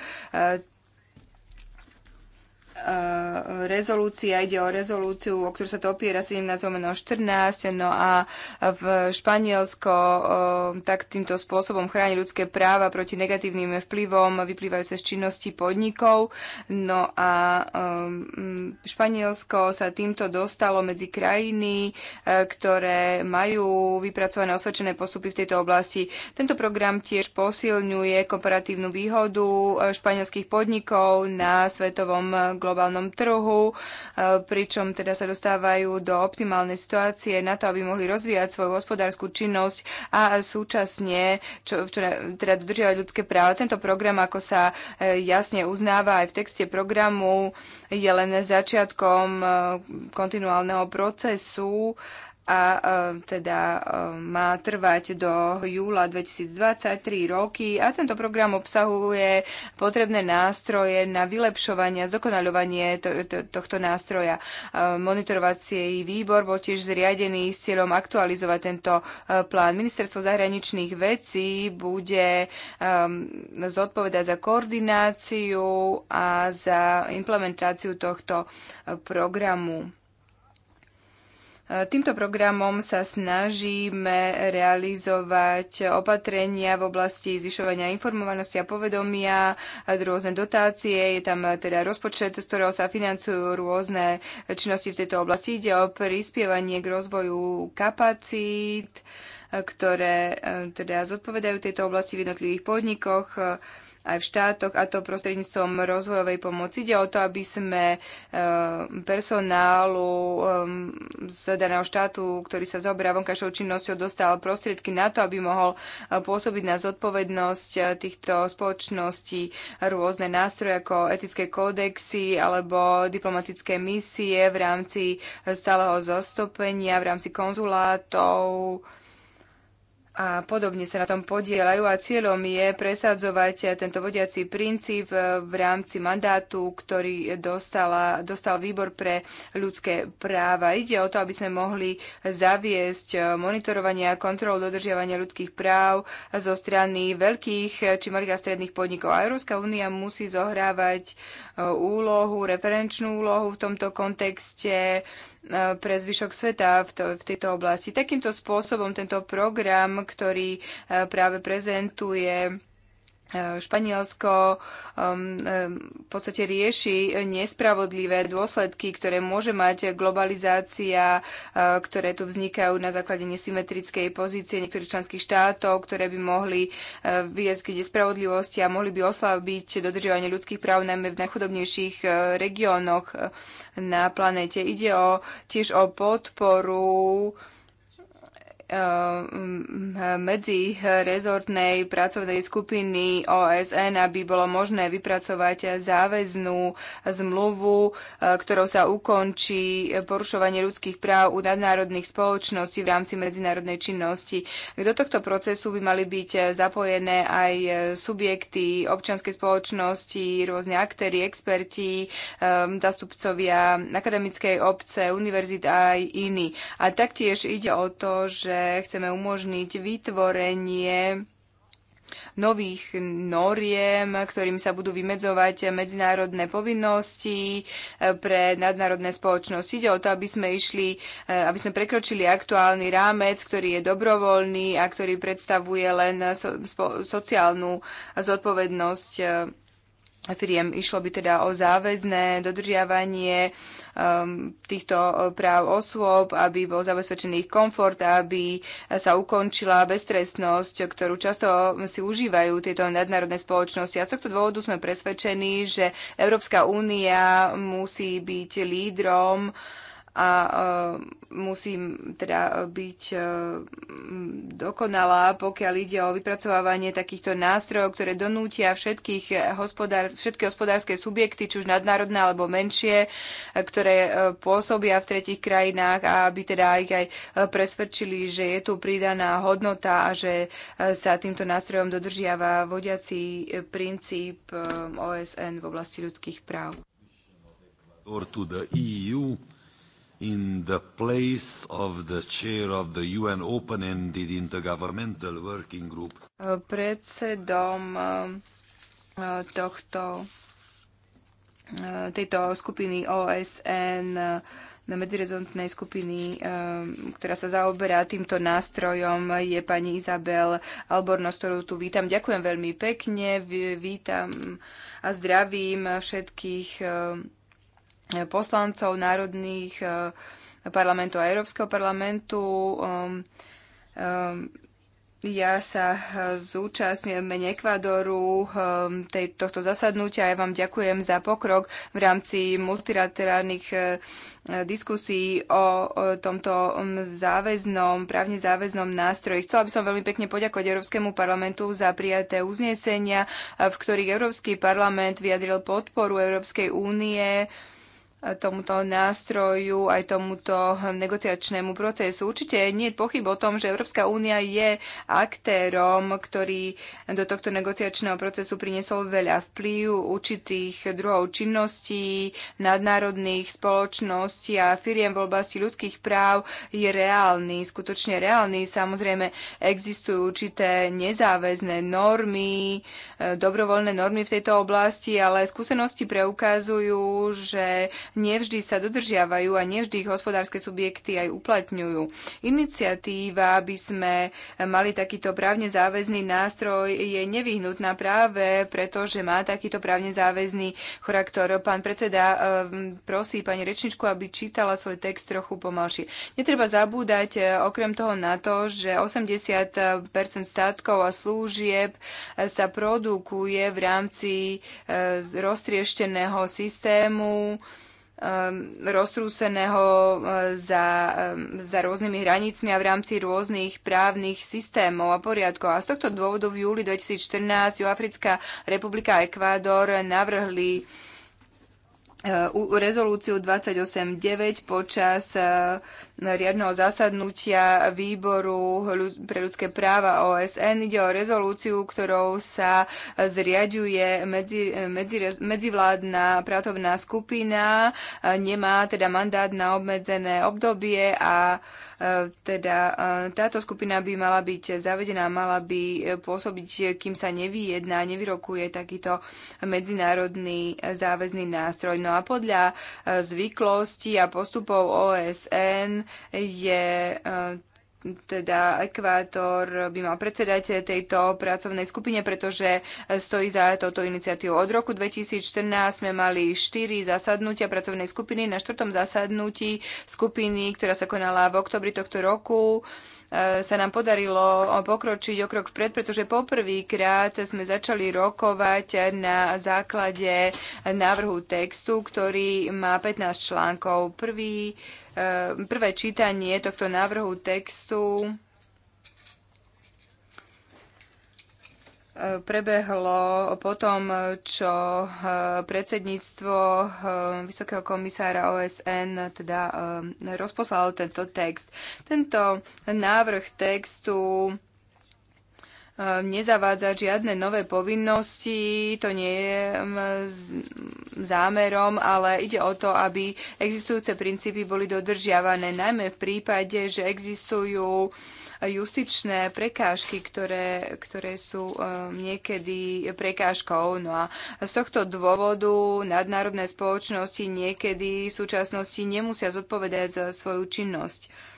Eh, rezolúcia, ide o rezolúciu, o ktorú sa to opiera 17 14, no a v Španielsko eh, tak týmto spôsobom chráni ľudské práva proti negatívnym vplyvom vyplývajúce z činnosti podnikov. No a eh, Španielsko sa týmto dostalo medzi krajiny, ktoré majú vypracované osvedčené postupy v tejto oblasti. Tento program tiež posilňuje komparatívnu výhodu španielských podnikov na svetovom globálnom globálnom trhu, e, pričom teda sa dostávajú do optimálnej situácie na to, aby mohli rozvíjať svoju hospodárskú činnosť a súčasne čo, čo, teda dodržiavať ľudské práva. Tento program, ako sa e, jasne uznáva aj v texte programu, je len začiatkom e, kontinuálneho procesu a e, teda e, má trvať do júla 2023 roky a tento program obsahuje potrebné nástroje na vylepšovanie a zdokonaľovanie to, to, tohto nástroja. E, monitorovací výbor bol tiež zriadený s cieľom aktualizovať tento plán. Ministerstvo zahraničných vecí bude zodpovedať za koordináciu a za implementáciu tohto programu. Týmto programom sa snažíme realizovať opatrenia v oblasti zvyšovania informovanosti a povedomia, rôzne dotácie, je tam teda rozpočet, z ktorého sa financujú rôzne činnosti v tejto oblasti. Ide o prispievanie k rozvoju kapacít, ktoré eh, teda zodpovedajú tejto oblasti v jednotlivých podnikoch aj v štátoch, a to prostredníctvom rozvojovej pomoci. Ide o to, aby sme eh, personálu eh, z daného štátu, ktorý sa zaoberá vonkajšou činnosťou, dostal prostriedky na to, aby mohol eh, pôsobiť na zodpovednosť týchto spoločností rôzne nástroje ako etické kódexy alebo diplomatické misie v rámci stáleho zastúpenia, v rámci konzulátov, a podobne sa na tom podielajú a cieľom je presadzovať tento vodiaci princíp e, v rámci mandátu, ktorý dostala, dostal výbor pre ľudské práva. Ide o to, aby sme mohli zaviesť e, monitorovanie a kontrolu dodržiavania ľudských práv zo strany veľkých e, či malých a stredných podnikov. A Európska únia musí zohrávať úlohu, referenčnú úlohu v tomto kontexte E, pre zvyšok sveta v, to, v tejto oblasti. Takýmto spôsobom tento program, ktorý e, práve prezentuje Španielsko um, um, v podstate rieši nespravodlivé dôsledky, ktoré môže mať globalizácia, uh, ktoré tu vznikajú na základe nesymetrickej pozície niektorých členských štátov, ktoré by mohli uh, viesť k nespravodlivosti a mohli by oslabiť dodržovanie ľudských práv najmä v najchudobnejších uh, regiónoch na planete. Ide o, tiež o podporu Um, medzi rezortnej pracovnej skupiny OSN, aby bolo možné vypracovať záväznú zmluvu, uh, ktorou sa ukončí porušovanie ľudských práv u nadnárodných spoločností v rámci medzinárodnej činnosti. Do tohto procesu by mali byť zapojené aj subjekty občianskej spoločnosti, rôzne aktéry, experti, um, zastupcovia akademickej obce, univerzit a aj iní. A taktiež ide o to, že chceme umožniť vytvorenie nových noriem, ktorým sa budú vymedzovať medzinárodné povinnosti e, pre nadnárodné spoločnosti. Ide o to, aby sme išli, e, aby sme prekročili aktuálny rámec, ktorý je dobrovoľný a ktorý predstavuje len sociálnu zodpovednosť e, firiem. Išlo by teda o záväzné dodržiavanie um, týchto uh, práv osôb, aby bol zabezpečený ich komfort, aby sa ukončila beztrestnosť, ktorú často si užívajú tieto nadnárodné spoločnosti. A z tohto dôvodu sme presvedčení, že Európska únia musí byť lídrom uh, a e, musím teda byť e, dokonalá, pokiaľ ide o vypracovávanie takýchto nástrojov, ktoré donútia všetkých hospodár, všetky hospodárske subjekty, či už nadnárodné alebo menšie, e, ktoré pôsobia v tretich krajinách a aby teda ich aj presvedčili, že je tu pridaná hodnota a že sa týmto nástrojom dodržiava vodiaci princíp OSN v oblasti ľudských práv. Or to the EU in the place of the chair of the UN Open-Ended Intergovernmental Working Group. Eh, predsedom eh, eh, tohto, tejto skupiny OSN na medzirezontnej skupiny, ktorá sa zaoberá týmto nástrojom, je pani Izabel s ktorou tu vítam. Ďakujem veľmi pekne, vítam a zdravím všetkých poslancov národných eh, parlamentov a Európskeho parlamentu. Ehm, ehm, ja sa eh, zúčastňujem mene Ekvadoru ehm, tej, tohto zasadnutia. Ja vám ďakujem za pokrok v rámci multilaterálnych eh, diskusí o tomto mm, záväznom, právne záväznom nástroji. Chcela by som veľmi pekne poďakovať Európskemu parlamentu za prijaté uznesenia, v ktorých Európsky parlament vyjadril podporu Európskej únie tomuto nástroju, aj tomuto negociačnému procesu. Určite nie je pochyb o tom, že Európska únia je aktérom, ktorý do tohto negociačného procesu priniesol veľa vplyv určitých druhov činností, nadnárodných spoločností a firiem v oblasti ľudských práv je reálny, skutočne reálny. Samozrejme existujú určité nezáväzné normy, e, dobrovoľné normy v tejto oblasti, ale skúsenosti preukazujú, že nevždy sa dodržiavajú a nevždy ich hospodárske subjekty aj uplatňujú. Iniciatíva, aby sme mali takýto právne záväzný nástroj, je nevyhnutná práve preto, že má takýto právne záväzný charakter. Pán predseda eh, prosí pani rečničku, aby čítala svoj text trochu pomalšie. Netreba zabúdať eh, okrem toho na to, že 80 statkov a služieb eh, sa produkuje v rámci roztriešteného systému Um, roztrúseného uh, za, um, za rôznymi hranicmi a v rámci rôznych právnych systémov a poriadkov. A z tohto dôvodu v júli 2014 Juafrická republika a Ekvádor navrhli uh, rezolúciu 28.9 počas uh, riadneho zasadnutia výboru pre ľudské práva OSN. Ide o rezolúciu, ktorou sa zriaďuje medzi, medzi, medzivládna pracovná skupina. Nemá teda mandát na obmedzené obdobie a e, teda e, táto skupina by mala byť zavedená, mala by pôsobiť, kým sa nevyjedná, nevyrokuje takýto medzinárodný záväzný nástroj. No a podľa e, zvyklostí a postupov OSN je e, teda Ekvátor by mal predsedať tejto pracovnej skupine, pretože stojí za touto iniciatívou. Od roku 2014 sme mali štyri zasadnutia pracovnej skupiny. Na štvrtom zasadnutí skupiny, ktorá sa konala v oktobri tohto roku, e, sa nám podarilo pokročiť o krok vpred, pretože poprvýkrát sme začali rokovať na základe návrhu textu, ktorý má 15 článkov. Prvý Ehm, prvé čítanie tohto návrhu textu ehm, prebehlo po tom, čo ehm, predsedníctvo Vysokého komisára OSN teda rozposlalo tento text. Tento návrh textu nezavádza žiadne nové povinnosti, to nie je mm, zámerom, ale ide o to, aby existujúce princípy boli dodržiavané, najmä v prípade, že existujú justičné prekážky, ktoré, ktoré sú um, niekedy prekážkou. No a z tohto dôvodu nadnárodné spoločnosti niekedy v súčasnosti nemusia zodpovedať za svoju činnosť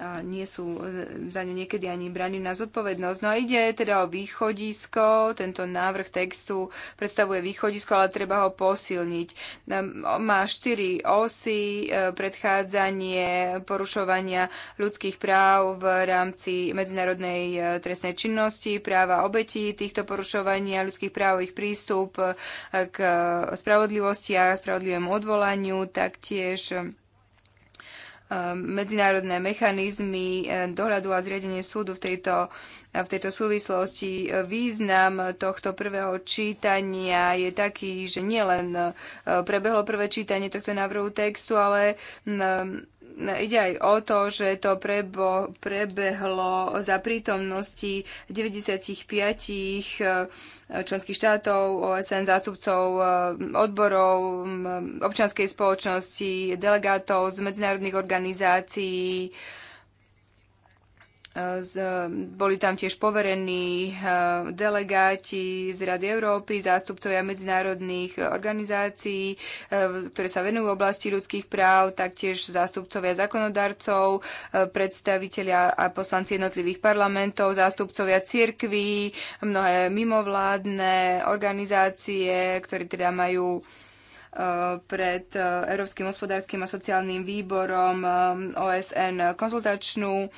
a nie sú e, za ňu niekedy ani braní na zodpovednosť. No a ide teda o východisko, tento návrh textu predstavuje východisko, ale treba ho posilniť. Má štyri osy, e, predchádzanie porušovania ľudských práv v rámci medzinárodnej e, trestnej činnosti, práva obetí týchto porušovania ľudských práv, ich prístup k spravodlivosti a spravodlivému odvolaniu, taktiež Ehm, medzinárodné mechanizmy e, dohľadu a zriadenie súdu v tejto, e, v tejto súvislosti. E, význam tohto prvého čítania je taký, že nielen prebehlo prvé čítanie tohto návrhu textu, ale ide aj o to, že to prebo, prebehlo za prítomnosti 95 eh, členských štátov, OSN, zástupcov eh, odborov, mm, občanskej spoločnosti, delegátov z medzinárodných organizácií, z, boli tam tiež poverení eh, delegáti z Rady Európy, zástupcovia medzinárodných organizácií, eh, ktoré sa venujú v oblasti ľudských práv, taktiež zástupcovia zákonodarcov, eh, predstavitelia a poslanci jednotlivých parlamentov, zástupcovia cirkví, mnohé mimovládne organizácie, ktoré teda majú Eh, pred eh, Európskym hospodárskym a sociálnym výborom eh, OSN konzultačnú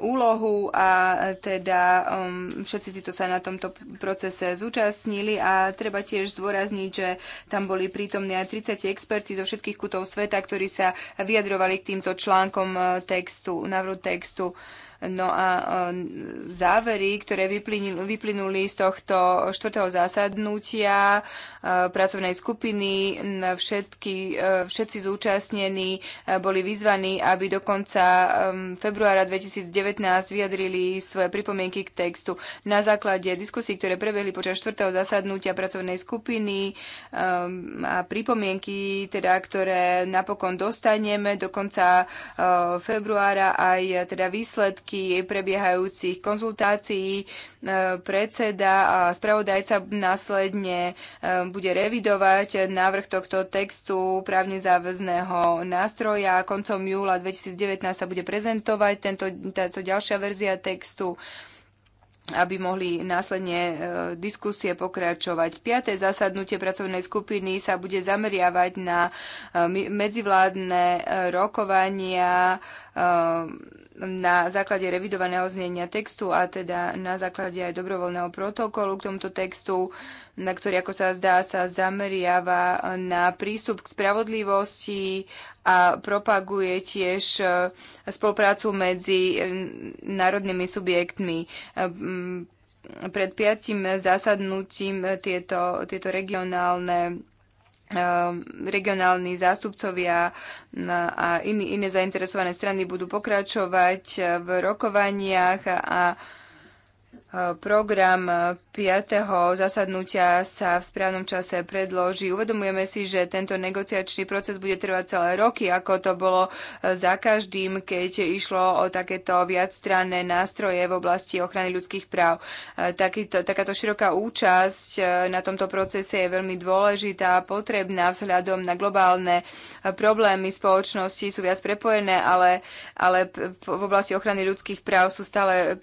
úlohu a teda všetci títo sa na tomto procese zúčastnili a treba tiež zdôrazniť, že tam boli prítomní aj 30 experti zo všetkých kutov sveta, ktorí sa vyjadrovali k týmto článkom textu, návrhu textu. Uh, No a závery, ktoré vyplynuli z tohto štvrtého zásadnutia pracovnej skupiny, všetky, všetci zúčastnení e, boli vyzvaní, aby do konca februára 2019 vyjadrili svoje pripomienky k textu. Na základe diskusí, ktoré prebehli počas štvrtého zasadnutia pracovnej skupiny e, a pripomienky, teda, ktoré napokon dostaneme do konca februára, aj teda výsledky výsledky prebiehajúcich konzultácií. E, predseda a spravodajca následne e, bude revidovať návrh tohto textu právne záväzného nástroja. Koncom júla 2019 sa bude prezentovať tento, táto ďalšia verzia textu aby mohli následne e, diskusie pokračovať. Piaté zasadnutie pracovnej skupiny sa bude zameriavať na medzivládne rokovania na základe revidovaného znenia textu a teda na základe aj dobrovoľného protokolu k tomuto textu, na ktorý, ako sa zdá, sa zameriava na prístup k spravodlivosti a propaguje tiež e, spoluprácu medzi e, národnými subjektmi. E, pred piatým zasadnutím tieto, tieto regionálne Ehm, regionálni zástupcovia a iné zainteresované strany budú pokračovať v rokovaniach a program 5. E, zasadnutia sa v správnom čase predloží. Uvedomujeme si, že tento negociačný proces bude trvať celé roky, ako to bolo e, za každým, keď išlo o takéto viacstranné nástroje v oblasti ochrany ľudských práv. E, takýto, takáto široká účasť na tomto procese je veľmi dôležitá a potrebná vzhľadom na globálne problémy spoločnosti, sú viac prepojené, ale, ale v oblasti ochrany ľudských práv sú stále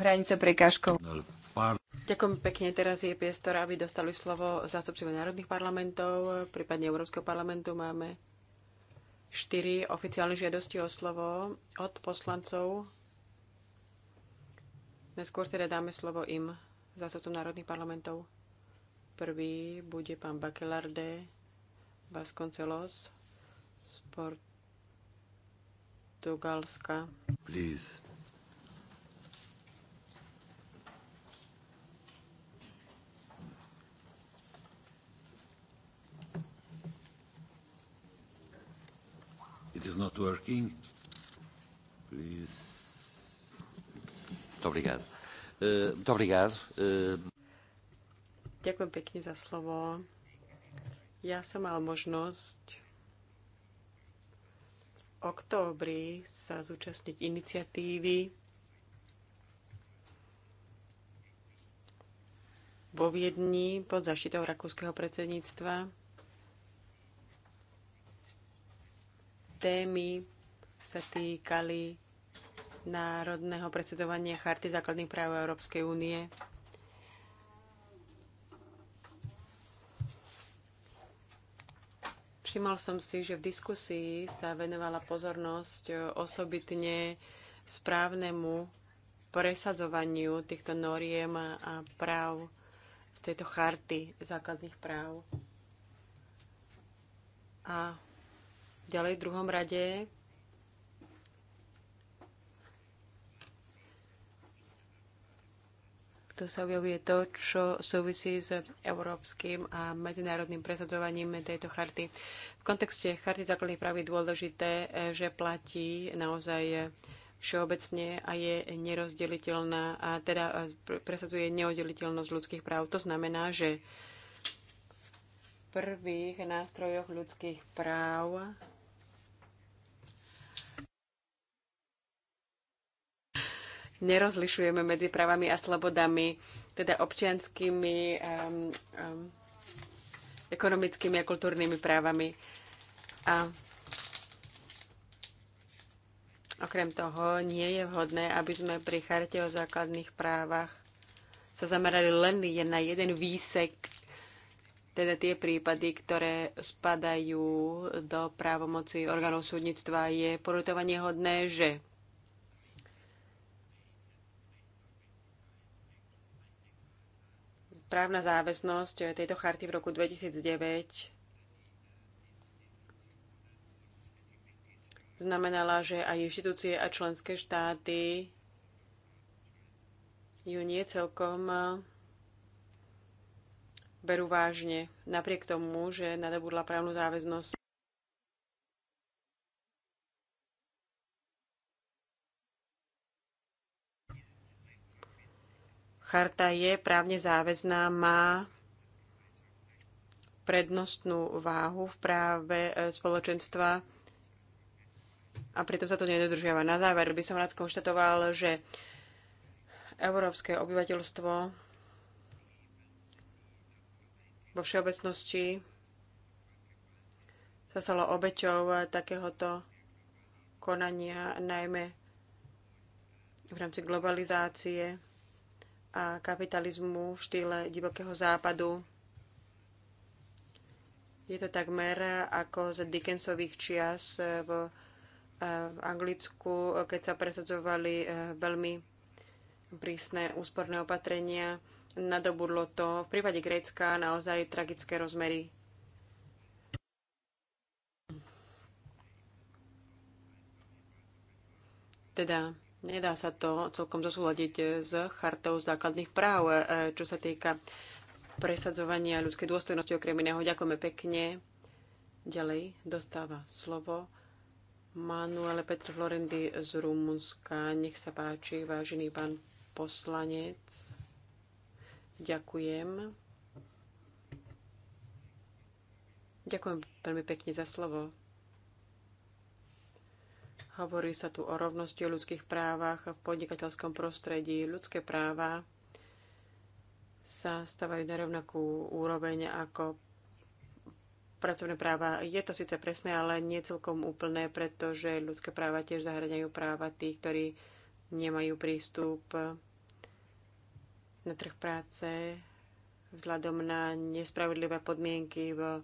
hranice prekažkov otázkou. Ďakujem pekne. Teraz je priestor, aby dostali slovo zástupcovia národných parlamentov, prípadne Európskeho parlamentu. Máme štyri oficiálne žiadosti o slovo od poslancov. Neskôr teda dáme slovo im, zástupcom národných parlamentov. Prvý bude pán Bakelarde Vasconcelos z Portugalska. Please. not working. Muito obrigado. Uh, muito obrigado. Uh... Ďakujem pekne za slovo. Ja som mal možnosť v októbri sa zúčastniť iniciatívy vo Viedni pod zaštitou rakúskeho predsedníctva témy sa týkali národného predsedovania Charty základných práv Európskej únie. Všimol som si, že v diskusii sa venovala pozornosť osobitne správnemu presadzovaniu týchto noriem a práv z tejto charty základných práv. A Ďalej v druhom rade to sa objavuje to, čo súvisí s európskym a medzinárodným presadzovaním tejto charty. V kontexte charty základných práv je dôležité, že platí naozaj všeobecne a je nerozdeliteľná a teda presadzuje neoddeliteľnosť ľudských práv. To znamená, že v prvých nástrojoch ľudských práv nerozlišujeme medzi právami a slobodami, teda občianskými, um, um, ekonomickými a kultúrnymi právami. A okrem toho nie je vhodné, aby sme pri charte o základných právach sa zamerali len na jeden výsek, teda tie prípady, ktoré spadajú do právomoci orgánov súdnictva. Je porutovanie hodné, že právna záväznosť eh, tejto charty v roku 2009 znamenala, že aj inštitúcie a členské štáty ju nie celkom eh, berú vážne, napriek tomu, že nadobudla právnu záväznosť. charta je právne záväzná, má prednostnú váhu v práve e, spoločenstva a pritom sa to nedodržiava. Na záver by som rád skonštatoval, že európske obyvateľstvo vo všeobecnosti sa stalo obeťou takéhoto konania, najmä v rámci globalizácie a kapitalizmu v štýle divokého západu. Je to takmer ako z Dickensových čias v eh, Anglicku, keď sa presadzovali eh, veľmi prísne úsporné opatrenia. Nadobudlo to v prípade Grécka naozaj tragické rozmery. Teda Nedá sa to celkom zosúľadiť s chartou základných práv, e, čo sa týka presadzovania ľudskej dôstojnosti okrem iného. Ďakujeme pekne. Ďalej dostáva slovo Manuele Petr Florendy z Rumunska. Nech sa páči, vážený pán poslanec. Ďakujem. Ďakujem veľmi pekne za slovo. Hovorí sa tu o rovnosti, o ľudských právach v podnikateľskom prostredí. Ľudské práva sa stavajú na rovnakú úroveň ako pracovné práva. Je to síce presné, ale nie celkom úplné, pretože ľudské práva tiež zahraňajú práva tých, ktorí nemajú prístup na trh práce vzhľadom na nespravodlivé podmienky v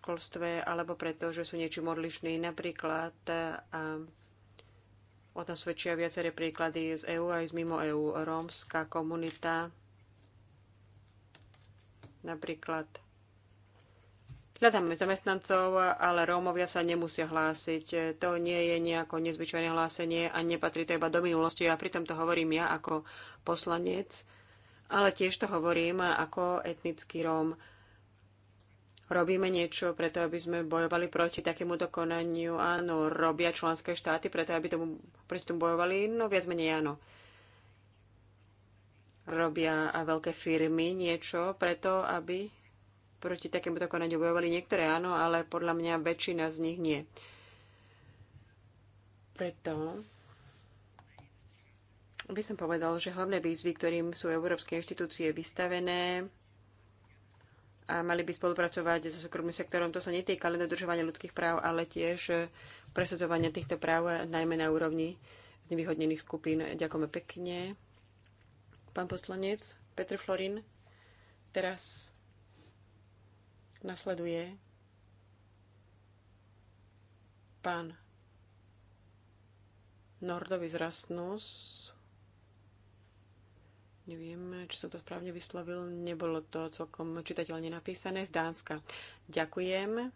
školstve alebo preto, že sú niečím odlišní. Napríklad a O tom svedčia viaceré príklady z EÚ aj z mimo EÚ. Rómska komunita napríklad. Hľadáme zamestnancov, ale Rómovia sa nemusia hlásiť. To nie je nejako nezvyčajné hlásenie a nepatrí to iba do minulosti. A pritom to hovorím ja ako poslanec, ale tiež to hovorím ako etnický Róm robíme niečo preto, aby sme bojovali proti takému dokonaniu Áno, robia členské štáty preto, aby tomu, proti tomu bojovali. No viac menej áno. Robia a veľké firmy niečo preto, aby proti takému dokonaniu bojovali. Niektoré áno, ale podľa mňa väčšina z nich nie. Preto by som povedal, že hlavné výzvy, ktorým sú európske inštitúcie vystavené, a mali by spolupracovať so súkromným sektorom. To sa netýka len dodržovania ľudských práv, ale tiež eh, presadzovania týchto práv, eh, najmä na úrovni znevýhodnených skupín. Ďakujeme pekne. Pán poslanec Petr Florin, teraz nasleduje pán Nordovi z neviem, či som to správne vyslovil, nebolo to celkom čitateľne napísané, z Dánska. Ďakujem.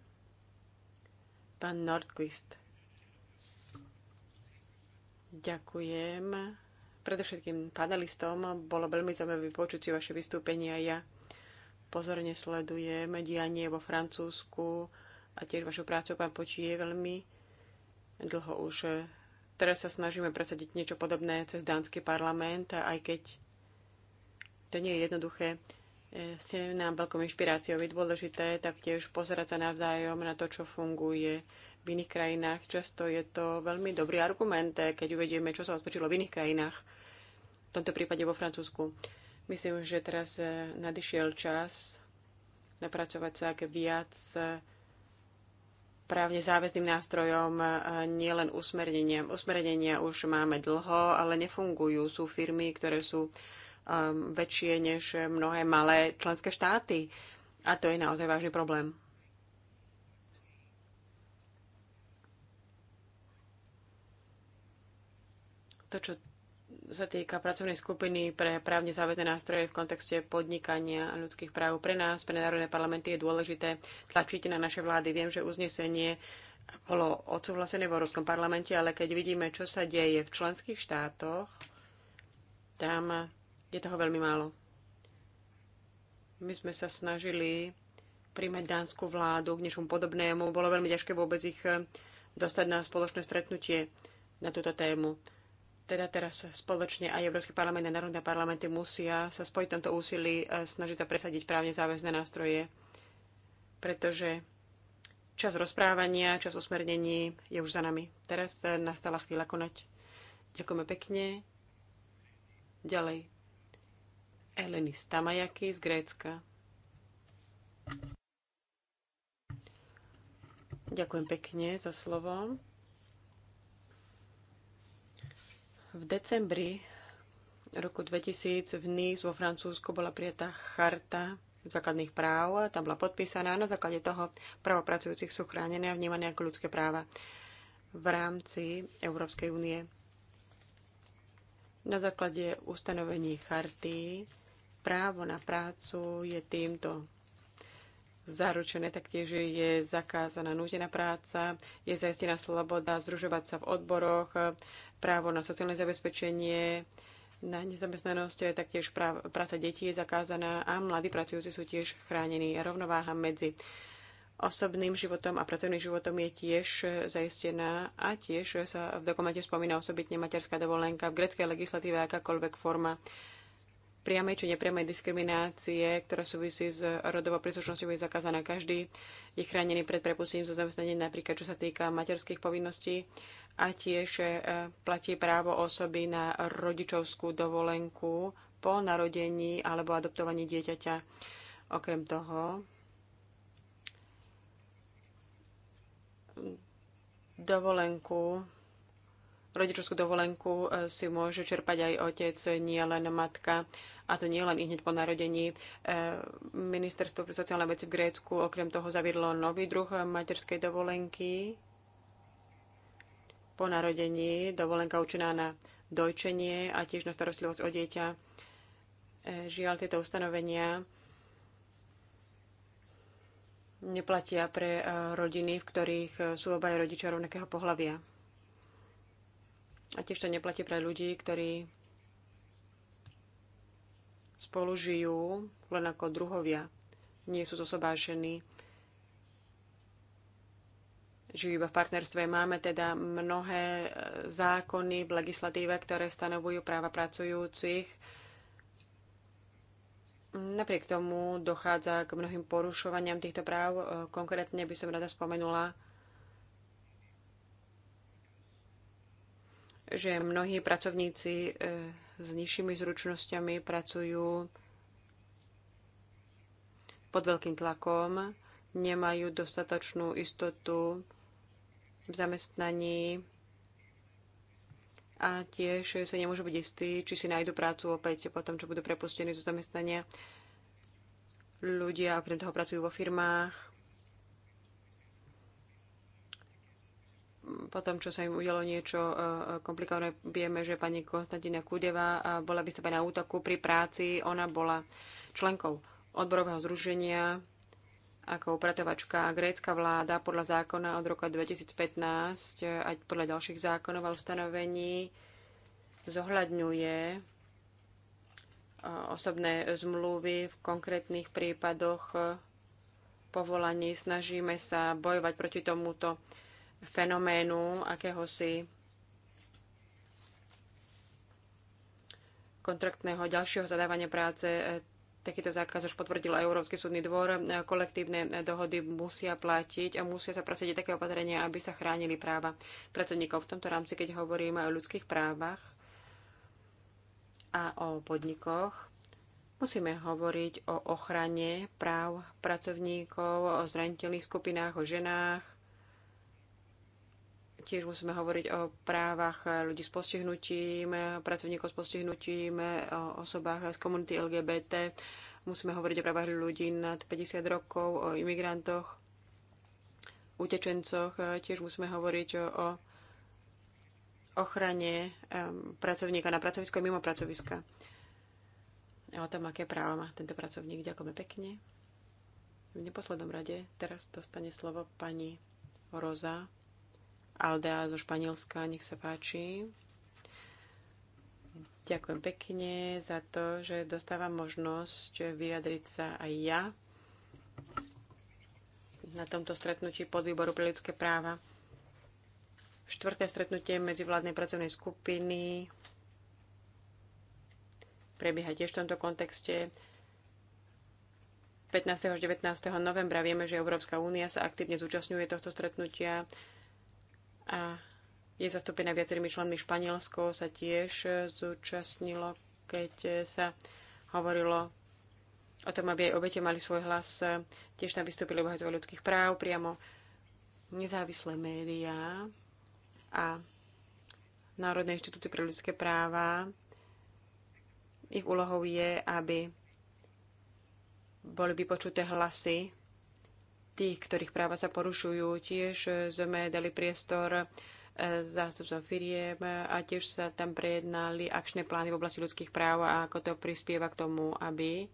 Pán Nordquist. Ďakujem. Predovšetkým panelistom bolo veľmi zaujímavé vypočuť si vaše vystúpenia. Ja pozorne sledujem dianie vo Francúzsku a tiež vašu prácu, pán Počí, je veľmi dlho už. Teraz sa snažíme presadiť niečo podobné cez dánsky parlament, aj keď to nie je jednoduché. E, ste nám veľkou inšpiráciou. Je dôležité taktiež pozerať sa navzájom na to, čo funguje v iných krajinách. Často je to veľmi dobrý argument, e, keď uvedieme, čo sa osvedčilo v iných krajinách. V tomto prípade vo Francúzsku. Myslím, že teraz e, nadišiel čas napracovať sa k viac právne záväzným nástrojom, nielen usmernenia. Usmernenia už máme dlho, ale nefungujú. Sú firmy, ktoré sú Um, väčšie než mnohé malé členské štáty. A to je naozaj vážny problém. To, čo sa týka pracovnej skupiny pre právne záväzné nástroje v kontexte podnikania a ľudských práv pre nás, pre národné parlamenty je dôležité tlačiť na naše vlády. Viem, že uznesenie bolo odsúhlasené v Európskom parlamente, ale keď vidíme, čo sa deje v členských štátoch, tam je toho veľmi málo. My sme sa snažili príjmať dánsku vládu k niečomu podobnému. Bolo veľmi ťažké vôbec ich eh, dostať na spoločné stretnutie na túto tému. Teda teraz spoločne aj Európsky parlament a národné parlamenty musia sa spojiť v tomto úsilí a eh, snažiť sa presadiť právne záväzné nástroje, pretože čas rozprávania, čas usmernení je už za nami. Teraz eh, nastala chvíľa konať. Ďakujeme pekne. Ďalej Eleni Stamajaki z Grécka. Ďakujem pekne za slovo. V decembri roku 2000 v Nice vo Francúzsku bola prijatá charta základných práv. Tam bola podpísaná na základe toho práva pracujúcich sú chránené a vnímané ako ľudské práva v rámci Európskej únie. Na základe ustanovení charty právo na prácu je týmto zaručené, taktiež je zakázaná nútená práca, je zaistená sloboda združovať sa v odboroch, právo na sociálne zabezpečenie, na nezamestnanosť, taktiež práca detí je zakázaná a mladí pracujúci sú tiež chránení. Rovnováha medzi osobným životom a pracovným životom je tiež zaistená a tiež sa v dokumente spomína osobitne materská dovolenka v greckej legislatíve akákoľvek forma priamej či nepriamej diskriminácie, ktorá súvisí s rodovou príslušnosťou, je zakázaná. Každý je chránený pred prepustením zo zamestnania, napríklad čo sa týka materských povinností a tiež e, platí právo osoby na rodičovskú dovolenku po narodení alebo adoptovaní dieťaťa. Okrem toho, dovolenku, rodičovskú dovolenku e, si môže čerpať aj otec, nie len matka a to nie len hneď po narodení. E, ministerstvo pre sociálne veci v Grécku okrem toho zaviedlo nový druh materskej dovolenky. Po narodení dovolenka určená na dojčenie a tiež na starostlivosť o dieťa. E, žiaľ, tieto ustanovenia neplatia pre e, rodiny, v ktorých sú obaj rodičia rovnakého pohľavia. A tiež to neplatí pre ľudí, ktorí spolu žijú len ako druhovia. Nie sú zosobášení. Žijú iba v partnerstve. Máme teda mnohé e, zákony v legislatíve, ktoré stanovujú práva pracujúcich. Napriek tomu dochádza k mnohým porušovaniam týchto práv. E, konkrétne by som rada spomenula, že mnohí pracovníci e, s nižšími zručnosťami pracujú pod veľkým tlakom, nemajú dostatočnú istotu v zamestnaní a tiež sa nemôžu byť istí, či si nájdu prácu opäť po tom, čo budú prepustení zo zamestnania. Ľudia okrem toho pracujú vo firmách, po tom, čo sa im udialo niečo e, e, komplikované, vieme, že pani Konstantina Kudeva e, bola vystavená útoku pri práci. Ona bola členkou odborového zruženia ako upratovačka. Grécka vláda podľa zákona od roka 2015 aj podľa ďalších zákonov a ustanovení zohľadňuje osobné zmluvy v konkrétnych prípadoch povolaní. Snažíme sa bojovať proti tomuto fenoménu akéhosi kontraktného ďalšieho zadávania práce. Takýto zákaz už potvrdil Európsky súdny dvor. Kolektívne dohody musia platiť a musia sa prasiť také opatrenia, aby sa chránili práva pracovníkov. V tomto rámci, keď hovoríme o ľudských právach a o podnikoch, musíme hovoriť o ochrane práv pracovníkov, o zraniteľných skupinách, o ženách, Tiež musíme hovoriť o právach ľudí s postihnutím, pracovníkov s postihnutím, o osobách z komunity LGBT. Musíme hovoriť o právach ľudí nad 50 rokov, o imigrantoch, utečencoch. Tiež musíme hovoriť o ochrane pracovníka na pracovisko mimo pracoviska. O tom, aké práva má tento pracovník. Ďakujeme pekne. V neposlednom rade teraz dostane slovo pani Roza Aldea zo Španielska, nech sa páči. Ďakujem pekne za to, že dostávam možnosť vyjadriť sa aj ja na tomto stretnutí podvýboru pre ľudské práva. Štvrté stretnutie medzivládnej pracovnej skupiny prebieha tiež v tomto kontexte. 15. až 19. novembra vieme, že Európska únia sa aktívne zúčastňuje tohto stretnutia a je zastúpená viacerými členmi. Španielsko sa tiež zúčastnilo, keď sa hovorilo o tom, aby aj obete mali svoj hlas. Tiež tam vystúpili obhajcovia ľudských práv, priamo nezávislé médiá a Národné inštitúty pre ľudské práva. Ich úlohou je, aby boli vypočuté hlasy tých, ktorých práva sa porušujú. Tiež sme dali priestor e, zástupcom firiem a tiež sa tam prejednali akčné plány v oblasti ľudských práv a ako to prispieva k tomu, aby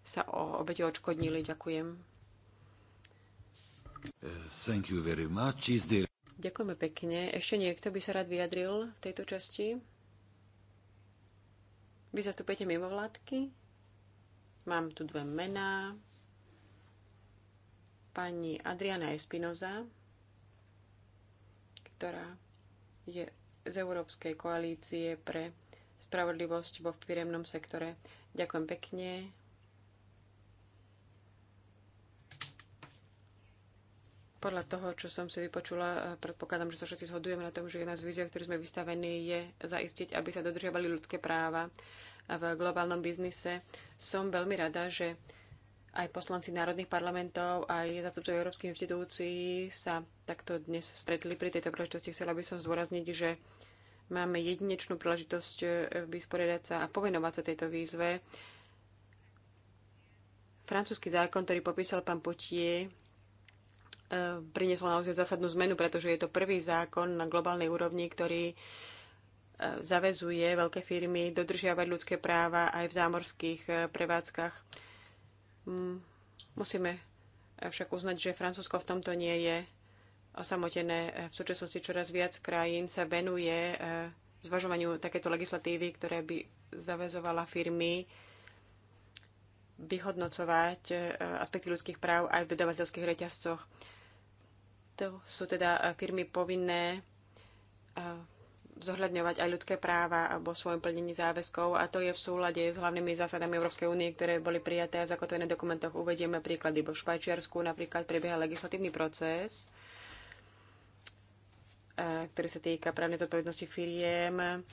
sa o obete odškodnili. Ďakujem. Eh, thank you very much. Is there... Ďakujeme pekne. Ešte niekto by sa rád vyjadril v tejto časti? Vy zastupujete mimovládky? Mám tu dve mená pani Adriana Espinoza, ktorá je z Európskej koalície pre spravodlivosť vo firemnom sektore. Ďakujem pekne. Podľa toho, čo som si vypočula, eh, predpokladám, že sa všetci zhodujeme na tom, že jedna z víziev, ktorý sme vystavení, je zaistiť, aby sa dodržiavali ľudské práva v globálnom biznise. Som veľmi rada, že aj poslanci národných parlamentov, aj zástupcov európskych inštitúcií sa takto dnes stretli pri tejto príležitosti. Chcela by som zdôrazniť, že máme jedinečnú príležitosť e, vysporiadať sa a povenovať sa tejto výzve. Francúzsky zákon, ktorý popísal pán Potier, e, priniesol naozaj zásadnú zmenu, pretože je to prvý zákon na globálnej úrovni, ktorý e, zavezuje veľké firmy dodržiavať ľudské práva aj v zámorských prevádzkach Mm, musíme však uznať, že Francúzsko v tomto nie je osamotené. V súčasnosti čoraz viac krajín sa venuje eh, zvažovaniu takéto legislatívy, ktoré by zavezovala firmy vyhodnocovať eh, aspekty ľudských práv aj v dodavateľských reťazcoch. To sú teda eh, firmy povinné zohľadňovať aj ľudské práva vo svojom plnení záväzkov a to je v súlade s hlavnými zásadami Európskej únie, ktoré boli prijaté a zakotvené v dokumentoch. Uvedieme príklady. V Švajčiarsku napríklad prebieha legislatívny proces, e, ktorý sa týka právnej zodpovednosti firiem.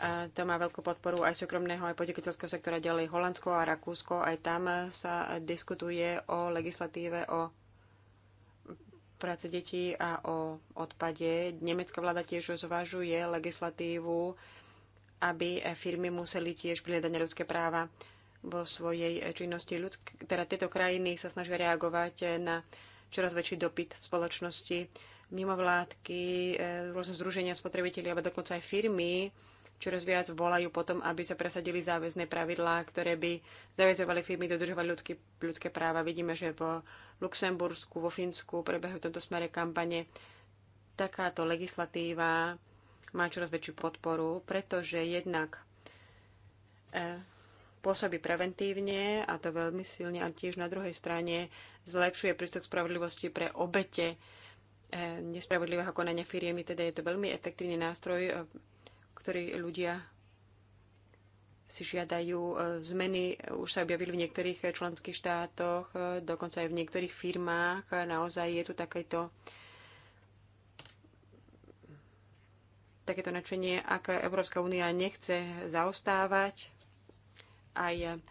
A e, to má veľkú podporu aj súkromného, aj podnikateľského sektora ďalej Holandsko a Rakúsko. Aj tam sa diskutuje o legislatíve, o práci detí a o odpade. Nemecká vláda tiež zvažuje legislatívu, aby firmy museli tiež prihľadať ľudské práva vo svojej činnosti. Ľudsk- teda tieto krajiny sa snažia reagovať na čoraz väčší dopyt v spoločnosti. Mimovládky, e, rôzne združenia spotrebiteľi, alebo dokonca aj firmy čoraz viac volajú potom, aby sa presadili záväzné pravidlá, ktoré by zaväzovali firmy dodržovať ľudské ľudské práva. Vidíme, že vo Luxembursku, vo Fínsku prebehajú v tomto smere kampane. Takáto legislatíva má čoraz väčšiu podporu, pretože jednak e, pôsobí preventívne a to veľmi silne a tiež na druhej strane zlepšuje prístup k spravodlivosti pre obete e, nespravodlivého konania firiem. Teda je to veľmi efektívny nástroj e, ktorí ľudia si žiadajú e, zmeny, už sa objavili v niektorých členských štátoch, e, dokonca aj v niektorých firmách. E, naozaj je tu takéto takéto načenie, ak Európska únia nechce zaostávať, aj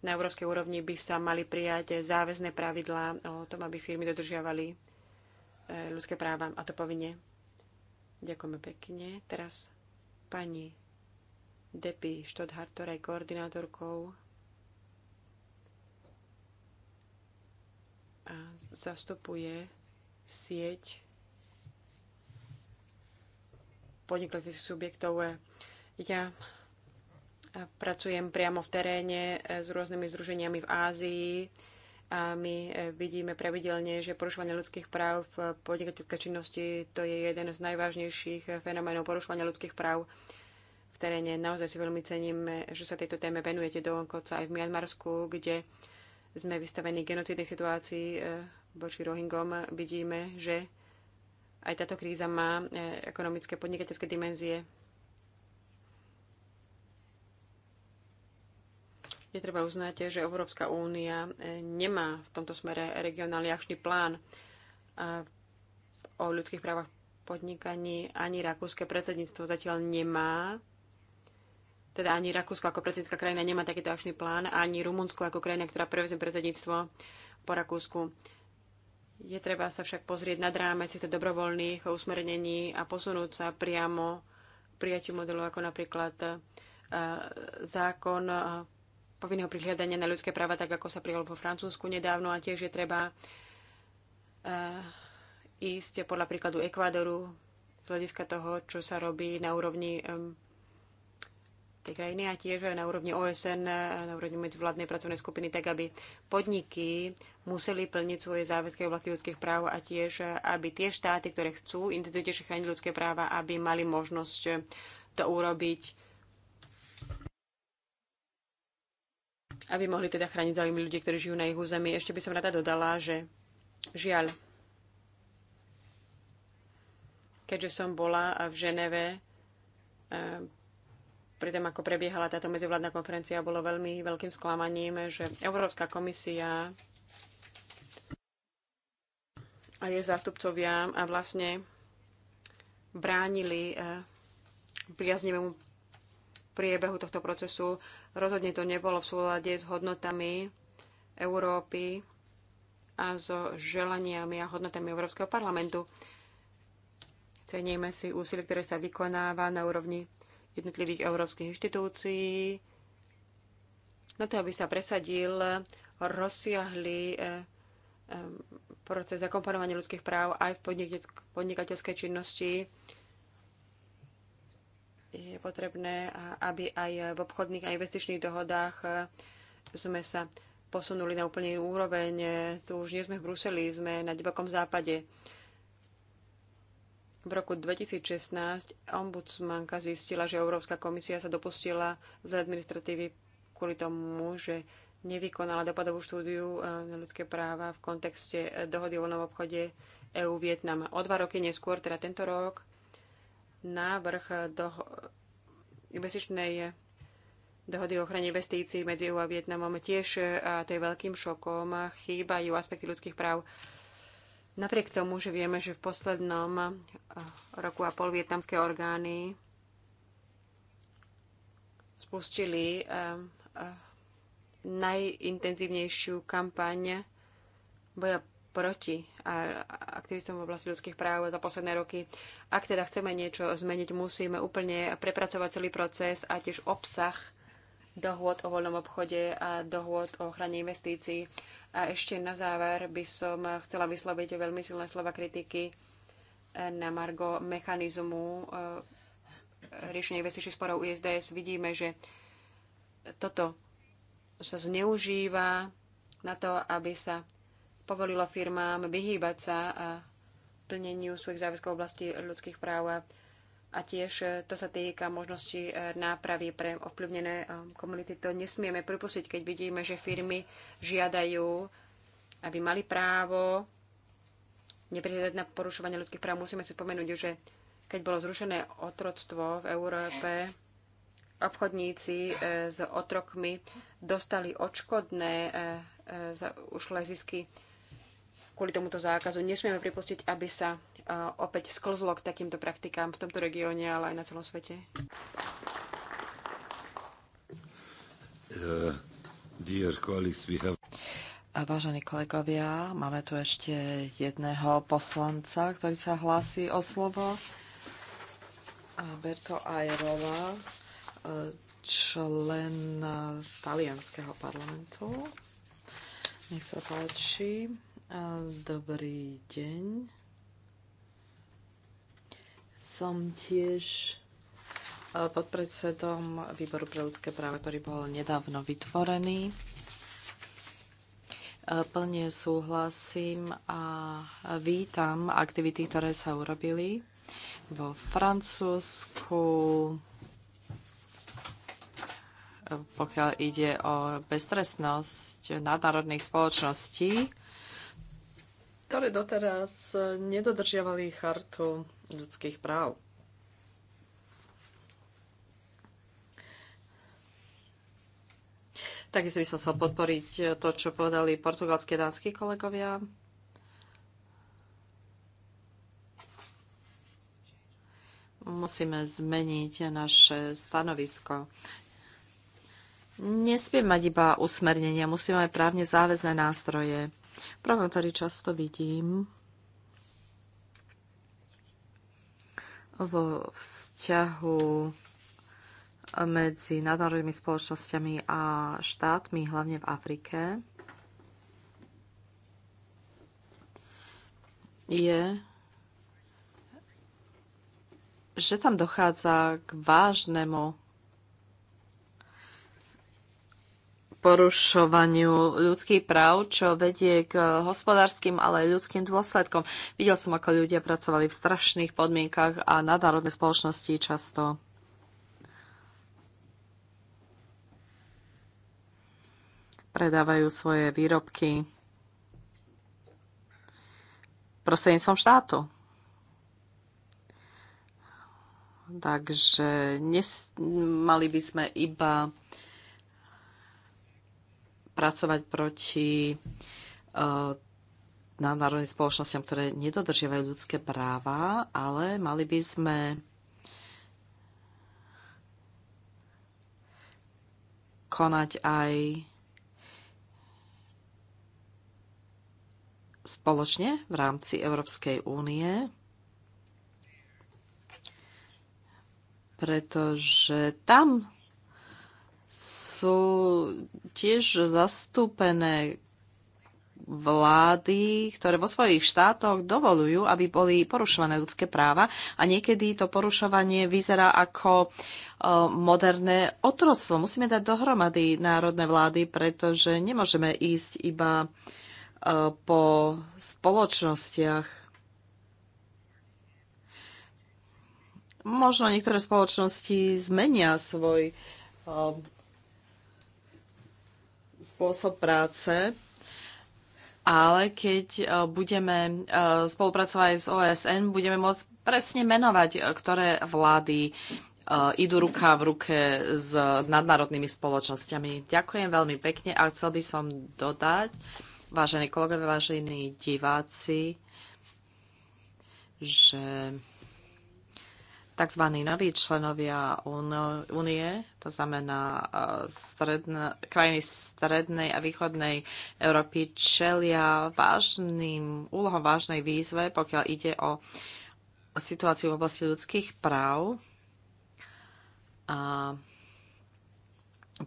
na európskej úrovni by sa mali prijať záväzné pravidlá o tom, aby firmy dodržiavali ľudské práva a to povinne. Ďakujeme pekne. Teraz Pani Depi Štodhartorej, koordinátorkou a zastupuje sieť podnikateľských subjektov. Ja pracujem priamo v teréne s rôznymi združeniami v Ázii, a my e, vidíme pravidelne, že porušovanie ľudských práv v podnikateľskej činnosti to je jeden z najvážnejších e, fenoménov porušovania ľudských práv v teréne. Naozaj si veľmi cením, e, že sa tejto téme venujete do onkoca aj v Mianmarsku, kde sme vystavení genocidnej situácii voči Rohingom. Vidíme, že aj táto kríza má ekonomické podnikateľské dimenzie. je treba uznať, že Európska únia e, nemá v tomto smere regionálny akčný plán e, o ľudských právach podnikaní ani rakúske predsedníctvo zatiaľ nemá. Teda ani Rakúsko ako predsednícka krajina nemá takýto akčný plán, ani Rumunsko ako krajina, ktorá prevezme predsedníctvo po Rakúsku. Je treba sa však pozrieť nad rámec týchto dobrovoľných usmernení a posunúť sa priamo k prijatiu modelu ako napríklad e, zákon povinného prihľadania na ľudské práva, tak ako sa prihol vo Francúzsku nedávno a tiež je treba eh, ísť podľa príkladu Ekvádoru z hľadiska toho, čo sa robí na úrovni eh, tej krajiny a tiež na úrovni OSN, eh, na úrovni medzivládnej pracovnej skupiny, tak aby podniky museli plniť svoje záväzky v oblasti ľudských práv a tiež, aby tie štáty, ktoré chcú intenzívnejšie chrániť ľudské práva, aby mali možnosť to urobiť aby mohli teda chrániť záujmy ľudí, ktorí žijú na ich území. Ešte by som rada dodala, že žiaľ, keďže som bola v Ženeve, eh, pri tom, ako prebiehala táto medzivládna konferencia, bolo veľmi veľkým sklamaním, že Európska komisia a jej zástupcovia a vlastne bránili eh, priaznivému priebehu tohto procesu. Rozhodne to nebolo v súlade s hodnotami Európy a so želaniami a hodnotami Európskeho parlamentu. Ceníme si úsilie, ktoré sa vykonáva na úrovni jednotlivých európskych inštitúcií na to, aby sa presadil rozsiahly eh, eh, proces zakomponovania ľudských práv aj v podnikateľskej činnosti je potrebné, aby aj v obchodných a investičných dohodách e, sme sa posunuli na úplne inú úroveň. E, tu už nie sme v Bruseli, sme na divokom západe. V roku 2016 ombudsmanka zistila, že Európska komisia sa dopustila z administratívy kvôli tomu, že nevykonala dopadovú štúdiu e, na ľudské práva v kontexte dohody o voľnom obchode EU-Vietnam. O dva roky neskôr, teda tento rok, návrh doho- investičnej dohody o ochrane investícií medzi EU a Vietnamom tiež, e, a to je veľkým šokom, chýbajú aspekty ľudských práv. Napriek tomu, že vieme, že v poslednom e, roku a pol vietnamské orgány spustili e, najintenzívnejšiu kampaň boja proti a aktivistom v oblasti ľudských práv za posledné roky. Ak teda chceme niečo zmeniť, musíme úplne prepracovať celý proces a tiež obsah dohôd o voľnom obchode a dohôd o ochrane investícií. A ešte na záver by som chcela vysloviť veľmi silné slova kritiky eh, na margo mechanizmu eh, riešenia investičných sporov USDS. Vidíme, že toto sa zneužíva na to, aby sa povolilo firmám vyhýbať sa a plneniu svojich záväzkov v oblasti ľudských práv a tiež e, to sa týka možnosti e, nápravy pre ovplyvnené e, komunity. To nesmieme pripustiť, keď vidíme, že firmy žiadajú, aby mali právo neprihľadať na porušovanie ľudských práv. Musíme si spomenúť, že keď bolo zrušené otroctvo v Európe, obchodníci s otrokmi dostali odškodné za ušlé zisky kvôli tomuto zákazu. Nesmieme pripustiť, aby sa e, opäť sklzlo k takýmto praktikám v tomto regióne, ale aj na celom svete. Uh, vážení kolegovia, máme tu ešte jedného poslanca, ktorý sa hlási o slovo. Berto Aerova, e, člen e, talianského parlamentu. Nech sa páči. Dobrý deň. Som tiež podpredsedom Výboru pre ľudské práva, ktorý bol nedávno vytvorený. Plne súhlasím a vítam aktivity, ktoré sa urobili vo Francúzsku, pokiaľ ide o beztrestnosť nadnárodných spoločností ktoré doteraz nedodržiavali chartu ľudských práv. Takisto by som chcel podporiť to, čo povedali portugalské a dánsky kolegovia. Musíme zmeniť naše stanovisko. Nesmie mať iba usmernenia, musíme mať právne záväzné nástroje Práve tady často vidím vo vzťahu medzi nadnárodnými spoločnosťami a štátmi, hlavne v Afrike, je, že tam dochádza k vážnemu porušovaniu ľudských práv, čo vedie k hospodárskym, ale aj ľudským dôsledkom. Videl som, ako ľudia pracovali v strašných podmienkach a nadnárodné spoločnosti často predávajú svoje výrobky prostredníctvom štátu. Takže nes- mali by sme iba pracovať proti e, národným spoločnosťam, ktoré nedodržiavajú ľudské práva, ale mali by sme konať aj spoločne v rámci Európskej únie, pretože tam sú tiež zastúpené vlády, ktoré vo svojich štátoch dovolujú, aby boli porušované ľudské práva a niekedy to porušovanie vyzerá ako e, moderné otroctvo. Musíme dať dohromady národné vlády, pretože nemôžeme ísť iba e, po spoločnostiach. Možno niektoré spoločnosti zmenia svoj e, spôsob práce, ale keď e, budeme e, spolupracovať s OSN, budeme môcť presne menovať, e, ktoré vlády idú ruka v ruke s nadnárodnými spoločnosťami. Ďakujem veľmi pekne a chcel by som dodať, vážení kolegovia, vážení diváci, že tzv. noví členovia únie, to znamená e, stredne, krajiny strednej a východnej Európy, čelia vážnym, úlohom vážnej výzve, pokiaľ ide o situáciu v oblasti ľudských práv a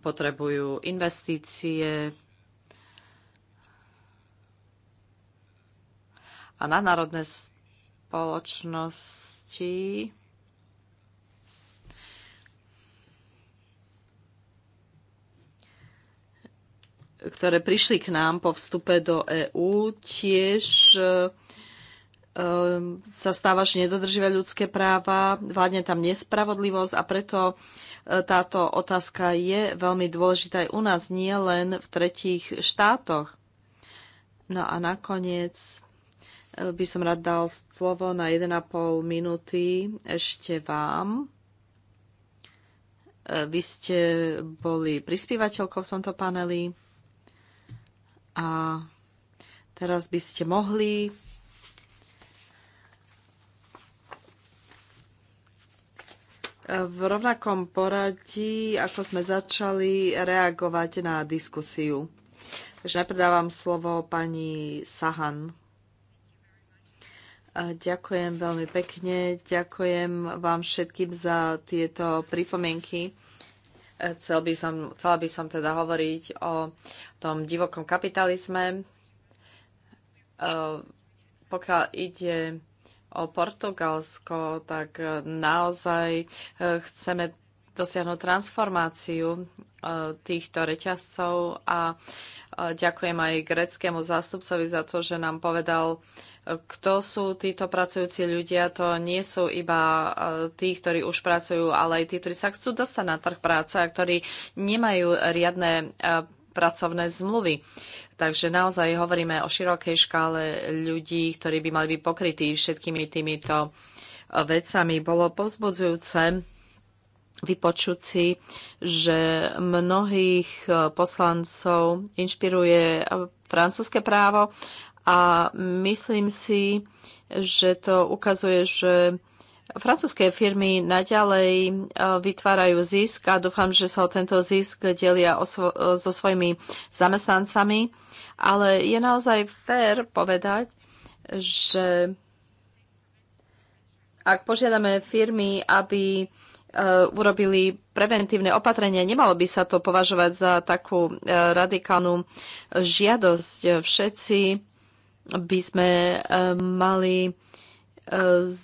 potrebujú investície a nadnárodné spoločnosti ktoré prišli k nám po vstupe do EÚ, tiež e, e, sa stáva, že nedodržíva ľudské práva, vládne tam nespravodlivosť a preto e, táto otázka je veľmi dôležitá aj u nás, nie len v tretích štátoch. No a nakoniec by som rád dal slovo na 1,5 minúty ešte vám. Vy ste boli prispívateľkou v tomto paneli. A teraz by ste mohli v rovnakom poradí, ako sme začali reagovať na diskusiu. Takže najprv dávam slovo pani Sahan. Ďakujem veľmi pekne, ďakujem vám všetkým za tieto pripomienky. Chcel by som, chcela by som teda hovoriť o tom divokom kapitalizme. E, pokiaľ ide o Portugalsko, tak naozaj e, chceme dosiahnuť transformáciu e, týchto reťazcov a e, ďakujem aj greckému zástupcovi za to, že nám povedal, e, kto sú títo pracujúci ľudia. To nie sú iba tí, ktorí už pracujú, ale aj tí, ktorí sa chcú dostať na trh práce a ktorí nemajú riadne pracovné zmluvy. Takže naozaj hovoríme o širokej škále ľudí, ktorí by mali byť pokrytí všetkými týmito vecami. Bolo povzbudzujúce vypočuť si, že mnohých e, poslancov inšpiruje e, francúzske právo a myslím si, že to ukazuje, že francúzske firmy naďalej e, vytvárajú zisk a dúfam, že sa o tento zisk delia so svojimi zamestnancami, ale je naozaj fér povedať, že ak požiadame firmy, aby E, urobili preventívne opatrenia. Nemalo by sa to považovať za takú e, radikálnu žiadosť. Všetci by sme e, mali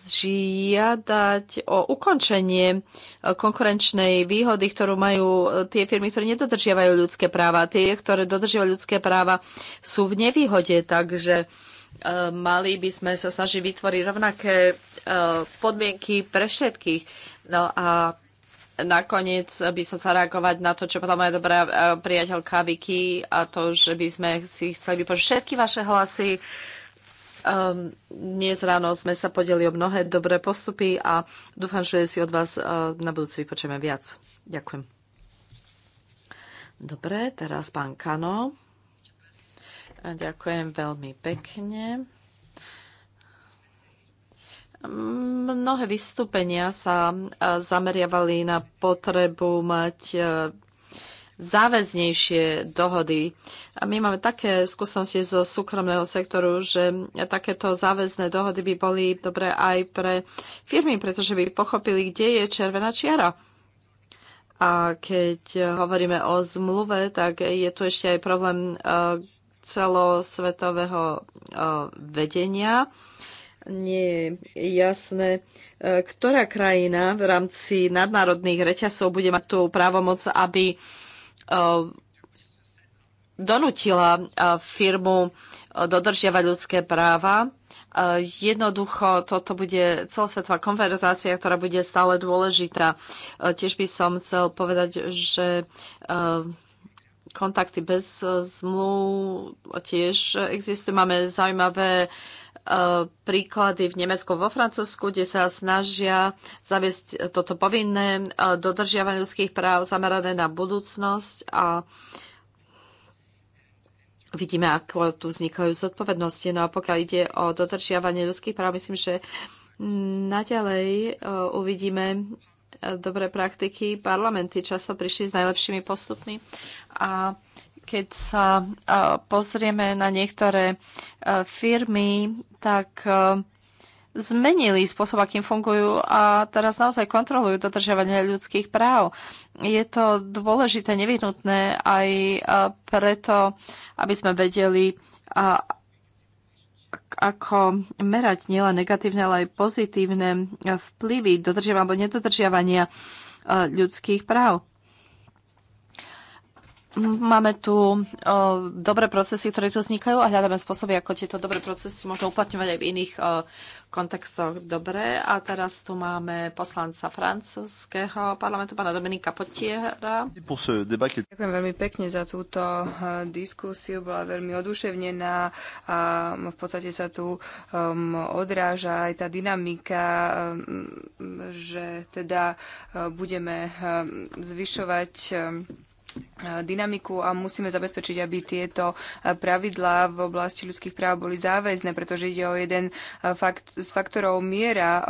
žiadať o ukončenie konkurenčnej výhody, ktorú majú tie firmy, ktoré nedodržiavajú ľudské práva. Tie, ktoré dodržiavajú ľudské práva, sú v nevýhode, takže mali by sme sa snažiť vytvoriť rovnaké podmienky pre všetkých No a nakoniec by som sa reagovať na to, čo povedala moja dobrá e, priateľka Vicky a to, že by sme si chceli vypočuť všetky vaše hlasy. Um, dnes ráno sme sa podeli o mnohé dobré postupy a dúfam, že si od vás uh, na budúci vypočujeme viac. Ďakujem. Dobre, teraz pán Kano. A ďakujem veľmi pekne. Mnohé vystúpenia sa e, zameriavali na potrebu mať e, záväznejšie dohody. A my máme také skúsenosti zo súkromného sektoru, že takéto záväzné dohody by boli dobré aj pre firmy, pretože by pochopili, kde je červená čiara. A keď hovoríme o zmluve, tak je tu ešte aj problém e, celosvetového vedenia nie je jasné, e, ktorá krajina v rámci nadnárodných reťasov bude mať tú právomoc, aby e, donutila e, firmu dodržiavať ľudské práva. Jednoducho toto bude celosvetová konverzácia, ktorá bude stále dôležitá. Tiež by som chcel povedať, že kontakty bez zmluv tiež existujú. Máme zaujímavé uh, E, príklady v Nemecku, vo Francúzsku, kde sa snažia zaviesť toto povinné e, dodržiavanie ľudských práv zamerané na budúcnosť a vidíme, ako tu vznikajú zodpovednosti. No a pokiaľ ide o dodržiavanie ľudských práv, myslím, že naďalej e, uvidíme dobré praktiky. Parlamenty často prišli s najlepšími postupmi a keď sa pozrieme na niektoré firmy, tak zmenili spôsob, akým fungujú a teraz naozaj kontrolujú dodržiavanie ľudských práv. Je to dôležité, nevyhnutné aj preto, aby sme vedeli, ako merať nielen negatívne, ale aj pozitívne vplyvy dodržiavania alebo nedodržiavania ľudských práv. Máme tu o, dobré procesy, ktoré tu vznikajú a hľadáme spôsoby, ako tieto dobré procesy možno uplatňovať aj v iných o, kontextoch. Dobre, a teraz tu máme poslanca francúzského parlamentu, pána Dominika Potiera. Ďakujem veľmi pekne za túto e, diskusiu, bola veľmi oduševnená a v podstate sa tu um, odráža aj tá dynamika, um, že teda e, budeme um, zvyšovať dynamiku a musíme zabezpečiť, aby tieto eh, pravidlá v oblasti ľudských práv boli záväzné, pretože ide o jeden eh, fakt, z faktorov miera. Eh,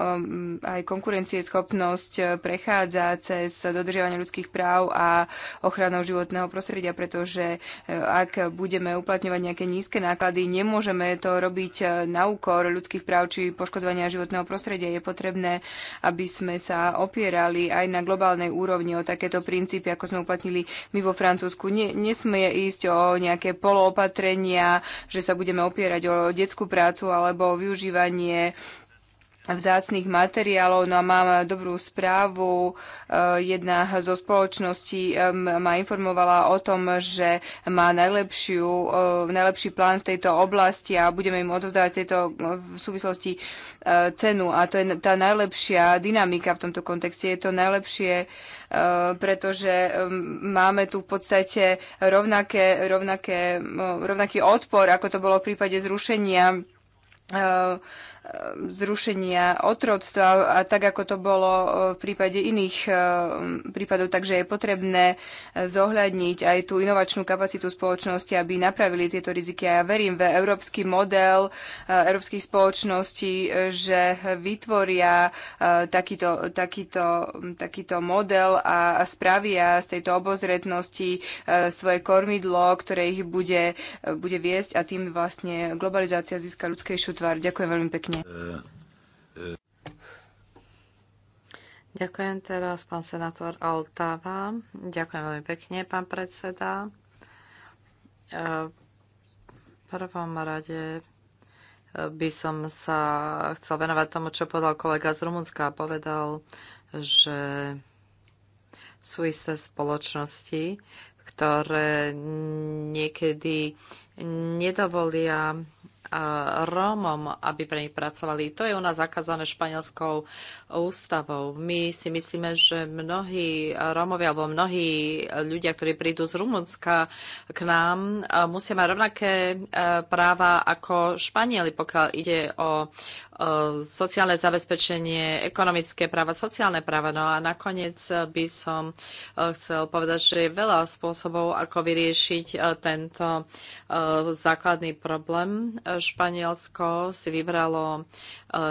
aj konkurencieschopnosť prechádza cez dodržiavanie ľudských práv a ochranou životného prostredia, pretože ak budeme uplatňovať nejaké nízke náklady, nemôžeme to robiť na úkor ľudských práv či poškodovania životného prostredia. Je potrebné, aby sme sa opierali aj na globálnej úrovni o takéto princípy, ako sme uplatnili my vo Francúzsku. ne, nesmie ísť o nejaké poloopatrenia, že sa budeme opierať o detskú prácu alebo o využívanie vzácných materiálov. No a mám dobrú správu. Eh, jedna zo spoločností ma informovala o tom, že má najlepšiu, eh, najlepší plán v tejto oblasti a budeme im odovzdávať tejto eh, v súvislosti cenu. A to je tá najlepšia dynamika v tomto kontexte. Je to najlepšie, pretože máme tu v podstate rovnaké, rovnaké, rovnaký odpor, ako to bolo v prípade zrušenia Ehm, zrušenia otroctva, a tak ako to bolo e, v prípade iných e, prípadov, takže je potrebné e, zohľadniť aj tú inovačnú kapacitu spoločnosti, aby napravili tieto riziky. A ja verím v európsky model európskych spoločností, že vytvoria takýto, takýto, takýto model a, spravia z tejto obozretnosti svoje kormidlo, ktoré ich bude, bude viesť a tým vlastne globalizácia získa ľudskejšiu tvár. Ďakujem veľmi pekne pekne. Ďakujem teraz, pán senátor Altava. Ďakujem veľmi pekne, pán predseda. E, v prvom rade e, by som sa chcel venovať tomu, čo povedal kolega z Rumunska. Povedal, že sú isté spoločnosti, ktoré niekedy nedovolia Rómom, aby pre nich pracovali. To je u nás zakázané španielskou ústavou. My si myslíme, že mnohí Rómovia alebo mnohí ľudia, ktorí prídu z Rumunska k nám, musia mať rovnaké e, práva ako Španieli, pokiaľ ide o e, sociálne zabezpečenie, ekonomické práva, sociálne práva. No a nakoniec by som e, chcel povedať, že je veľa spôsobov, ako vyriešiť tento základný problém Španielsko si vybralo e,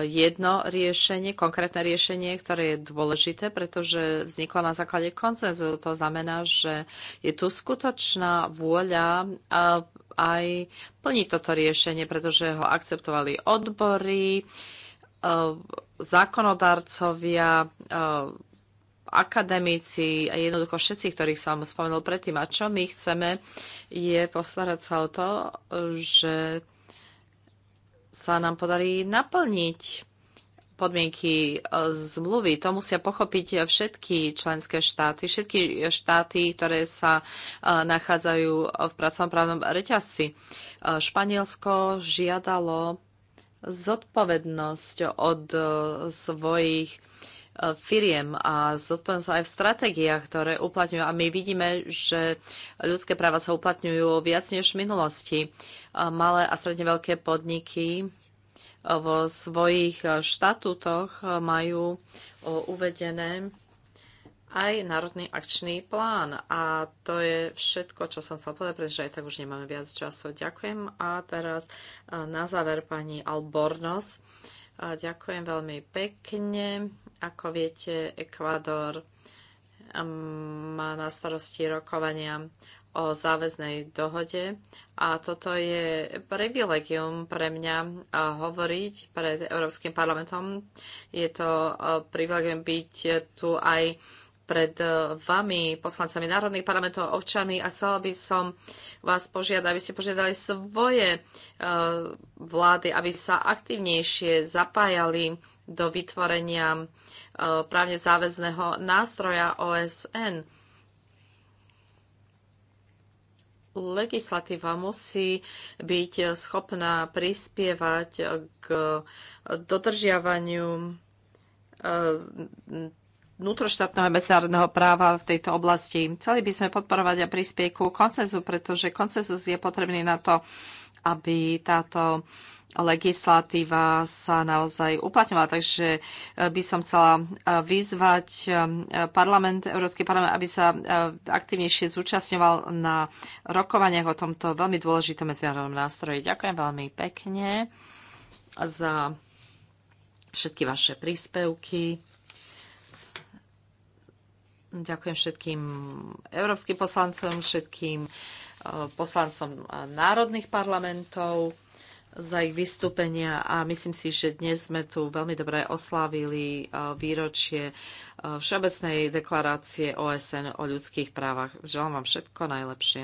jedno riešenie, konkrétne riešenie, ktoré je dôležité, pretože vzniklo na základe koncenzu. To znamená, že je tu skutočná vôľa e, aj plniť toto riešenie, pretože ho akceptovali odbory, e, zákonodarcovia, akademici a jednoducho všetci, ktorých som spomenul predtým. A čo my chceme, je postarať sa o to, že sa nám podarí naplniť podmienky e, zmluvy. To musia pochopiť všetky členské štáty, všetky štáty, ktoré sa e, nachádzajú v pracovnom právnom reťazci. E, Španielsko žiadalo zodpovednosť od svojich E, firiem a zodpovednosť aj v stratégiách, ktoré uplatňujú. A my vidíme, že ľudské práva sa uplatňujú viac než v minulosti. E, malé a stredne veľké podniky e, vo svojich štatútoch majú uvedené aj Národný akčný plán. A to je všetko, čo som chcel povedať, pretože aj tak už nemáme viac času. Ďakujem. A teraz na záver pani Albornos. Ďakujem veľmi pekne. Ako viete, Ekvador um, má na starosti rokovania o záväznej dohode a toto je privilegium pre mňa hovoriť pred Európskym parlamentom. Je to uh, privilegium byť tu aj pred uh, vami, poslancami národných parlamentov, občami a chcela by som vás požiadať, aby ste požiadali svoje uh, vlády, aby sa aktivnejšie zapájali do vytvorenia e, právne záväzného nástroja OSN. Legislatíva musí byť schopná prispievať k dodržiavaniu e, vnútroštátneho medzinárodného práva v tejto oblasti. Chceli by sme podporovať a prispieť ku koncenzu, pretože koncenzus je potrebný na to, aby táto legislatíva sa naozaj uplatňovala. Takže e, by som chcela e, vyzvať e, parlament, Európsky parlament, aby sa aktivnejšie zúčastňoval na rokovaniach o tomto veľmi dôležitom medzinárodnom nástroji. Ďakujem veľmi pekne za všetky vaše príspevky. Ďakujem všetkým európskym poslancom, všetkým poslancom národných parlamentov za ich vystúpenia a myslím si, že dnes sme tu veľmi dobre oslávili e, výročie e, Všeobecnej deklarácie OSN o ľudských právach. Želám vám všetko najlepšie.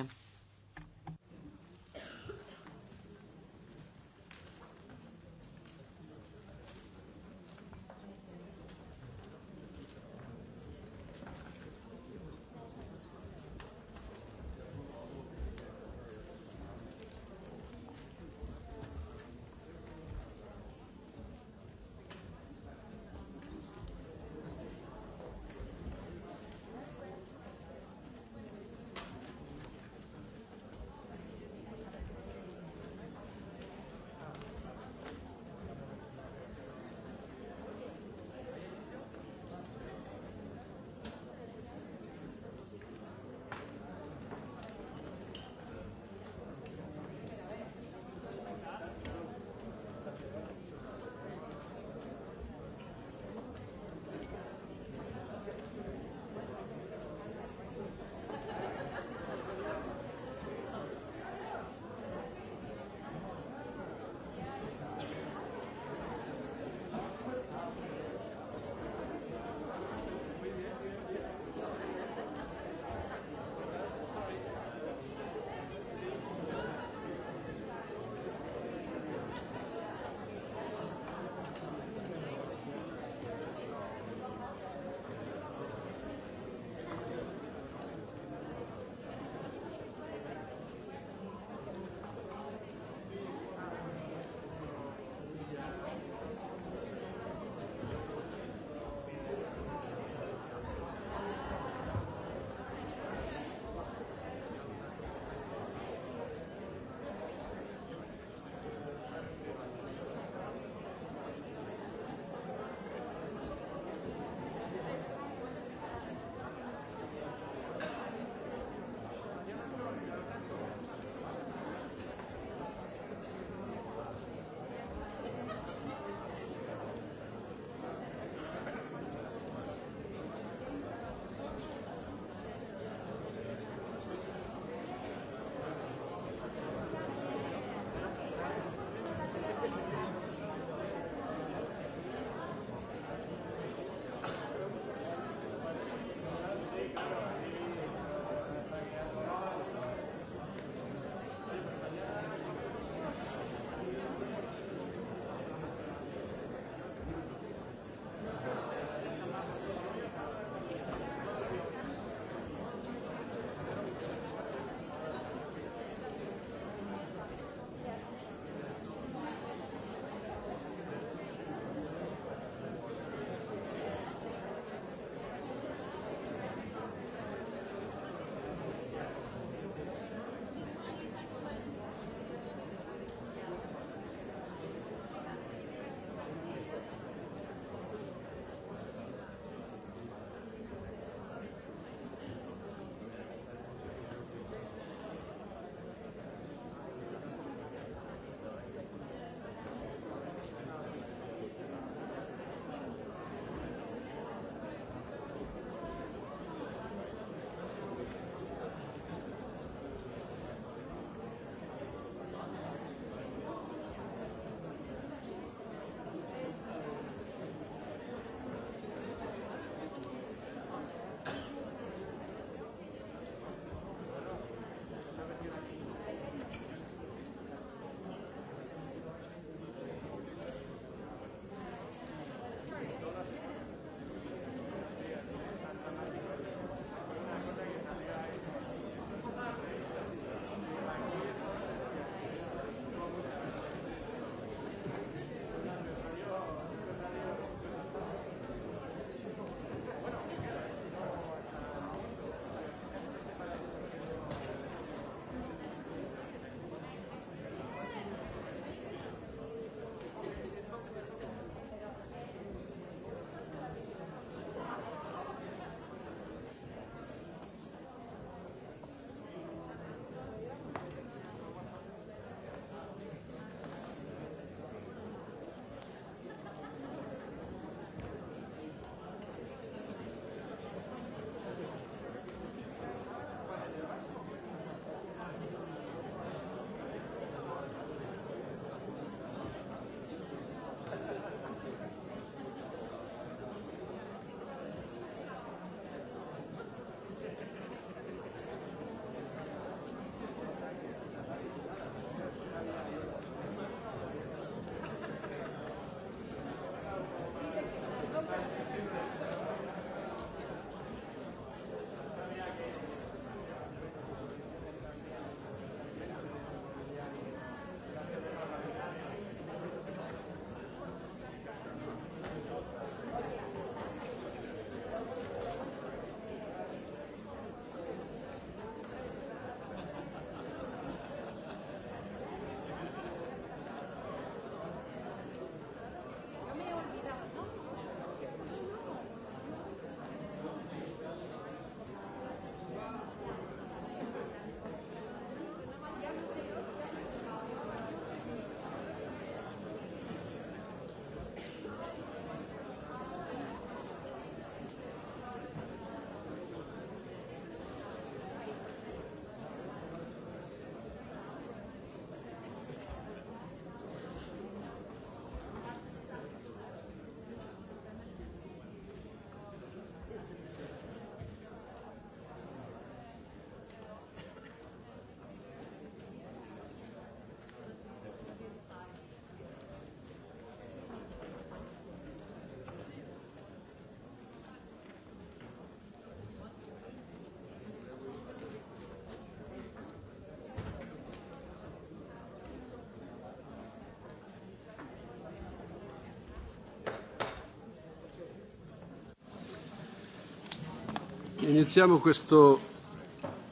Iniziamo questo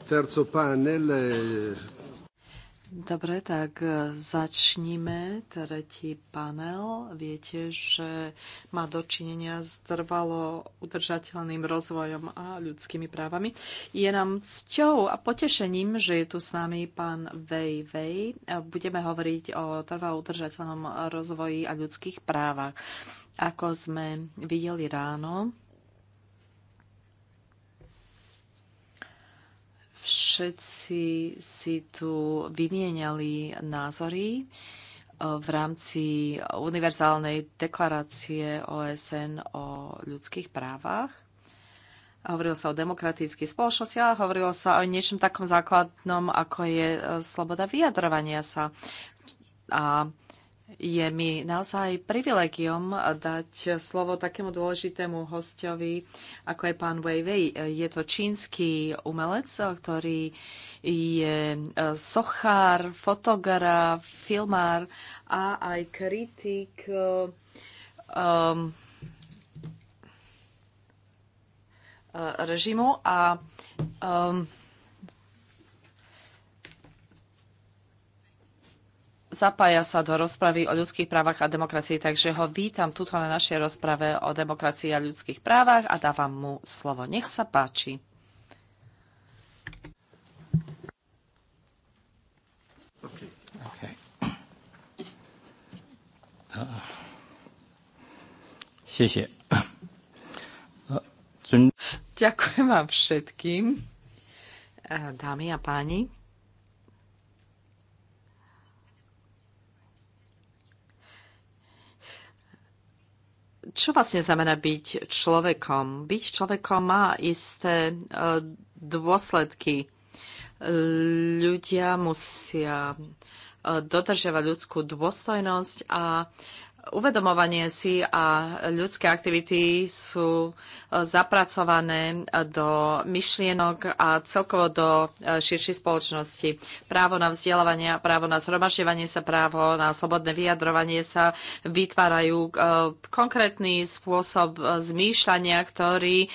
terzo panel. Eh. Dobre, tak eh, začníme tretí panel. Viete, že má dočinenia s trvalo udržateľným rozvojom a ľudskými právami. Je nám cťou a potešením, že je tu s nami pán Wei Wei. Budeme hovoriť o trvalo udržateľnom rozvoji a ľudských právach. Ako sme videli ráno, Všetci si tu vymieniali názory eh, v rámci univerzálnej deklarácie OSN o ľudských právach. Hovorilo sa o demokratických spoločnostiach, hovorilo sa o niečom takom základnom, ako je eh, sloboda vyjadrovania sa. A je mi naozaj privilegium dať slovo takému dôležitému hostovi, ako je pán Weiwei. Je to čínsky umelec, ktorý je e, sochár, fotograf, filmár a aj kritik um, režimu a um, zapája sa do rozpravy o ľudských právach a demokracii, takže ho vítam tuto na našej rozprave o demokracii a ľudských právach a dávam mu slovo. Nech sa páči. Ďakujem vám všetkým, dámy a páni. čo vlastne znamená byť človekom? Byť človekom má isté e, dôsledky. E, ľudia musia e, dodržiavať ľudskú dôstojnosť a uvedomovanie si a ľudské aktivity sú e, zapracované e, do myšlienok a celkovo do e, širšej spoločnosti. Právo na vzdelávanie, právo na zhromažďovanie sa, právo na slobodné vyjadrovanie sa vytvárajú konkrétny spôsob zmýšľania, ktorý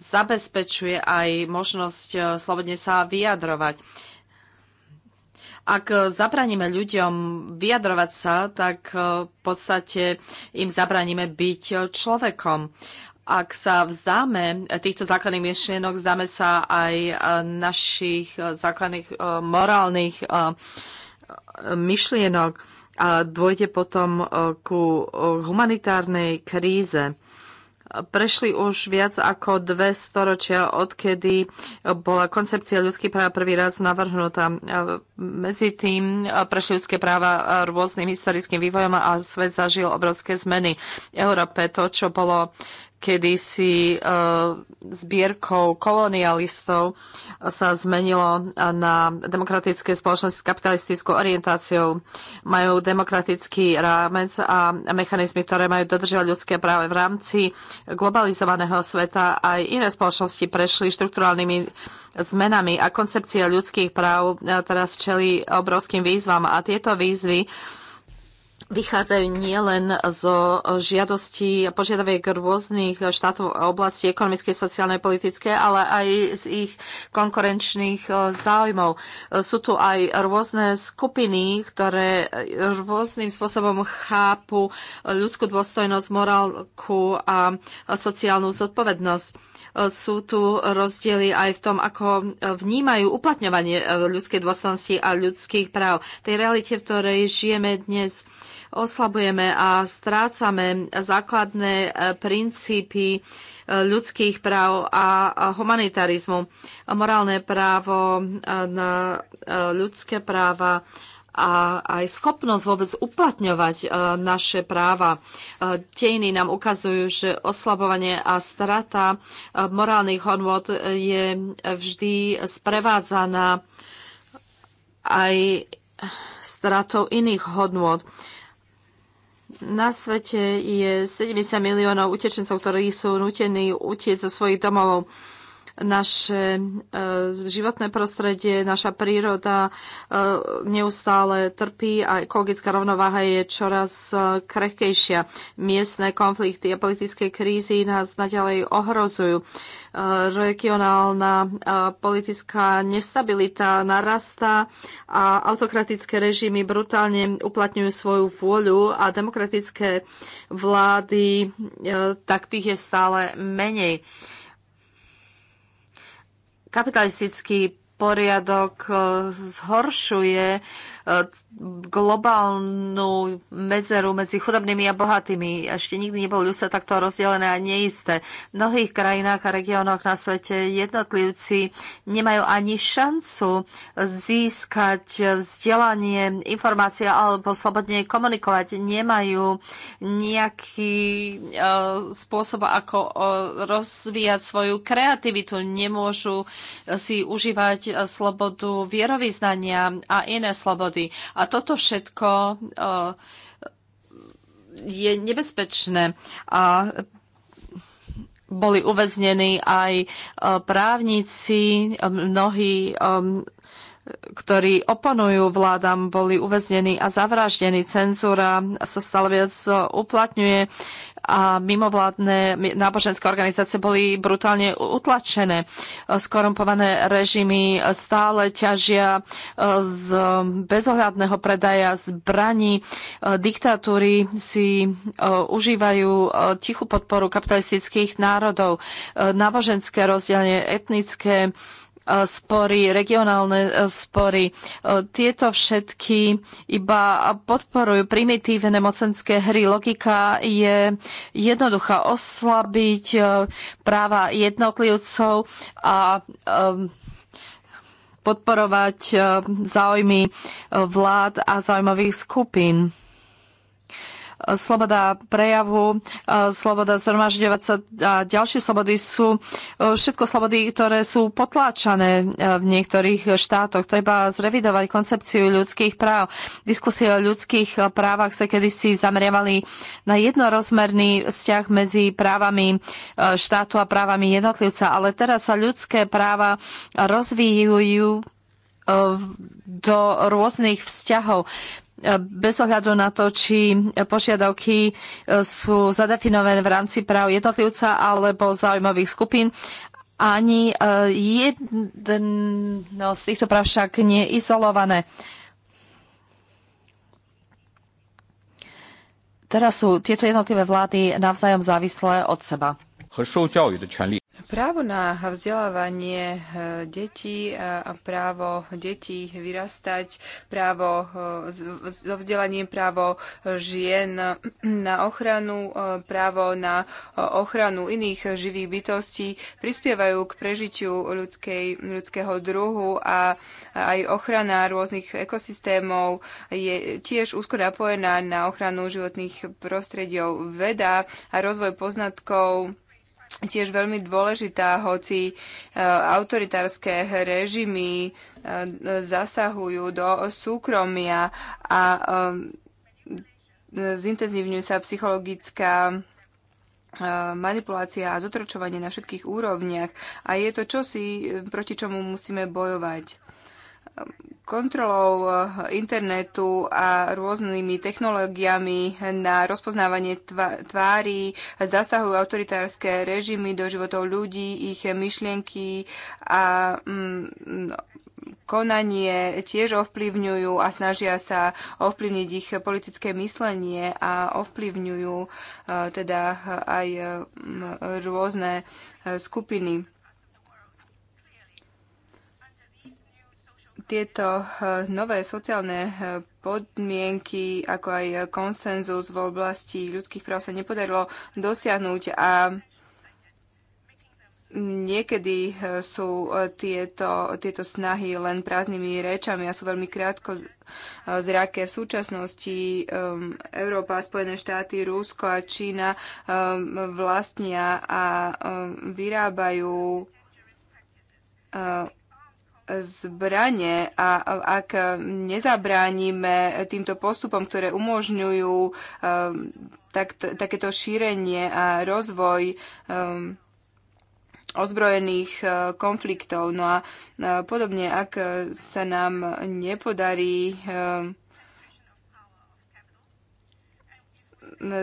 zabezpečuje aj možnosť slobodne sa vyjadrovať ak e, zabraníme ľuďom vyjadrovať sa, tak e, v podstate im zabraníme byť e, človekom. Ak sa vzdáme týchto základných myšlienok, vzdáme sa aj našich základných morálnych myšlienok a dôjde potom ku humanitárnej kríze. Prešli už viac ako dve storočia, odkedy bola koncepcia ľudských práv prvý raz navrhnutá. Medzi tým prešli ľudské práva rôznym historickým vývojom a svet zažil obrovské zmeny. Európe to, čo bolo kedysi e, zbierkou kolonialistov sa zmenilo na demokratické spoločnosti s kapitalistickou orientáciou. Majú demokratický rámec a mechanizmy, ktoré majú dodržiavať ľudské práve v rámci globalizovaného sveta. Aj iné spoločnosti prešli štruktúralnými zmenami a koncepcia ľudských práv e, teraz čelí obrovským výzvam a tieto výzvy vychádzajú nielen zo žiadostí a požiadaviek rôznych štátov a oblasti ekonomické, sociálne, politické, ale aj z ich konkurenčných eh, záujmov. Sú tu aj rôzne skupiny, ktoré rôznym spôsobom chápu ľudskú dôstojnosť, morálku a sociálnu zodpovednosť sú tu rozdiely aj v tom, ako vnímajú uplatňovanie eh, ľudskej dôstojnosti a ľudských práv. Tej realite, v ktorej žijeme dnes, oslabujeme a strácame základné e, princípy e, ľudských práv a humanitarizmu. Morálne právo e, na ľudské práva a aj schopnosť vôbec uplatňovať naše práva. Tejny nám ukazujú, že oslabovanie a strata morálnych hodnot je vždy sprevádzaná aj stratou iných hodnot. Na svete je 70 miliónov utečencov, ktorí sú nutení utieť zo svojich domovov naše e, životné prostredie, naša príroda e, neustále trpí a ekologická rovnováha je čoraz e, krehkejšia. Miestne konflikty a politické krízy nás naďalej ohrozujú. Regionálna politická nestabilita narastá a autokratické režimy brutálne uplatňujú svoju vôľu a demokratické vlády tak tých je stále menej kapitalistický poriadok eh, zhoršuje globálnu medzeru medzi chudobnými a bohatými. Ešte nikdy nebol ľudstvo takto rozdelené a neisté. V mnohých krajinách a regiónoch na svete jednotlivci nemajú ani šancu získať vzdelanie, informácie alebo slobodne komunikovať. Nemajú nejaký e, spôsob, ako e, rozvíjať svoju kreativitu. Nemôžu si užívať e, slobodu vierovýznania a iné slobody škody. A toto všetko eh, je nebezpečné. A boli uväznení aj eh, právnici, eh, mnohí ktorí oponujú vládam, boli uväznení a zavraždení. Cenzúra sa stále viac uplatňuje a mimovládne náboženské organizácie boli brutálne utlačené. Skorumpované režimy stále ťažia e, z bezohľadného predaja zbraní. E, diktatúry si e, užívajú tichú podporu kapitalistických národov. Náboženské rozdielne, etnické E, spory, regionálne e, spory. E, tieto všetky iba podporujú primitívne mocenské hry. Logika je jednoduchá oslabiť práva jednotlivcov a podporovať záujmy vlád a záujmových skupín sloboda prejavu, sloboda zhromažďovať sa a ďalšie slobody sú e, všetko slobody, ktoré sú potláčané e, v niektorých štátoch. Treba zrevidovať koncepciu ľudských práv. Diskusie o ľudských e, právach sa kedysi zameriavali na jednorozmerný vzťah medzi právami štátu a právami jednotlivca, ale teraz sa ľudské práva rozvíjajú do rôznych vzťahov. E, bez ohľadu na to, či požiadavky e, sú zadefinované v rámci práv jednotlivca alebo záujmových skupín. Ani e, jedno z týchto práv však nie je izolované. Teraz sú tieto jednotlivé vlády navzájom závislé od seba. Právo na vzdelávanie eh, detí eh, a právo detí vyrastať, právo eh, so vzdelaním právo žien na ochranu, právo na ochranu iných živých bytostí prispievajú k prežitiu ľudskej, ľudského druhu a aj ochrana rôznych ekosystémov je tiež úzko napojená na ochranu životných prostrediov. Veda a rozvoj poznatkov tiež veľmi dôležitá, hoci e, autoritárske režimy e, zasahujú do súkromia a e, zintenzívňuje sa psychologická manipulácia a zotročovanie na všetkých úrovniach a je to čosi, proti čomu musíme bojovať kontrolou eh, internetu a rôznymi technológiami na rozpoznávanie tvári zasahujú autoritárske režimy do životov ľudí, ich myšlienky a mm, no, konanie tiež ovplyvňujú a snažia sa ovplyvniť ich politické myslenie a ovplyvňujú eh, teda aj eh, rôzne skupiny tieto eh, nové sociálne eh, podmienky, ako aj konsenzus v oblasti ľudských práv sa nepodarilo dosiahnuť a niekedy eh, sú tieto, tieto snahy len prázdnymi rečami a sú veľmi krátko zrake. V súčasnosti um, Európa, Spojené štáty, Rusko a Čína um, vlastnia a um, vyrábajú zbranie a ak nezabránime týmto postupom, ktoré umožňujú um, tak, takéto šírenie a rozvoj um, ozbrojených uh, konfliktov. No a uh, podobne, ak sa nám nepodarí um,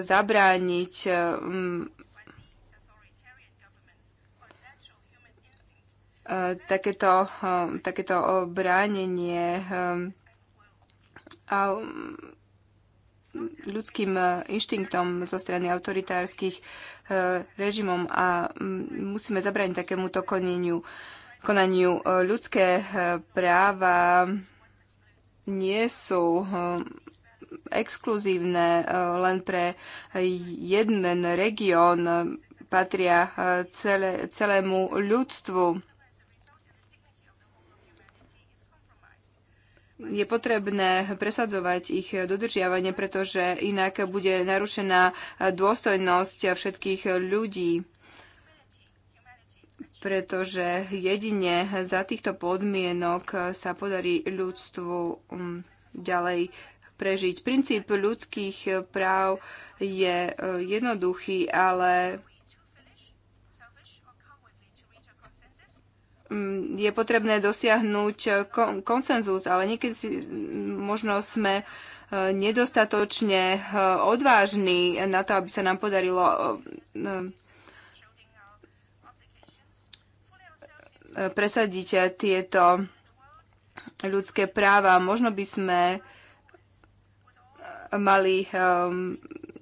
zabrániť um, takéto, um, takéto bránenie um, a um, ľudským uh, inštinktom zo strany autoritárskych uh, režimom a musíme zabrániť takémuto koneniu, konaniu. Uh, ľudské práva nie sú exkluzívne len pre jeden región, patria celé, celému ľudstvu je potrebné presadzovať ich dodržiavanie, pretože inak bude narušená dôstojnosť všetkých ľudí pretože jedine za týchto podmienok sa podarí ľudstvu mm, ďalej prežiť. Princíp ľudských práv je e, jednoduchý, ale Mm, je potrebné dosiahnuť eh, konsenzus, ale niekedy si, mm, možno sme eh, nedostatočne eh, odvážni na to, aby sa nám podarilo presadiť tieto ľudské práva. Možno by sme mali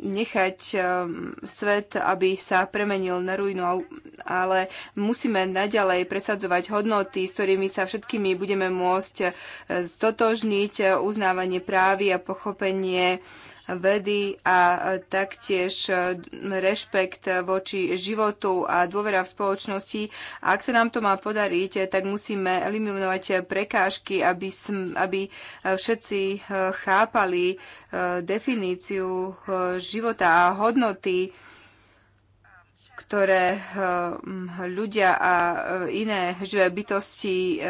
nechať um, svet, aby sa premenil na ruinu, ale musíme naďalej presadzovať hodnoty, s ktorými sa všetkými budeme môcť eh, stotožniť, eh, uznávanie právy a pochopenie vedy a taktiež e, rešpekt voči životu a dôvera v spoločnosti. A ak sa nám to má podariť, tak musíme eliminovať prekážky, aby, sm, aby e, všetci e, chápali definíciu života a hodnoty, ktoré ľudia a iné živé bytosti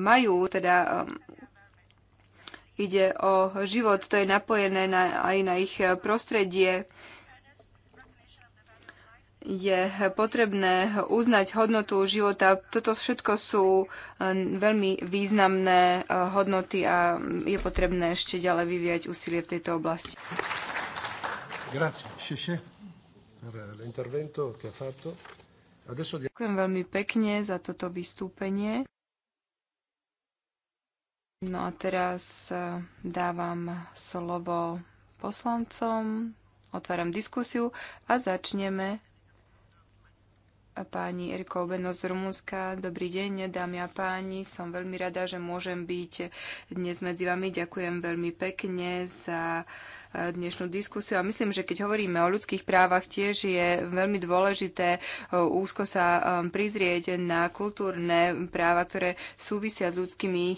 majú, teda ide o život, to je napojené na, aj na ich prostredie. Je potrebné uznať hodnotu života. Toto všetko sú eh, veľmi významné eh, hodnoty a je potrebné ešte ďalej vyvíjať úsilie v tejto oblasti. Ďakujem veľmi pekne za toto vystúpenie. No a teraz e, dávam slovo poslancom, otváram diskusiu a začneme pani Eriko Beno z Rumunska. Dobrý deň, dámy a páni. Som veľmi rada, že môžem byť dnes medzi vami. Ďakujem veľmi pekne za uh, dnešnú diskusiu a myslím, že keď hovoríme o ľudských právach, tiež je veľmi dôležité e, úzko sa e, prizrieť na kultúrne práva, ktoré súvisia s ľudskými e,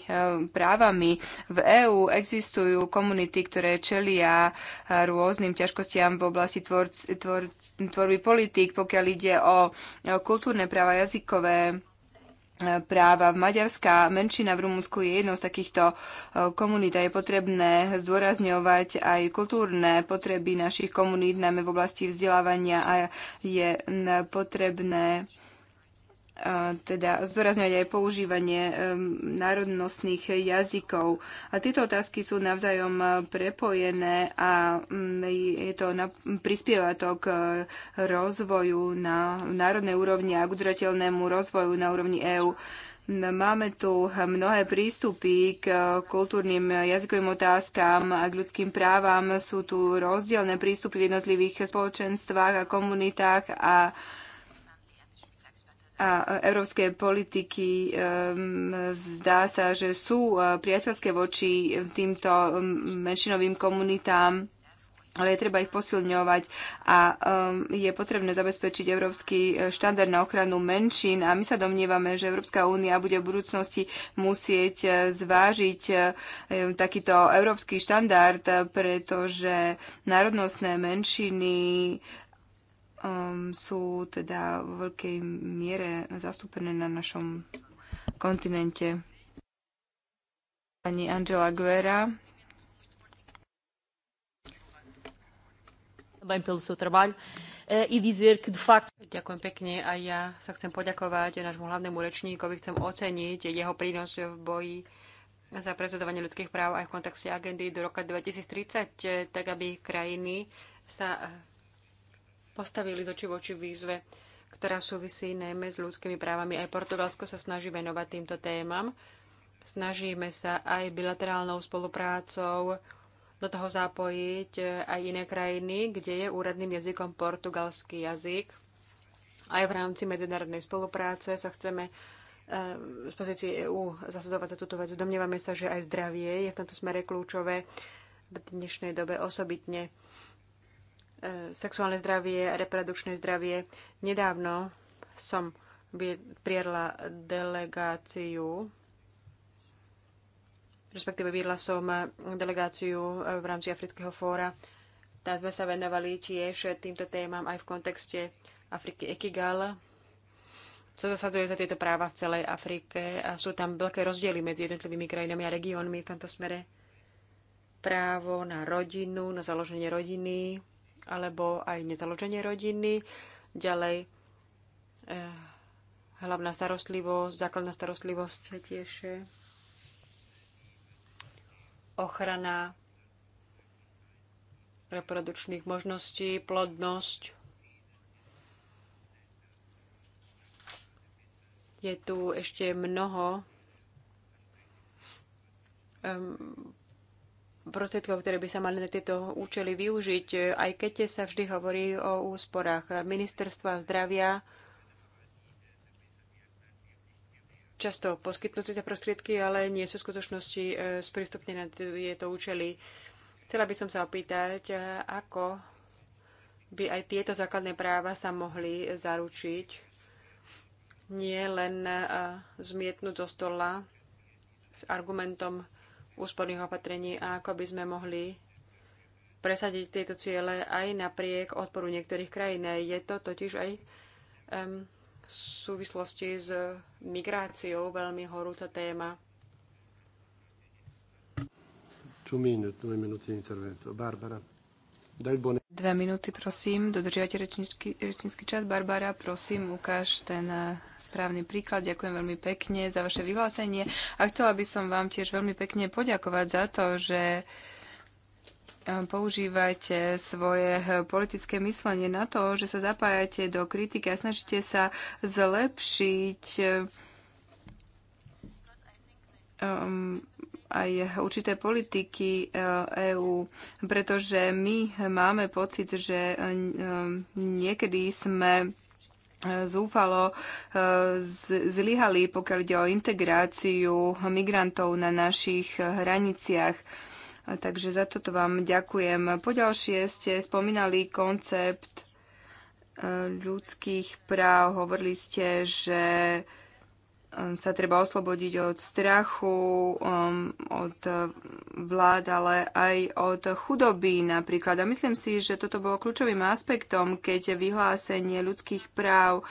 právami. V EÚ existujú komunity, ktoré čelia rôznym ťažkostiam v oblasti tvor, tvor, tvorby politík, pokiaľ ide o kultúrne práva, jazykové E, práva. Maďarská menšina v Rumunsku je jednou z takýchto e, komunít a je potrebné zdôrazňovať aj kultúrne potreby našich komunít, najmä v oblasti vzdelávania a je potrebné teda zdôrazňovať aj používanie národnostných jazykov. A tieto otázky sú navzájom prepojené a mm, je to na, prispieva to k e, rozvoju na národnej úrovni a k udržateľnému rozvoju na úrovni EÚ. Máme tu mnohé prístupy k e, kultúrnym jazykovým otázkam a k ľudským právam. Sú tu rozdielne prístupy v jednotlivých spoločenstvách a komunitách a a európske politiky zdá sa, že sú eh, priateľské voči týmto menšinovým komunitám ale je treba ich posilňovať a um, je potrebné zabezpečiť európsky eh, štandard na ochranu menšín a my sa domnievame, že Európska únia bude v budúcnosti musieť eh, zvážiť um, takýto európsky štandard, pretože národnostné menšiny um, sú teda vo veľkej miere zastúpené na našom kontinente. Pani Angela Guerra. Eh, e Ďakujem pekne a ja sa chcem poďakovať nášmu hlavnému rečníkovi, chcem oceniť jeho prínos v boji za prezidovanie ľudských práv aj v kontexte agendy do roka 2030, eh, tak aby krajiny sa postavili z oči voči výzve, ktorá súvisí najmä s ľudskými právami. Aj Portugalsko sa snaží venovať týmto témam. Snažíme sa aj bilaterálnou spoluprácou do toho zapojiť e, aj iné krajiny, kde je úradným jazykom portugalský jazyk. Aj v rámci medzinárodnej spolupráce sa chceme e, z pozície EÚ zasadovať za túto vec. Domnievame sa, že aj zdravie je v tomto smere kľúčové v dnešnej dobe osobitne E, sexuálne zdravie, reprodukčné zdravie. Nedávno som priedla delegáciu, respektíve viedla som delegáciu e, v rámci Afrického fóra. tak sme sa venovali tiež týmto témam aj v kontexte Afriky Ekigal. Sa zasadzuje za tieto práva v celej Afrike a sú tam veľké rozdiely medzi jednotlivými krajinami a regiónmi v tomto smere. Právo na rodinu, na založenie rodiny, alebo aj nezaloženie rodiny, ďalej eh, hlavná starostlivosť, základná starostlivosť tiež eh, ochrana reprodukčných možností, plodnosť. Je tu ešte mnoho prostriedkov, ktoré by sa mali na tieto účely využiť, aj keď sa vždy hovorí o úsporách ministerstva zdravia, často poskytnú tieto prostriedky, ale nie sú v skutočnosti e, sprístupnené na tieto účely. Chcela by som sa opýtať, e, ako by aj tieto základné práva sa mohli zaručiť, nie len e, zmietnúť zo stola s argumentom, úsporných opatrení a ako by sme mohli presadiť tieto ciele aj napriek odporu niektorých krajín. Je to totiž aj um, v súvislosti s migráciou veľmi horúca téma. Dve minúty, prosím. Dodržiavate rečnícky, rečnícky čas. Barbara, prosím, ukáž ten správny príklad. Ďakujem veľmi pekne za vaše vyhlásenie a chcela by som vám tiež veľmi pekne poďakovať za to, že e, používajte svoje e, politické myslenie na to, že sa zapájate do kritiky a snažíte sa zlepšiť e, um, aj určité politiky EÚ, pretože my máme pocit, že niekedy sme zúfalo e, zlyhali, pokiaľ ide o integráciu migrantov na našich hraniciach. Takže za toto vám ďakujem. Poďalšie ste spomínali koncept e, ľudských práv. Hovorili ste, že Ehm, sa treba oslobodiť od strachu, ehm, od eh, vlád, ale aj od chudoby napríklad. A myslím si, že toto bolo kľúčovým aspektom, keď vyhlásenie ľudských práv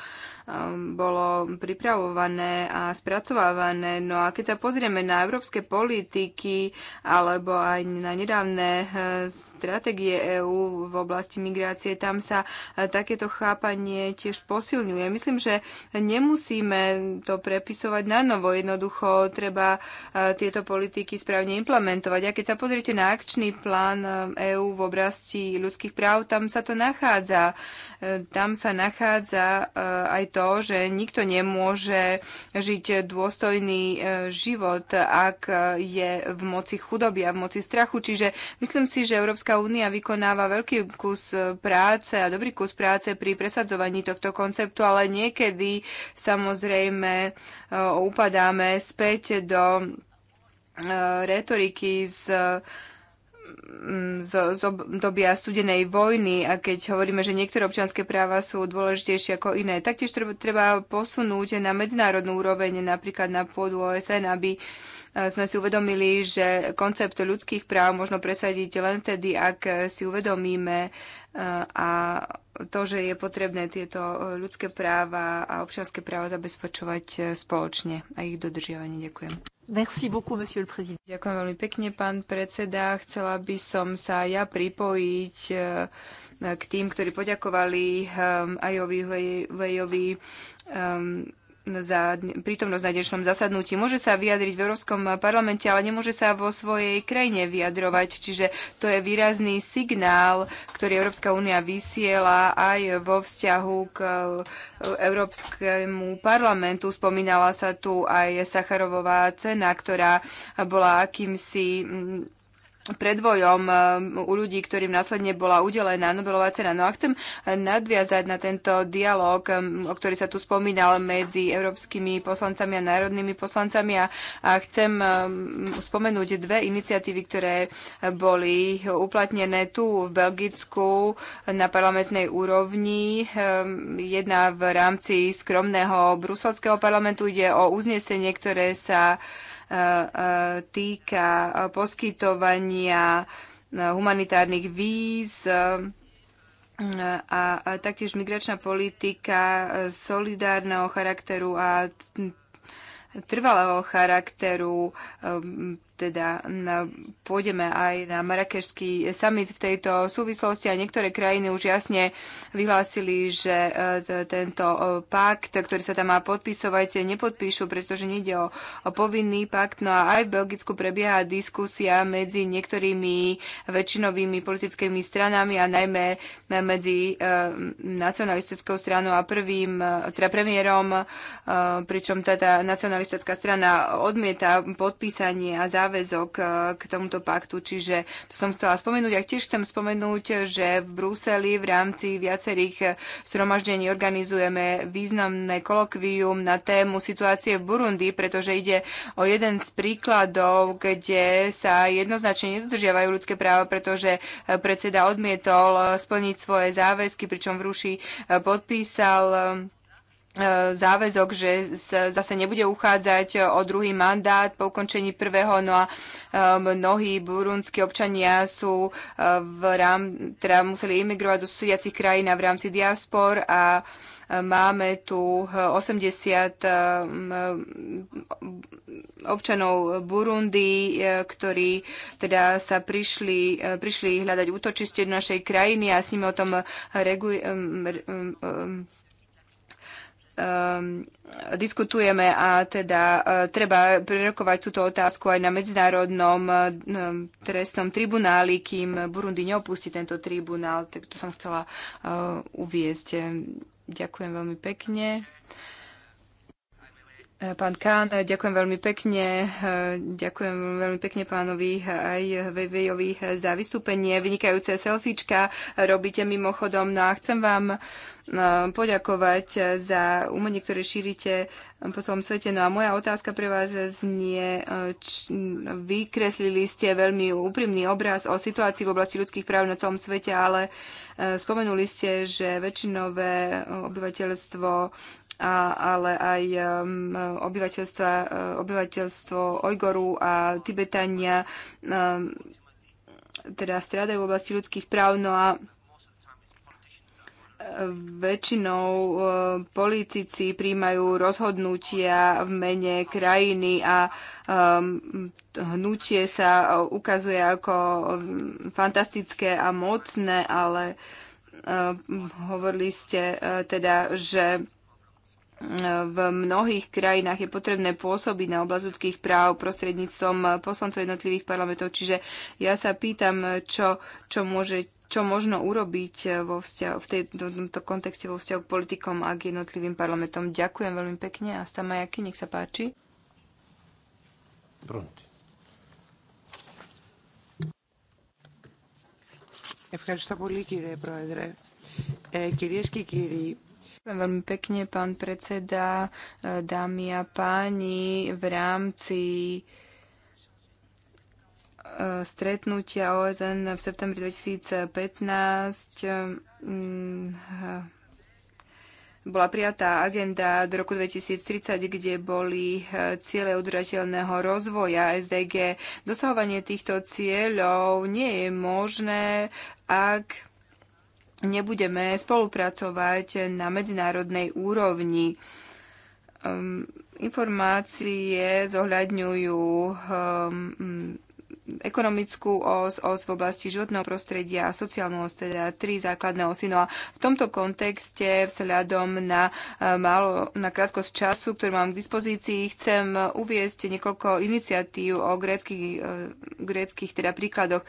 ehm, bolo pripravované a spracovávané. No a keď sa pozrieme na európske politiky alebo aj na nedávne eh, stratégie EÚ v oblasti migrácie, tam sa eh, takéto chápanie tiež posilňuje. Myslím, že nemusíme to prepísať popisovať na novo. Jednoducho treba e, tieto politiky správne implementovať. A keď sa pozriete na akčný plán e, EÚ v oblasti ľudských práv, tam sa to nachádza. E, tam sa nachádza aj to, že nikto nemôže žiť dôstojný život, ak je v moci chudoby a v moci strachu. Čiže myslím si, že Európska únia vykonáva veľký kus práce a dobrý kus práce pri presadzovaní tohto konceptu, ale niekedy samozrejme upadáme späť do e, retoriky z z, z obdobia studenej vojny a keď hovoríme, že niektoré občianské práva sú dôležitejšie ako iné, taktiež treba, treba posunúť na medzinárodnú úroveň, napríklad na pôdu OSN, aby e, sme si uvedomili, že koncept ľudských práv možno presadiť len vtedy, ak si uvedomíme e, a to, že je potrebné tieto e, ľudské práva a občianské práva zabezpečovať e, spoločne a ich dodržiavanie. Ďakujem. Merci beaucoup, monsieur le président. Ďakujem veľmi pekne, pán predseda. Chcela by som sa ja pripojiť e, k tým, ktorí poďakovali Ajovi Vejovi um, za prítomnosť na dnešnom zasadnutí. Môže sa vyjadriť v Európskom parlamente, ale nemôže sa vo svojej krajine vyjadrovať. Čiže to je výrazný signál, ktorý Európska únia vysiela aj vo vzťahu k e, Európskemu parlamentu. Spomínala sa tu aj Sacharovová cena, ktorá bola akýmsi predvojom um, u ľudí, ktorým následne bola udelená Nobelová cena. No a chcem nadviazať na tento dialog, um, o ktorý sa tu spomínal medzi európskymi poslancami a národnými poslancami a, a chcem um, spomenúť dve iniciatívy, ktoré boli uplatnené tu v Belgicku na parlamentnej úrovni. Jedna v rámci skromného bruselského parlamentu ide o uznesenie, ktoré sa uh, Eh, týka poskytovania eh, humanitárnych víz eh, a taktiež migračná politika solidárneho charakteru a trvalého charakteru, teda na, pôjdeme aj na Marakešský summit v tejto súvislosti a niektoré krajiny už jasne vyhlásili, že e, tento e, pakt, ktorý sa tam má podpisovať, nepodpíšu, pretože nejde o, o povinný pakt. No a aj v Belgicku prebieha diskusia medzi niektorými väčšinovými politickými stranami a najmä e, medzi nacionalistickou stranou a prvým, teda premiérom, e, pričom tá nacionalistická strana odmieta podpísanie a zároveň záväzok e, k tomuto paktu, čiže to som chcela spomenúť. A tiež chcem spomenúť, že v Bruseli v rámci viacerých e, zhromaždení organizujeme významné kolokvium na tému situácie v Burundi, pretože ide o jeden z príkladov, kde sa jednoznačne nedodržiavajú ľudské práva, pretože e, predseda odmietol splniť svoje záväzky, pričom v Ruši podpísal E, záväzok, že zase nebude uchádzať o druhý mandát po ukončení prvého. No a e, mnohí burundskí občania sú e, v rám, teda museli imigrovať do susediacich krajín a v rámci diaspor a máme tu 80 občanov Burundi, ktorí teda sa prišli, prišli hľadať útočište do našej krajiny a s nimi o tom regu- um, diskutujeme a teda uh, treba prerokovať túto otázku aj na Medzinárodnom um, trestnom tribunáli, kým Burundi neopustí tento tribunál. Tak to som chcela uh, uviezť. Ďakujem veľmi pekne. Pán Kán, ďakujem veľmi pekne. Ďakujem veľmi pekne pánovi aj Vevejovi za vystúpenie. Vynikajúce selfiečka robíte mimochodom. No a chcem vám eh, poďakovať za umenie, ktoré šírite eh, po celom svete. No a moja otázka pre vás znie, eh, vykreslili ste veľmi úprimný obraz o situácii v oblasti ľudských práv na celom svete, ale spomenuli ste, že väčšinové obyvateľstvo a, ale aj um, obyvateľstva, uh, obyvateľstvo Ojgoru a Tibetania um, teda strádajú v oblasti ľudských práv, no a uh, väčšinou uh, politici príjmajú rozhodnutia v mene krajiny a um, hnutie sa ukazuje ako fantastické a mocné, ale hovorili ste teda, že v mnohých krajinách je potrebné pôsobiť na oblasť ľudských práv prostredníctvom poslancov jednotlivých parlamentov. Čiže ja sa pýtam, čo, čo, môže, čo možno urobiť vo vzťahu, v tejto, tomto kontexte vo vzťahu k politikom a k jednotlivým parlamentom. Ďakujem veľmi pekne a Stamajaky, nech sa páči. Pronti. Ευχαριστώ πολύ κύριε Πρόεδρε. Ε, κυρίες και κύριοι, Ďakujem Veľmi pekne, pán predseda, e, dámy a páni, v rámci e, stretnutia OSN v septembri 2015 e, bola prijatá agenda do roku 2030, kde boli ciele udržateľného rozvoja SDG. Dosahovanie týchto cieľov nie je možné, ak nebudeme spolupracovať na medzinárodnej úrovni. Um, informácie zohľadňujú um, ekonomickú os, os v oblasti životného prostredia a sociálnu os, teda tri základné osy. No a v tomto kontexte vzhľadom na, eh, malo, na krátkosť času, ktorý mám k dispozícii, chcem uviesť niekoľko iniciatív o gréckých, eh, gréckých teda príkladoch.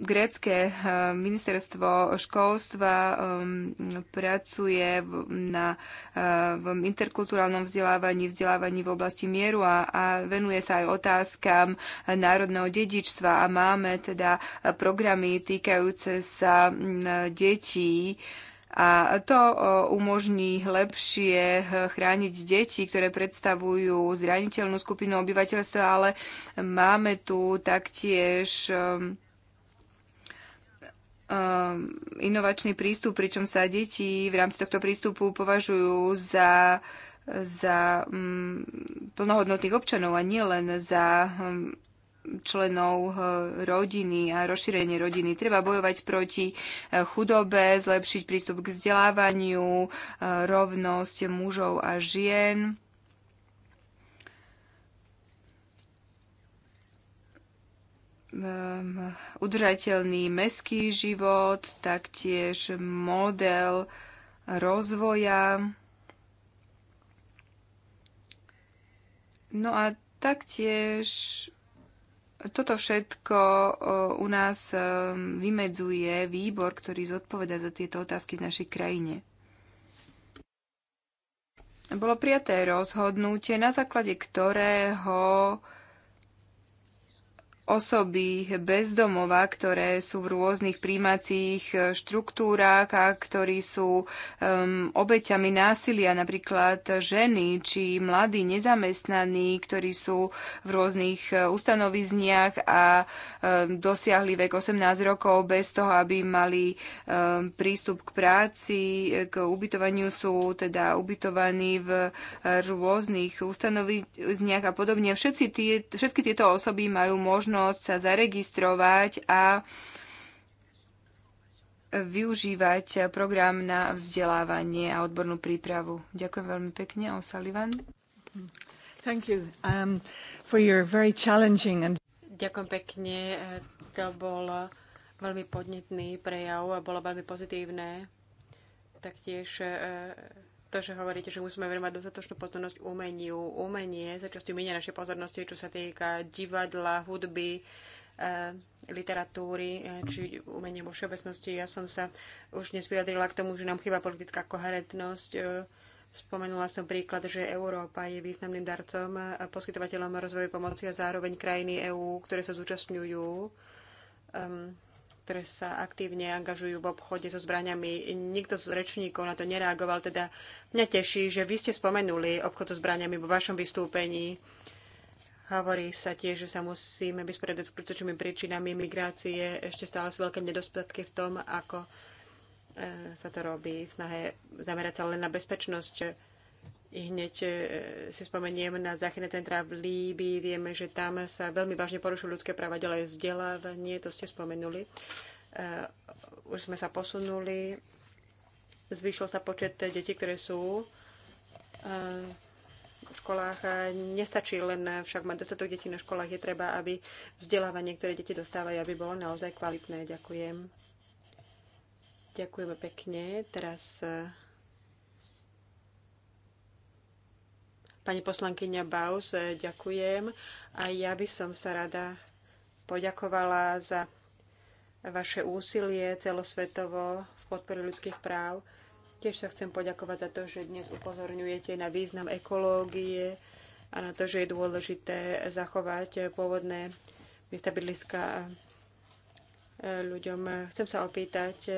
Grécké eh, ministerstvo školstva mm, pracuje na eh, v interkulturálnom vzdelávaní, vzdelávaní v oblasti mieru a, a venuje sa aj otázkam národného dedičstva a máme teda eh, programy týkajúce sa mm, detí, a to umožní lepšie chrániť deti, ktoré predstavujú zraniteľnú skupinu obyvateľstva, ale máme tu taktiež um, um, inovačný prístup, pričom sa deti v rámci tohto prístupu považujú za za mm, plnohodnotných občanov a nielen za hm, členov eh, rodiny a rozšírenie rodiny. Treba bojovať proti eh, chudobe, zlepšiť prístup k vzdelávaniu, eh, rovnosť mužov a žien. udržateľný meský život, taktiež model rozvoja. No a taktiež toto všetko u nás e, vymedzuje výbor, ktorý zodpoveda za tieto otázky v našej krajine. Bolo prijaté rozhodnutie, na základe ktorého osoby bezdomova, ktoré sú v rôznych príjmacích eh, štruktúrách a ktorí sú um, obeťami násilia, napríklad ženy či mladí nezamestnaní, ktorí sú v rôznych eh, ustanovizniach a um, dosiahli vek 18 rokov bez toho, aby mali um, prístup k práci, eh, k ubytovaniu sú teda ubytovaní v rôznych ustanovizniach a podobne. Všetci tie, všetky tieto osoby majú možnosť možnosť sa zaregistrovať a využívať program na vzdelávanie a odbornú prípravu. Ďakujem veľmi pekne, O'Sullivan. Thank you um, for your very challenging and... Ďakujem pekne. Eh, to bol veľmi podnetný prejav a bolo veľmi pozitívne. Taktiež uh, to, že hovoríte, že musíme venovať dostatočnú pozornosť umeniu. Umenie čo často minia naše pozornosti, čo sa týka divadla, hudby, e, literatúry, e, či umenie vo všeobecnosti. Ja som sa už dnes vyjadrila k tomu, že nám chýba politická koherentnosť. E, spomenula som príklad, že Európa je významným darcom, a poskytovateľom rozvojovej pomoci a zároveň krajiny EÚ, ktoré sa zúčastňujú um, ktoré sa aktívne angažujú v obchode so zbraniami. Nikto z rečníkov na to nereagoval, teda mňa teší, že vy ste spomenuli obchod so zbraniami vo vašom vystúpení. Hovorí sa tiež, že sa musíme vysporiadať s kľúčovými príčinami migrácie. Ešte stále sú veľké nedostatky v tom, ako e, sa to robí v snahe zamerať sa len na bezpečnosť Hneď e, si spomeniem na záchytné centrá v Líbii. Vieme, že tam sa veľmi vážne porušujú ľudské práva, ďalej vzdelávanie, to ste spomenuli. E, už sme sa posunuli. Zvýšil sa počet detí, ktoré sú e, v školách. Nestačí len však mať dostatok detí na školách. Je treba, aby vzdelávanie, ktoré deti dostávajú, aby bolo naozaj kvalitné. Ďakujem. Ďakujeme pekne. Teraz Pani poslankyňa Baus, e, ďakujem. A ja by som sa rada poďakovala za vaše úsilie celosvetovo v podpore ľudských práv. Tiež sa chcem poďakovať za to, že dnes upozorňujete na význam ekológie a na to, že je dôležité zachovať pôvodné miesta bydliska e, ľuďom. Chcem sa opýtať,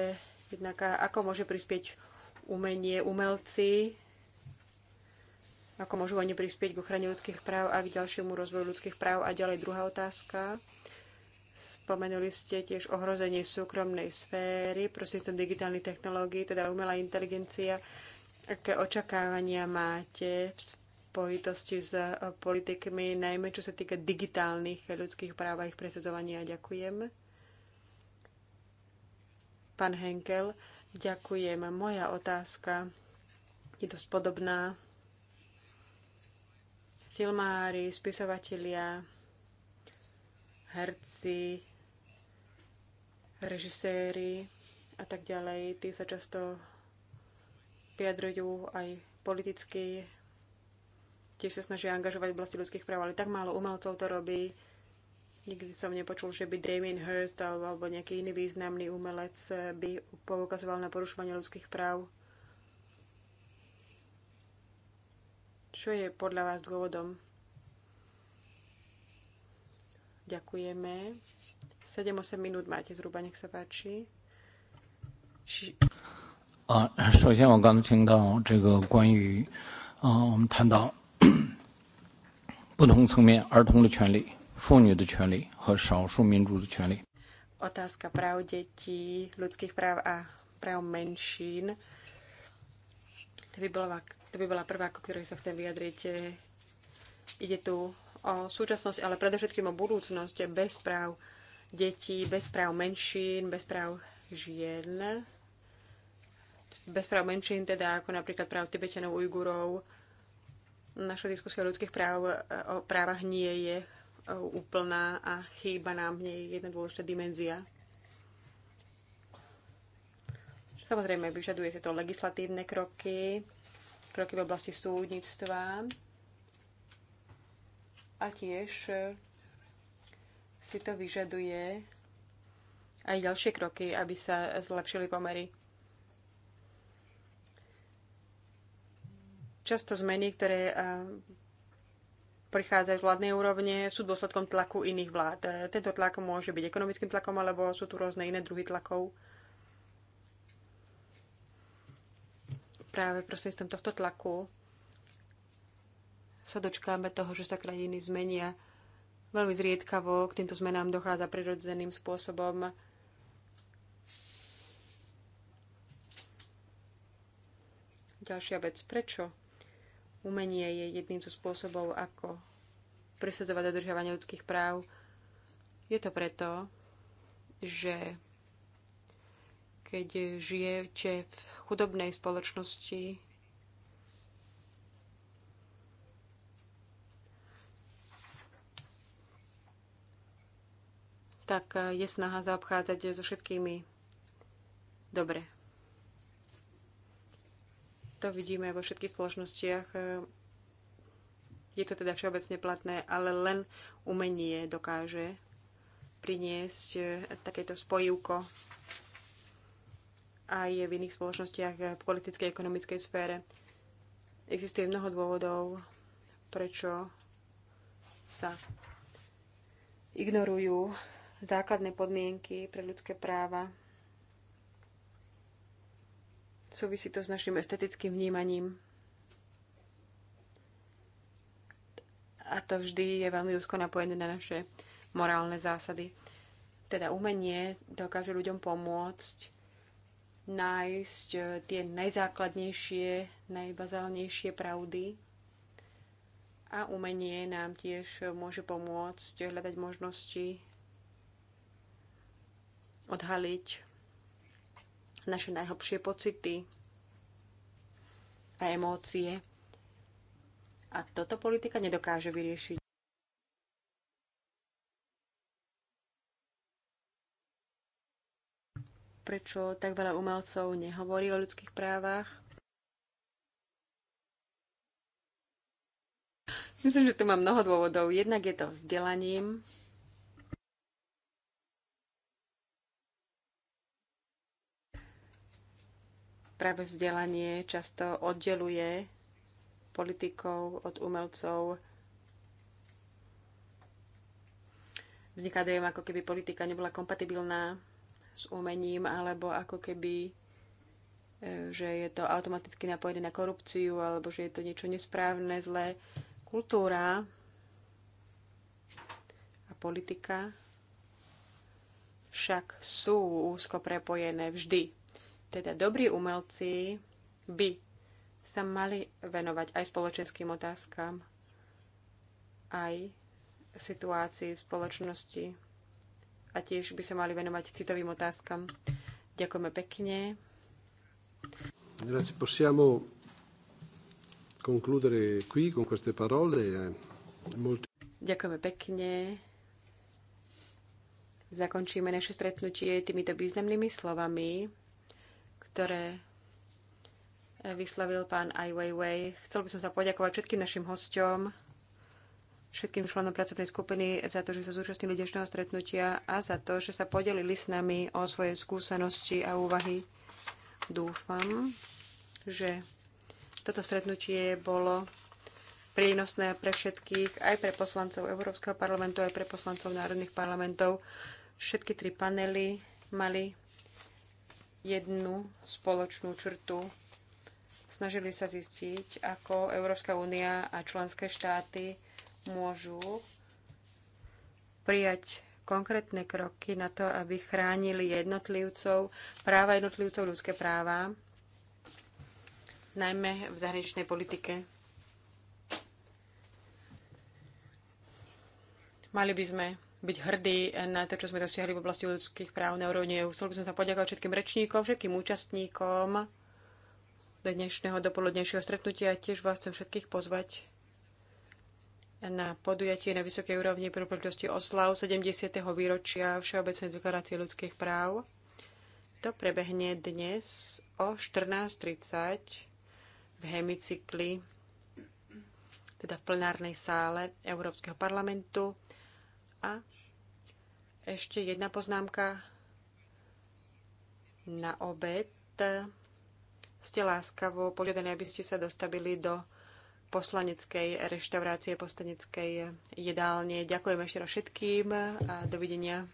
jednak ako môže prispieť umenie, umelci ako môžu oni prispieť k ochrane ľudských práv a k ďalšiemu rozvoju ľudských práv? A ďalej druhá otázka. Spomenuli ste tiež ohrozenie súkromnej sféry prostredstvom digitálnych technológií, teda umelá inteligencia. Aké očakávania máte v spojitosti s eh, politikmi, najmä čo sa týka digitálnych ľudských práv a ich presadzovania? Ďakujem. Pán Henkel, ďakujem. Moja otázka je dosť podobná filmári, spisovatelia, herci, režiséri a tak ďalej. Tí sa často vyjadrujú aj politicky, tiež sa snažia angažovať v oblasti ľudských práv, ale tak málo umelcov to robí. Nikdy som nepočul, že by Damien Hirst alebo nejaký iný významný umelec by poukazoval na porušovanie ľudských práv. Čo je podľa vás dôvodom? Ďakujeme. 7-8 minút máte zhruba, nech sa páči. Ši... 啊、呃，首先我刚听到这个关于，啊、呃，我们谈到不同层面儿童的权利、妇女的权利和少数民族的权利。Otázka práv detí, ľudských práv a práv menšín. To by bola to by bola prvá, ku ktorej sa chcem vyjadriť. Ide tu o súčasnosť, ale predovšetkým o budúcnosť bez práv detí, bez práv menšín, bez práv žien, bez práv menšín, teda ako napríklad práv Tibetanov, Ujgurov. Naša diskusia o ľudských práv, o právach nie je úplná a chýba nám v nej jedna dôležitá dimenzia. Samozrejme, vyžaduje sa to legislatívne kroky, kroky v oblasti súdnictva a tiež e, si to vyžaduje aj ďalšie kroky, aby sa zlepšili pomery. Často zmeny, ktoré e, prichádzajú z vládnej úrovne, sú dôsledkom tlaku iných vlád. E, tento tlak môže byť ekonomickým tlakom, alebo sú tu rôzne iné druhy tlakov. práve prostredstvom tohto tlaku sa dočkáme toho, že sa krajiny zmenia veľmi zriedkavo. K týmto zmenám dochádza prirodzeným spôsobom. Ďalšia vec. Prečo? Umenie je jedným zo spôsobov, ako presadzovať dodržiavanie ľudských práv. Je to preto, že keď žijete v chudobnej spoločnosti, tak eh, je snaha zaobchádzať so všetkými dobre. To vidíme vo všetkých spoločnostiach. Eh, je to teda všeobecne platné, ale len umenie dokáže priniesť eh, takéto spojivko aj v iných spoločnostiach v politickej a ekonomickej sfére. Existuje mnoho dôvodov, prečo sa ignorujú základné podmienky pre ľudské práva. Súvisí to s našim estetickým vnímaním. A to vždy je veľmi úzko napojené na naše morálne zásady. Teda umenie dokáže ľuďom pomôcť nájsť e, tie najzákladnejšie, najbazálnejšie pravdy. A umenie nám tiež e, môže pomôcť hľadať možnosti odhaliť naše najhlbšie pocity a emócie. A toto politika nedokáže vyriešiť. prečo tak veľa umelcov nehovorí o ľudských právach. Myslím, že tu mám mnoho dôvodov. Jednak je to vzdelaním. Práve vzdelanie často oddeluje politikov od umelcov. Vzniká dojem, ako keby politika nebola kompatibilná s umením, alebo ako keby, e, že je to automaticky napojené na korupciu, alebo že je to niečo nesprávne, zlé. Kultúra a politika však sú úzko prepojené vždy. Teda dobrí umelci by sa mali venovať aj spoločenským otázkam, aj situácii v spoločnosti a tiež by sa mali venovať citovým otázkam. Ďakujeme pekne. Grazie, possiamo concludere qui con queste parole. Molto... Ďakujeme pekne. Zakončíme naše stretnutie týmito významnými slovami, ktoré vyslavil pán Ai Weiwei. Chcel by som sa poďakovať všetkým našim hosťom všetkým členom pracovnej skupiny za to, že sa zúčastnili dnešného stretnutia a za to, že sa podelili s nami o svoje skúsenosti a úvahy. Dúfam, že toto stretnutie bolo prínosné pre všetkých, aj pre poslancov Európskeho parlamentu, aj pre poslancov národných parlamentov. Všetky tri panely mali jednu spoločnú črtu. Snažili sa zistiť, ako Európska únia a členské štáty môžu prijať konkrétne kroky na to, aby chránili jednotlivcov, práva jednotlivcov, ľudské práva, najmä v zahraničnej politike. Mali by sme byť hrdí na to, čo sme dosiahli v oblasti ľudských práv na úrovni EU. Chcel by som sa poďakovať všetkým rečníkom, všetkým účastníkom dnešného dopoludnejšieho stretnutia a tiež vás chcem všetkých pozvať na podujatie na vysokej úrovni pri príležitosti oslav 70. výročia Všeobecnej deklarácie ľudských práv. To prebehne dnes o 14.30 v hemicykli, teda v plenárnej sále Európskeho parlamentu. A ešte jedna poznámka na obed. Ste láskavo požiadaní, aby ste sa dostavili do poslaneckej reštaurácie, poslaneckej jedálne. Ďakujem ešte raz všetkým a dovidenia.